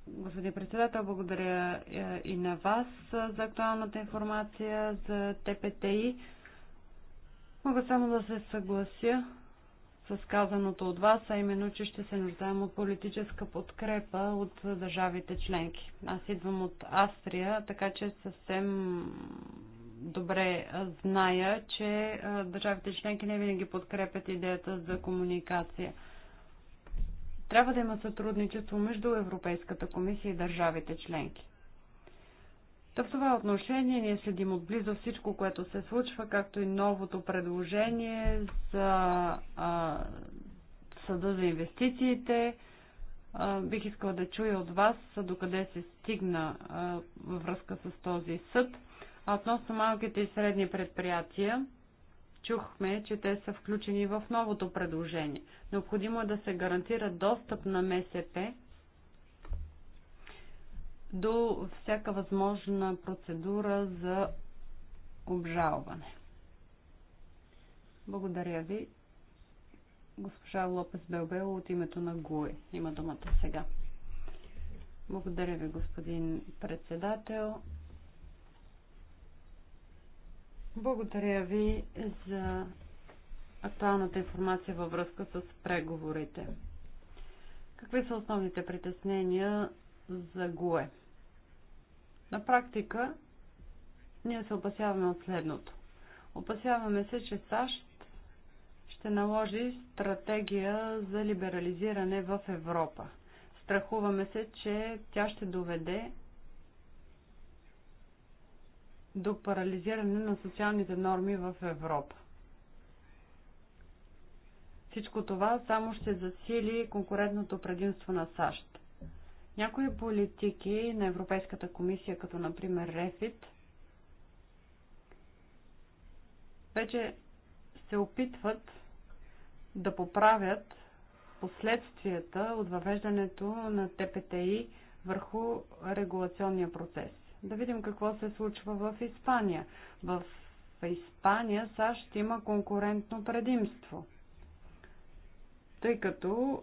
Господин председател, благодаря е, и на вас е, за актуалната информация за ТПТИ. Мога само да се съглася с казаното от вас, а именно, че ще се нуждаем от политическа подкрепа от държавите членки. Аз идвам от Австрия, така че съвсем добре зная, че е, държавите членки не винаги подкрепят идеята за комуникация – трябва да има сътрудничество между Европейската комисия и държавите членки. Та в това отношение ние следим отблизо всичко, което се случва, както и новото предложение за а, съда за инвестициите. А, бих искала да чуя от вас докъде се стигна а, във връзка с този съд. А относно малките и средни предприятия, Чухме, че те са включени в новото предложение. Необходимо е да се гарантира достъп на МСП до всяка възможна процедура за обжалване. Благодаря ви. Госпожа Лопес Белбело от името на ГУЕ има думата сега. Благодаря ви, господин председател. Благодаря ви за актуалната информация във връзка с преговорите. Какви са основните притеснения за ГУЕ? На практика ние се опасяваме от следното. Опасяваме се, че САЩ ще наложи стратегия за либерализиране в Европа. Страхуваме се, че тя ще доведе до парализиране на социалните норми в Европа. Всичко това само ще засили конкурентното предимство на САЩ. Някои политики на Европейската комисия, като например Рефит, вече се опитват да поправят последствията от въвеждането на ТПТИ върху регулационния процес. Да видим какво се случва в Испания. В Испания САЩ има конкурентно предимство, тъй като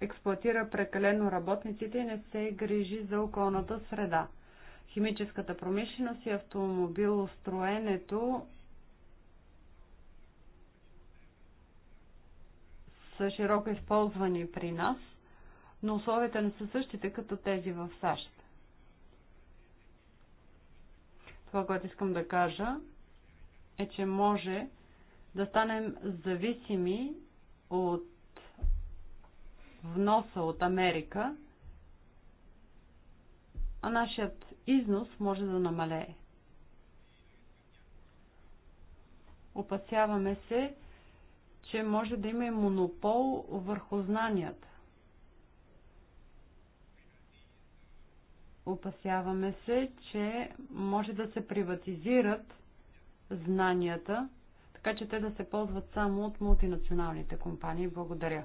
експлуатира прекалено работниците и не се грижи за околната среда. Химическата промишленост и автомобилостроенето са широко използвани при нас, но условията не са същите като тези в САЩ. Това, което искам да кажа, е, че може да станем зависими от вноса от Америка, а нашият износ може да намалее. Опасяваме се, че може да има и монопол върху знанията. Опасяваме се, че може да се приватизират знанията, така че те да се ползват само от мултинационалните компании. Благодаря.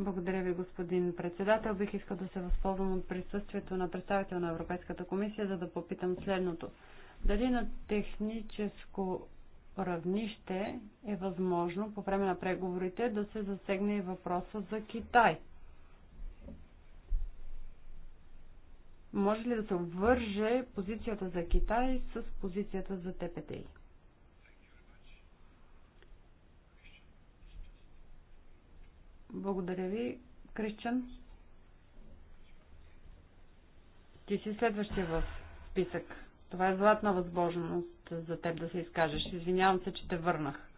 Благодаря ви, господин председател. Бих искал да се възползвам от присъствието на представител на Европейската комисия, за да попитам следното. Дали на техническо равнище е възможно по време на преговорите да се засегне и въпроса за Китай? може ли да се обвърже позицията за Китай с позицията за ТПТИ? Благодаря ви, Крищен. Ти си следващия в списък. Това е златна възможност за теб да се изкажеш. Извинявам се, че те върнах.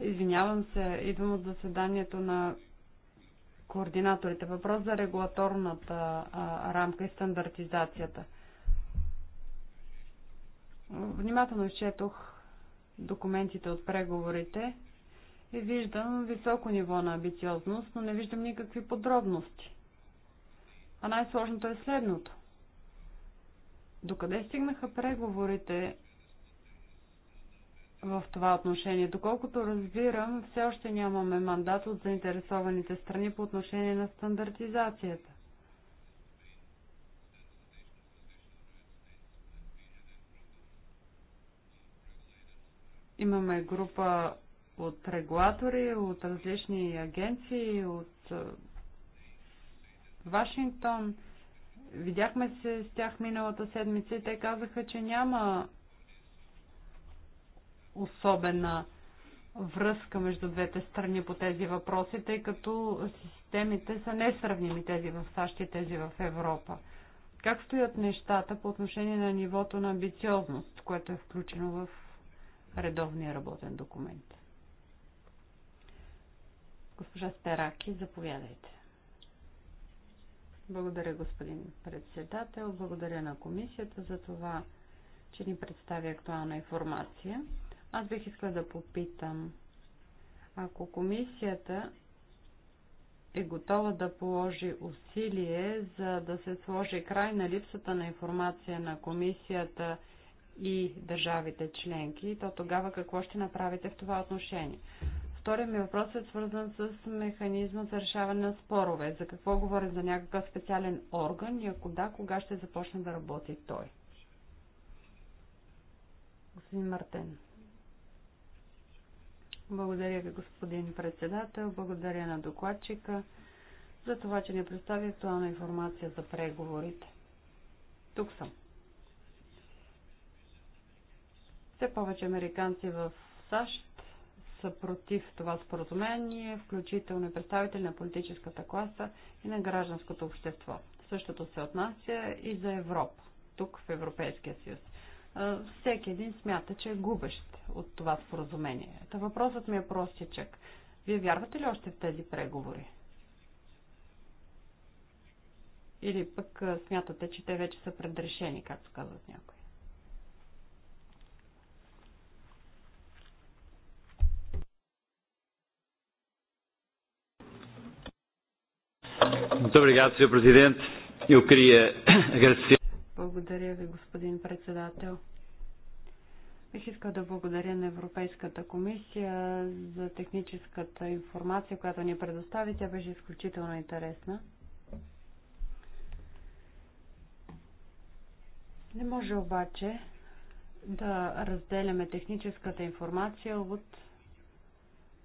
Извинявам се, идвам от заседанието на координаторите. Въпрос за регулаторната рамка и стандартизацията. Внимателно изчетох документите от преговорите и виждам високо ниво на амбициозност, но не виждам никакви подробности. А най-сложното е следното. Докъде стигнаха преговорите в това отношение. Доколкото разбирам, все още нямаме мандат от заинтересованите страни по отношение на стандартизацията. Имаме група от регулатори, от различни агенции, от е, Вашингтон. Видяхме се с тях миналата седмица и те казаха, че няма особена връзка между двете страни по тези въпроси, тъй като системите са несравними тези в САЩ и тези в Европа. Как стоят нещата по отношение на нивото на амбициозност, което е включено в редовния работен документ? Госпожа Стераки, заповядайте. Благодаря, господин председател. Благодаря на комисията за това, че ни представи актуална информация. Аз бих искала да попитам, ако комисията е готова да положи усилие, за да се сложи край на липсата на информация на комисията и държавите членки, то тогава какво ще направите в това отношение? Вторият ми въпрос е свързан с механизма за решаване на спорове. За какво говоря За някакъв специален орган и ако да, кога ще започне да работи той? Господин Мартен. Благодаря ви, господин председател. Благодаря на докладчика за това, че ни представи актуална информация за преговорите. Тук съм. Все повече американци в САЩ са против това споразумение, включително и представители на политическата класа и на гражданското общество. Същото се отнася и за Европа, тук в Европейския съюз. Всеки един смята, че е губещ от това споразумение. Та въпросът ми е простичък. Вие вярвате ли още в тези преговори? Или пък смятате, че те вече са предрешени, както казват някои? Благодаря ви, господин председател. Бих искал да благодаря на Европейската комисия за техническата информация, която ни предостави. Тя беше изключително интересна. Не може обаче да разделяме техническата информация от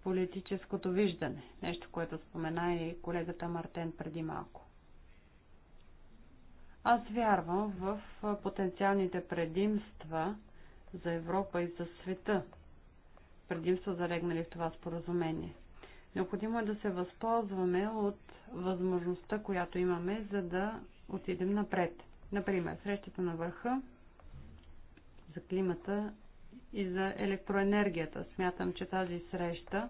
политическото виждане. Нещо, което спомена и колегата Мартен преди малко. Аз вярвам в потенциалните предимства – за Европа и за света, предимства залегнали в това споразумение. Необходимо е да се възползваме от възможността, която имаме, за да отидем напред. Например, срещата на върха за климата и за електроенергията. Смятам, че тази среща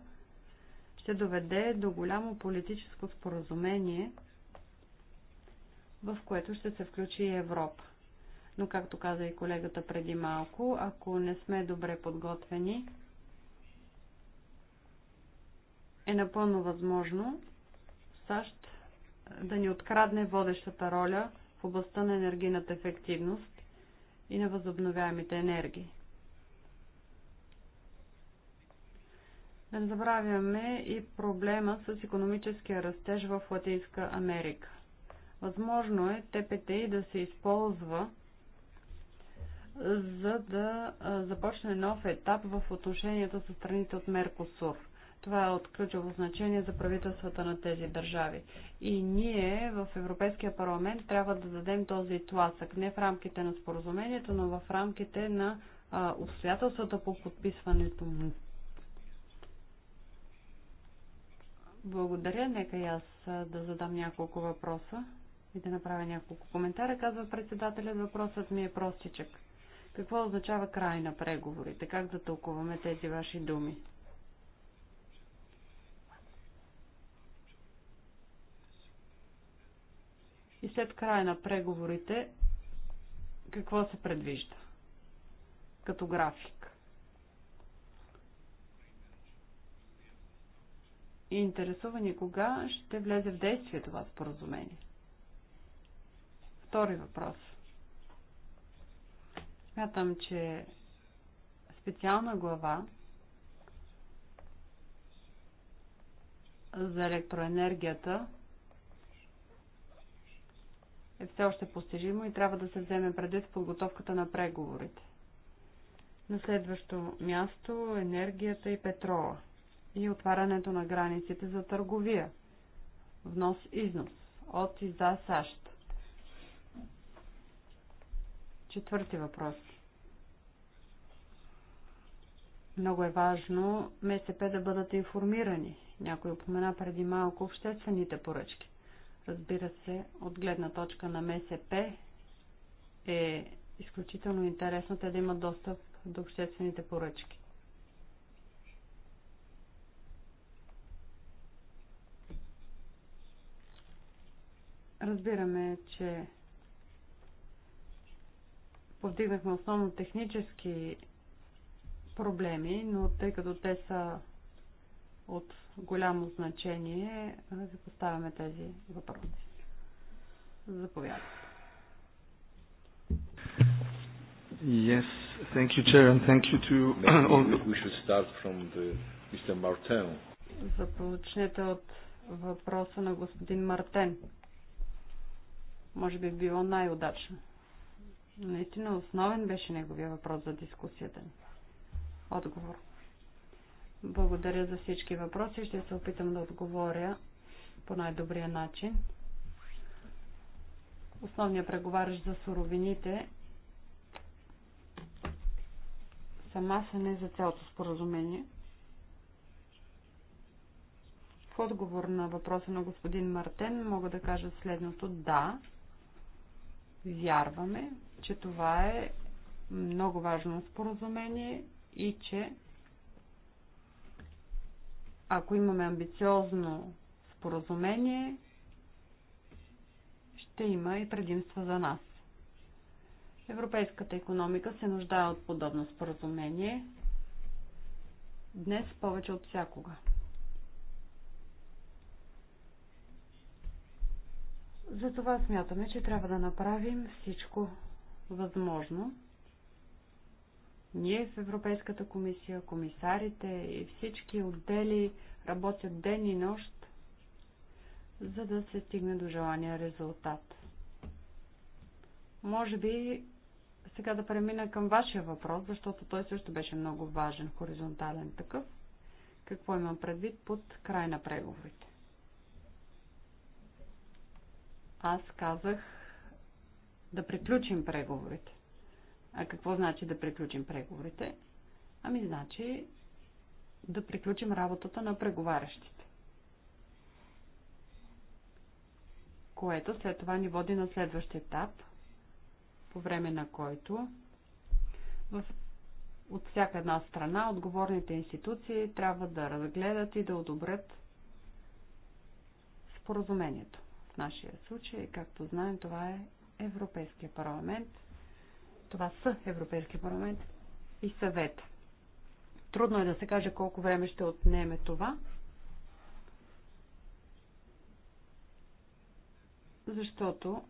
ще доведе до голямо политическо споразумение, в което ще се включи и Европа. Но, както каза и колегата преди малко, ако не сме добре подготвени, е напълно възможно САЩ да ни открадне водещата роля в областта на енергийната ефективност и на възобновяемите енергии. Да не забравяме и проблема с економическия растеж в Латинска Америка. Възможно е ТПТ да се използва за да започне нов етап в отношенията с страните от Меркосур. Това е от ключово значение за правителствата на тези държави. И ние в Европейския парламент трябва да дадем този тласък не в рамките на споразумението, но в рамките на обстоятелствата по подписването му. Благодаря. Нека и аз да задам няколко въпроса и да направя няколко коментара. Казва председателят, въпросът ми е простичък. Какво означава край на преговорите? Как да тълкуваме тези ваши думи? И след края на преговорите, какво се предвижда като график? И интересува ни кога ще влезе в действие това споразумение. Втори въпрос – Смятам, че специална глава за електроенергията е все още постижимо и трябва да се вземе предвид в подготовката на преговорите. На следващо място енергията и петрола и отварянето на границите за търговия, внос-износ от и за САЩ. Четвърти въпрос. Много е важно МСП да бъдат информирани. Някой упомена преди малко обществените поръчки. Разбира се, от гледна точка на МСП е изключително интересно те да имат достъп до обществените поръчки. Разбираме, че Повдигнахме основно технически проблеми, но тъй като те са от голямо значение, ви поставяме тези въпроси. Заповядайте. Yes, thank you, Chair, and thank you to all. We should start from the Mr. Martin. Започнете от въпроса на господин Мартен. Може би било най-удачно. Наистина основен беше неговия въпрос за дискусията. Отговор. Благодаря за всички въпроси. Ще се опитам да отговоря по най-добрия начин. Основният преговаряш за суровините сама се не за цялото споразумение. В отговор на въпроса на господин Мартен мога да кажа следното да, вярваме, че това е много важно споразумение и че ако имаме амбициозно споразумение, ще има и предимства за нас. Европейската економика се нуждае от подобно споразумение днес повече от всякога. Затова смятаме, че трябва да направим всичко възможно. Ние в Европейската комисия, комисарите и всички отдели работят ден и нощ, за да се стигне до желания резултат. Може би сега да премина към вашия въпрос, защото той също беше много важен, хоризонтален такъв. Какво имам предвид под край на преговорите? аз казах да приключим преговорите. А какво значи да приключим преговорите? Ами значи да приключим работата на преговарящите. Което след това ни води на следващия етап, по време на който в от всяка една страна отговорните институции трябва да разгледат и да одобрят споразумението нашия случай, както знаем, това е Европейския парламент. Това са Европейския парламент и съвет. Трудно е да се каже колко време ще отнеме това, защото,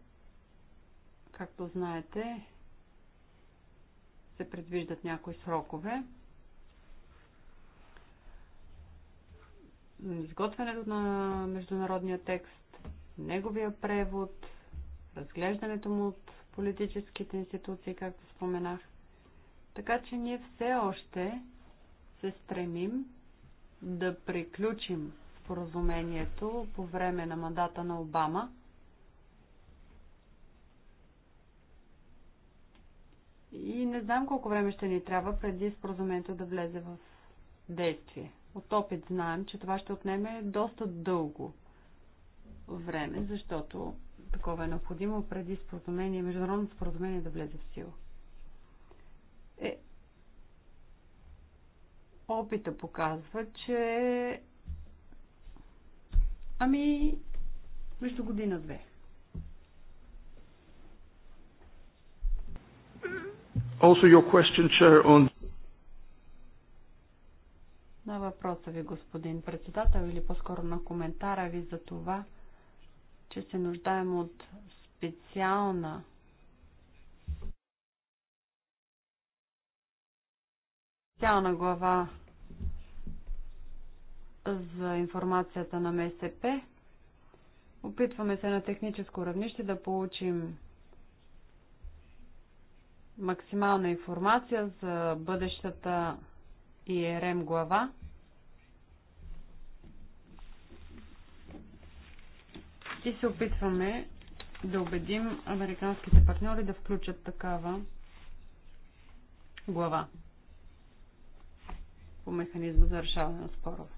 както знаете, се предвиждат някои срокове. Изготвянето на международния текст неговия превод, разглеждането му от политическите институции, както споменах. Така че ние все още се стремим да приключим споразумението по време на мандата на Обама. И не знам колко време ще ни трябва преди споразумението да влезе в действие. От опит знаем, че това ще отнеме доста дълго време, защото такова е необходимо преди споразумение, международно споразумение да влезе в сила. Е, опита показва, че ами между година-две. Also your question, Chair, on... На въпроса ви, господин председател, или по-скоро на коментара ви за това, че се нуждаем от специална специална глава за информацията на МСП. Опитваме се на техническо равнище да получим максимална информация за бъдещата ИРМ е глава. и се опитваме да убедим американските партньори да включат такава глава по механизма за решаване на спорове.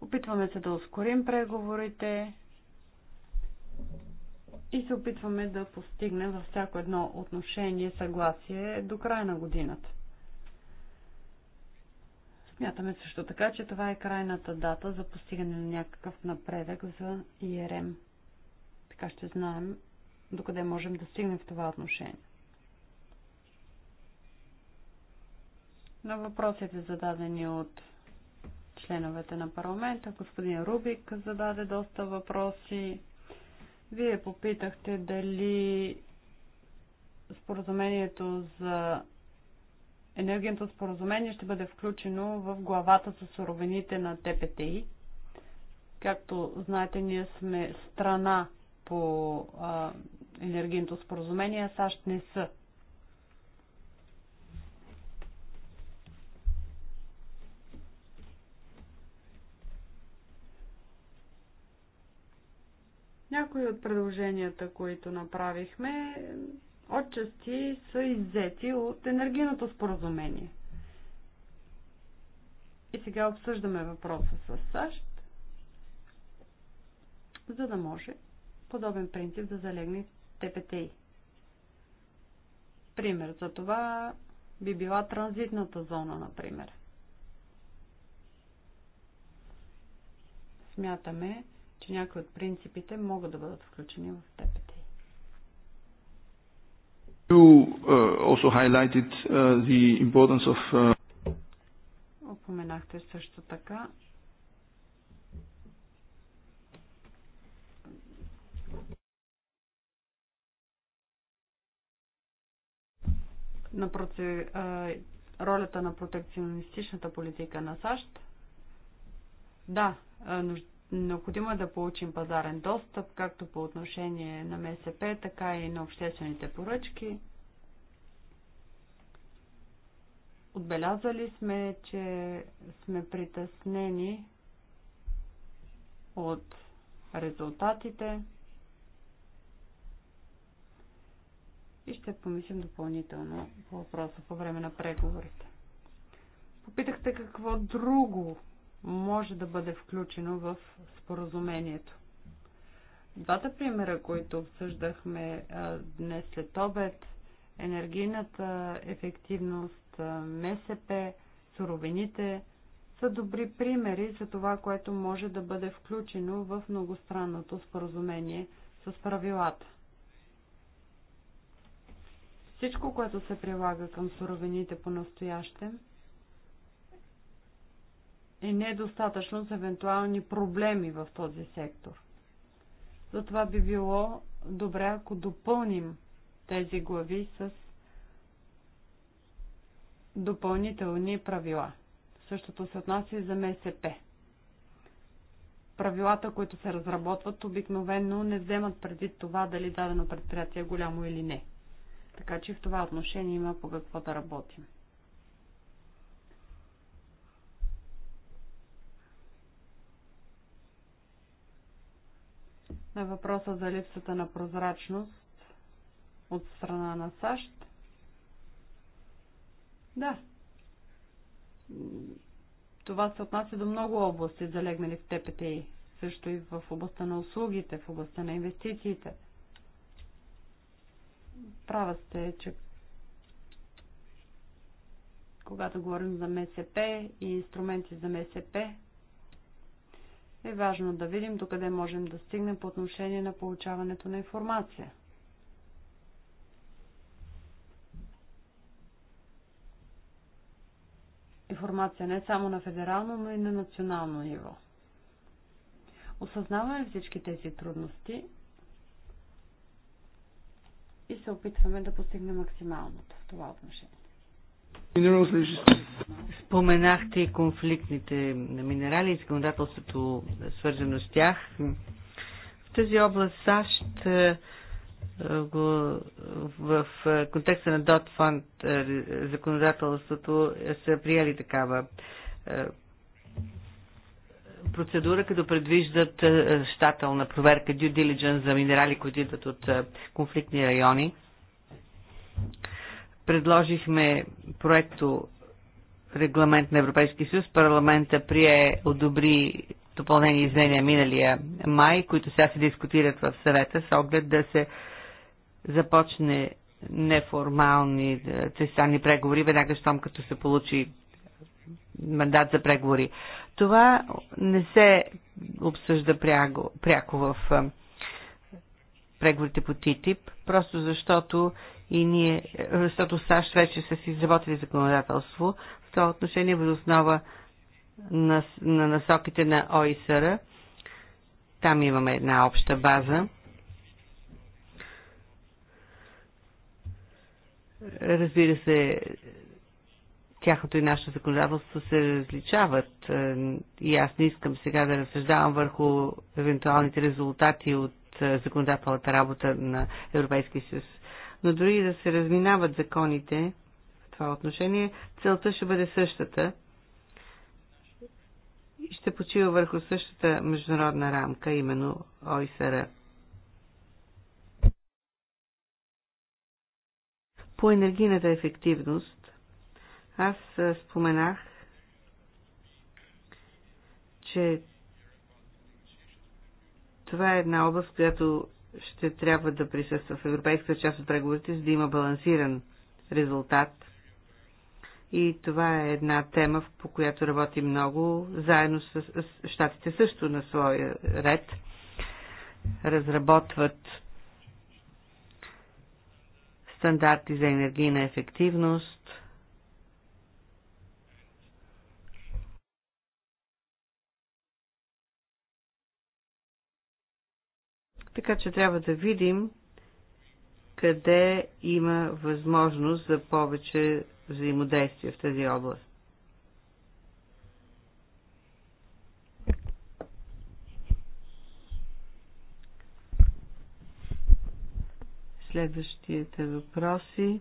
Опитваме се да ускорим преговорите и се опитваме да постигнем във всяко едно отношение съгласие до края на годината. Смятаме също така, че това е крайната дата за постигане на някакъв напредък за ИРМ. Така ще знаем докъде можем да стигнем в това отношение. На въпросите зададени от членовете на парламента, господин Рубик зададе доста въпроси. Вие попитахте дали споразумението за енергийното споразумение ще бъде включено в главата за суровините на ТПТИ. Както знаете, ние сме страна по а, енергийното споразумение, а САЩ не са. Някои от предложенията, които направихме, отчасти са иззети от енергийното споразумение. И сега обсъждаме въпроса с САЩ, за да може подобен принцип да залегне ТПТИ. Пример за това би била транзитната зона, например. Смятаме, че някои от принципите могат да бъдат включени в ТПТИ. You uh, also highlighted uh, the importance of uh... Упоменахте също така на проти... ролята на протекционистичната политика на САЩ. Да, Необходимо е да получим пазарен достъп, както по отношение на МСП, така и на обществените поръчки. Отбелязали сме, че сме притеснени от резултатите и ще помислим допълнително по въпроса по време на преговорите. Попитахте какво друго може да бъде включено в споразумението. Двата примера, които обсъждахме днес след обед, енергийната ефективност, МСП, суровините, са добри примери за това, което може да бъде включено в многостранното споразумение с правилата. Всичко, което се прилага към суровините по настоящем, е недостатъчно за евентуални проблеми в този сектор. Затова би било добре, ако допълним тези глави с допълнителни правила. Същото се отнася и за МСП. Правилата, които се разработват, обикновено не вземат преди това дали дадено предприятие е голямо или не. Така че в това отношение има по какво да работим. на е въпроса за липсата на прозрачност от страна на САЩ. Да. Това се отнася до много области, залегнали в ТПТИ. Също и в областта на услугите, в областта на инвестициите. Права сте, че когато говорим за МСП и инструменти за МСП, е важно да видим докъде можем да стигнем по отношение на получаването на информация. Информация не само на федерално, но и на национално ниво. Осъзнаваме всички тези трудности и се опитваме да постигнем максималното в това отношение. Споменахте конфликтните минерали и законодателството, е, свързано с тях. В тази област САЩ е, е, в контекста на Дот Фонд законодателството са приели такава процедура, като предвиждат щателна проверка due diligence за минерали, които идват от конфликтни райони. Предложихме проекто регламент на Европейския съюз. Парламента прие, одобри допълнение изменения миналия май, които сега се дискутират в съвета с оглед да се започне неформални е, тестани преговори, веднага щом като се получи мандат за преговори. Това не се обсъжда пряко, пряко в е, преговорите по ТИТИП, просто защото и ние, е, защото САЩ вече са си изработили законодателство в това отношение основа на, на насоките на ОИСР. Там имаме една обща база. Разбира се, тяхното и нашето законодателство се различават е, и аз не искам сега да разсъждавам върху евентуалните резултати от е, законодателната работа на Европейския съюз но дори да се разминават законите в това отношение, целта ще бъде същата и ще почива върху същата международна рамка, именно ОИСР. По енергийната ефективност, аз споменах, че това е една област, която ще трябва да присъства в европейската част от преговорите, за да има балансиран резултат. И това е една тема, по която работи много, заедно с, с щатите също на своя ред. Разработват стандарти за енергийна ефективност, Така че трябва да видим къде има възможност за повече взаимодействие в тази област. Следващите въпроси.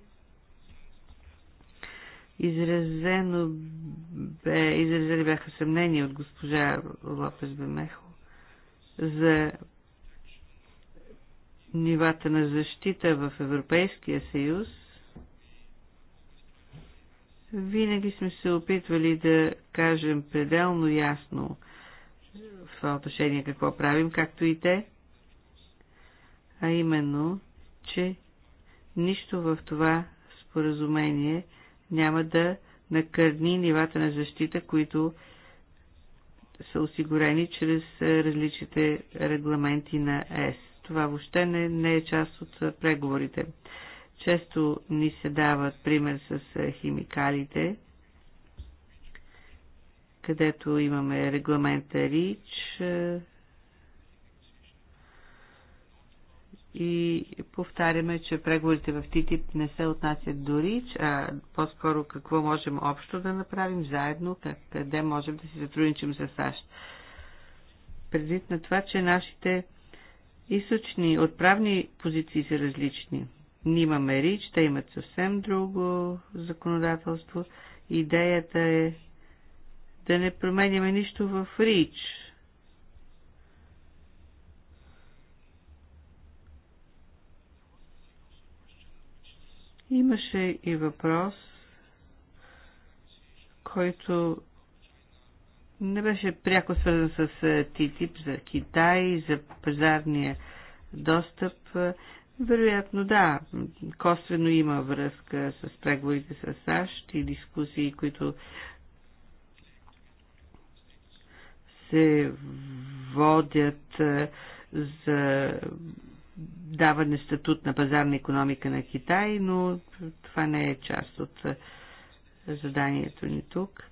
Изразено бе, изразени бяха съмнения от госпожа Лопес Бемехо за нивата на защита в Европейския съюз, винаги сме се опитвали да кажем пределно ясно в това отношение какво правим, както и те, а именно, че нищо в това споразумение няма да накърни нивата на защита, които са осигурени чрез различните регламенти на ЕС. Това въобще не, не е част от преговорите. Често ни се дават пример с химикалите, където имаме регламента РИЧ и повтаряме, че преговорите в ТИТИП не се отнасят до РИЧ, а по-скоро какво можем общо да направим заедно, как къде можем да си сътрудничим с САЩ. Предвид на това, че нашите източни отправни позиции са различни. Нима рич, те имат съвсем друго законодателство. Идеята е да не променяме нищо в рич. Имаше и въпрос, който не беше пряко свързан с ТТИП е, за Китай, за пазарния достъп. Е, вероятно да, косвено има връзка с преговорите с САЩ и дискусии, които се водят е, за даване статут на пазарна економика на Китай, но това не е част от заданието ни тук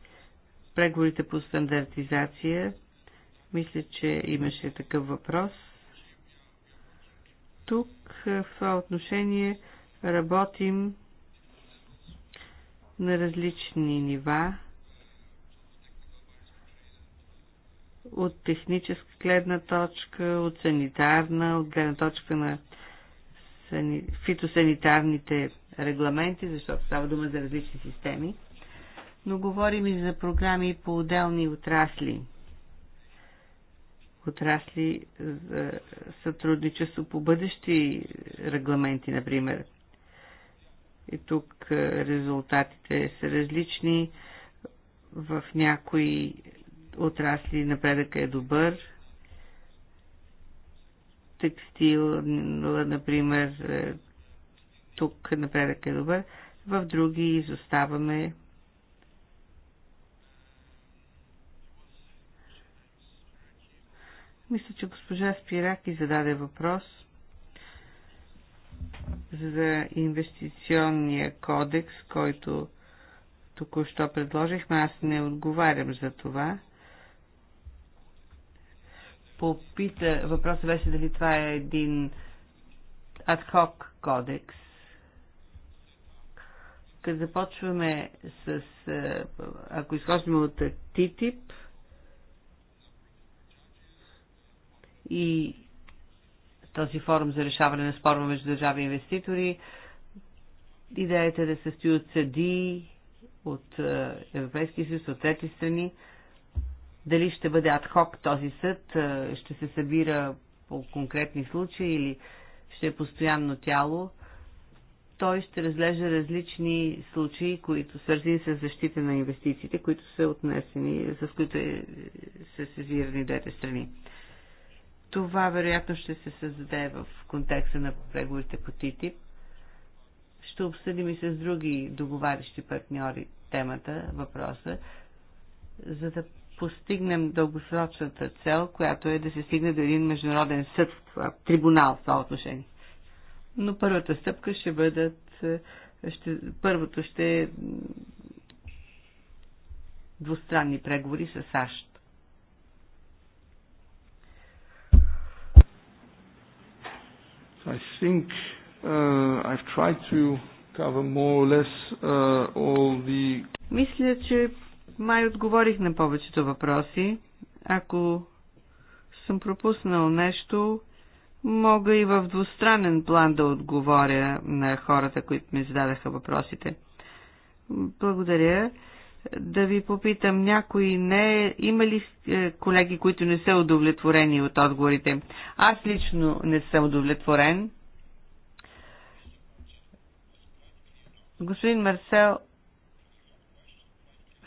преговорите по стандартизация, мисля, че имаше такъв въпрос. Тук е, в това отношение работим на различни нива. От техническа гледна точка, от санитарна, от гледна точка на фитосанитарните регламенти, защото става дума за различни системи но говорим и за програми по отделни отрасли. Отрасли за сътрудничество по бъдещи регламенти, например. И тук е, резултатите са различни. В някои отрасли напредъка е добър. Текстил, например, е, тук напредък е добър. В други изоставаме Мисля, че госпожа и зададе въпрос за инвестиционния кодекс, който току-що предложихме. Аз не отговарям за това. Попита, въпросът беше дали това е един адхок кодекс. Като започваме с, е, ако изхождаме от ТИТИП, и този форум за решаване на спорва между държави и инвеститори. Идеята е да се стои от съди, от е, Европейски съюз, от трети страни. Дали ще бъде адхок този съд, е, ще се събира по конкретни случаи или ще е постоянно тяло. Той ще разглежда различни случаи, които свързани с защита на инвестициите, които са отнесени, с които е, са сезирани двете страни. Това вероятно ще се създаде в контекста на преговорите по ТИТИП. Ще обсъдим и с други договарящи партньори темата, въпроса, за да постигнем дългосрочната цел, която е да се стигне до един международен съд, трибунал в това отношение. Но първата стъпка ще бъдат, ще, първото ще е двустранни преговори с САЩ. I think uh, I've tried to cover more or less uh, all the... Мисля, че май отговорих на повечето въпроси. Ако съм пропуснал нещо, мога и в двустранен план да отговоря на хората, които ми зададаха въпросите. Благодаря да ви попитам, някои не, има ли е, колеги, които не са удовлетворени от отговорите? Аз лично не съм удовлетворен. Господин Марсел,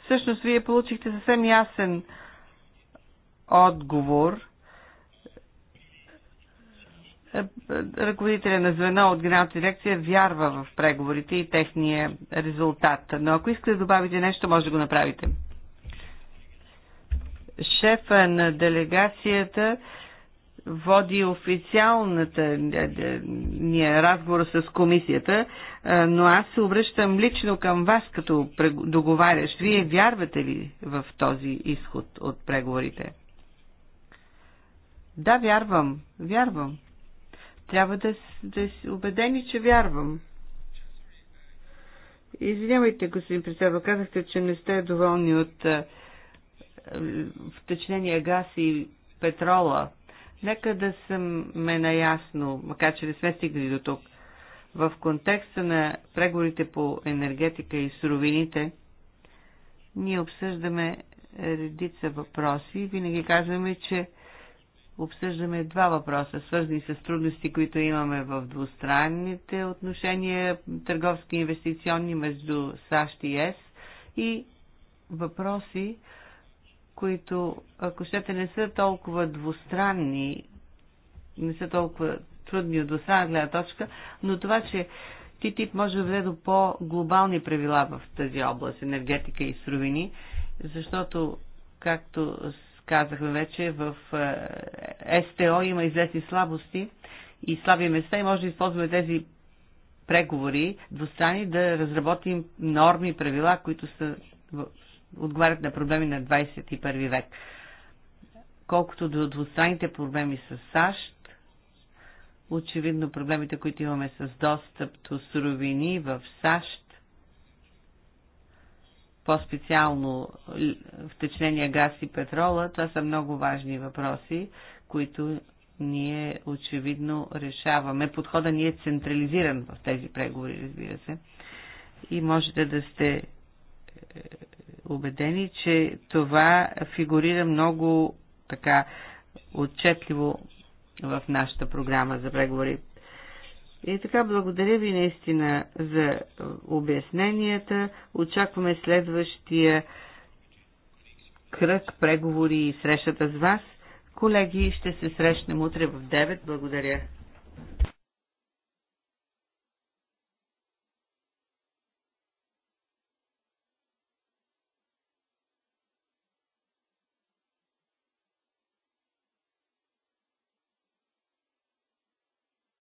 всъщност вие получихте съвсем ясен отговор – ръководителя на звено от генералната дирекция вярва в преговорите и техния резултат. Но ако искате да добавите нещо, може да го направите. Шефа на делегацията води официалната е, е, ние разговор с комисията, е, но аз се обръщам лично към вас като договарящ. Вие вярвате ли в този изход от преговорите? Да, вярвам, вярвам. Трябва да, да си убедени, че вярвам. Извинявайте, господин председател, казахте, че не сте доволни от втечнения газ и петрола. Нека да съм ме наясно, макар че не сме стигнали до тук. В контекста на преговорите по енергетика и суровините, ние обсъждаме редица въпроси и винаги казваме, че обсъждаме два въпроса, свързани с трудности, които имаме в двустранните отношения, търговски и инвестиционни между САЩ и ЕС и въпроси, които, ако щете, не са толкова двустранни, не са толкова трудни от двустранна гледна точка, но това, че ТТИП може да влезе до по-глобални правила в тази област, енергетика и суровини, защото, както казахме вече, в е, СТО има известни слабости и слаби места и може да използваме тези преговори двустранни да разработим норми, правила, които са, отговарят на проблеми на 21 век. Колкото до двустранните проблеми с САЩ, очевидно проблемите, които имаме с достъп до суровини в САЩ, по-специално втечнения газ и петрола, това са много важни въпроси, които ние очевидно решаваме. Подхода ни е централизиран в тези преговори, разбира се. И можете да сте е, убедени, че това фигурира много така отчетливо в нашата програма за преговори. И така, благодаря ви наистина за обясненията. Очакваме следващия кръг преговори и срещата с вас. Колеги, ще се срещнем утре в 9. Благодаря.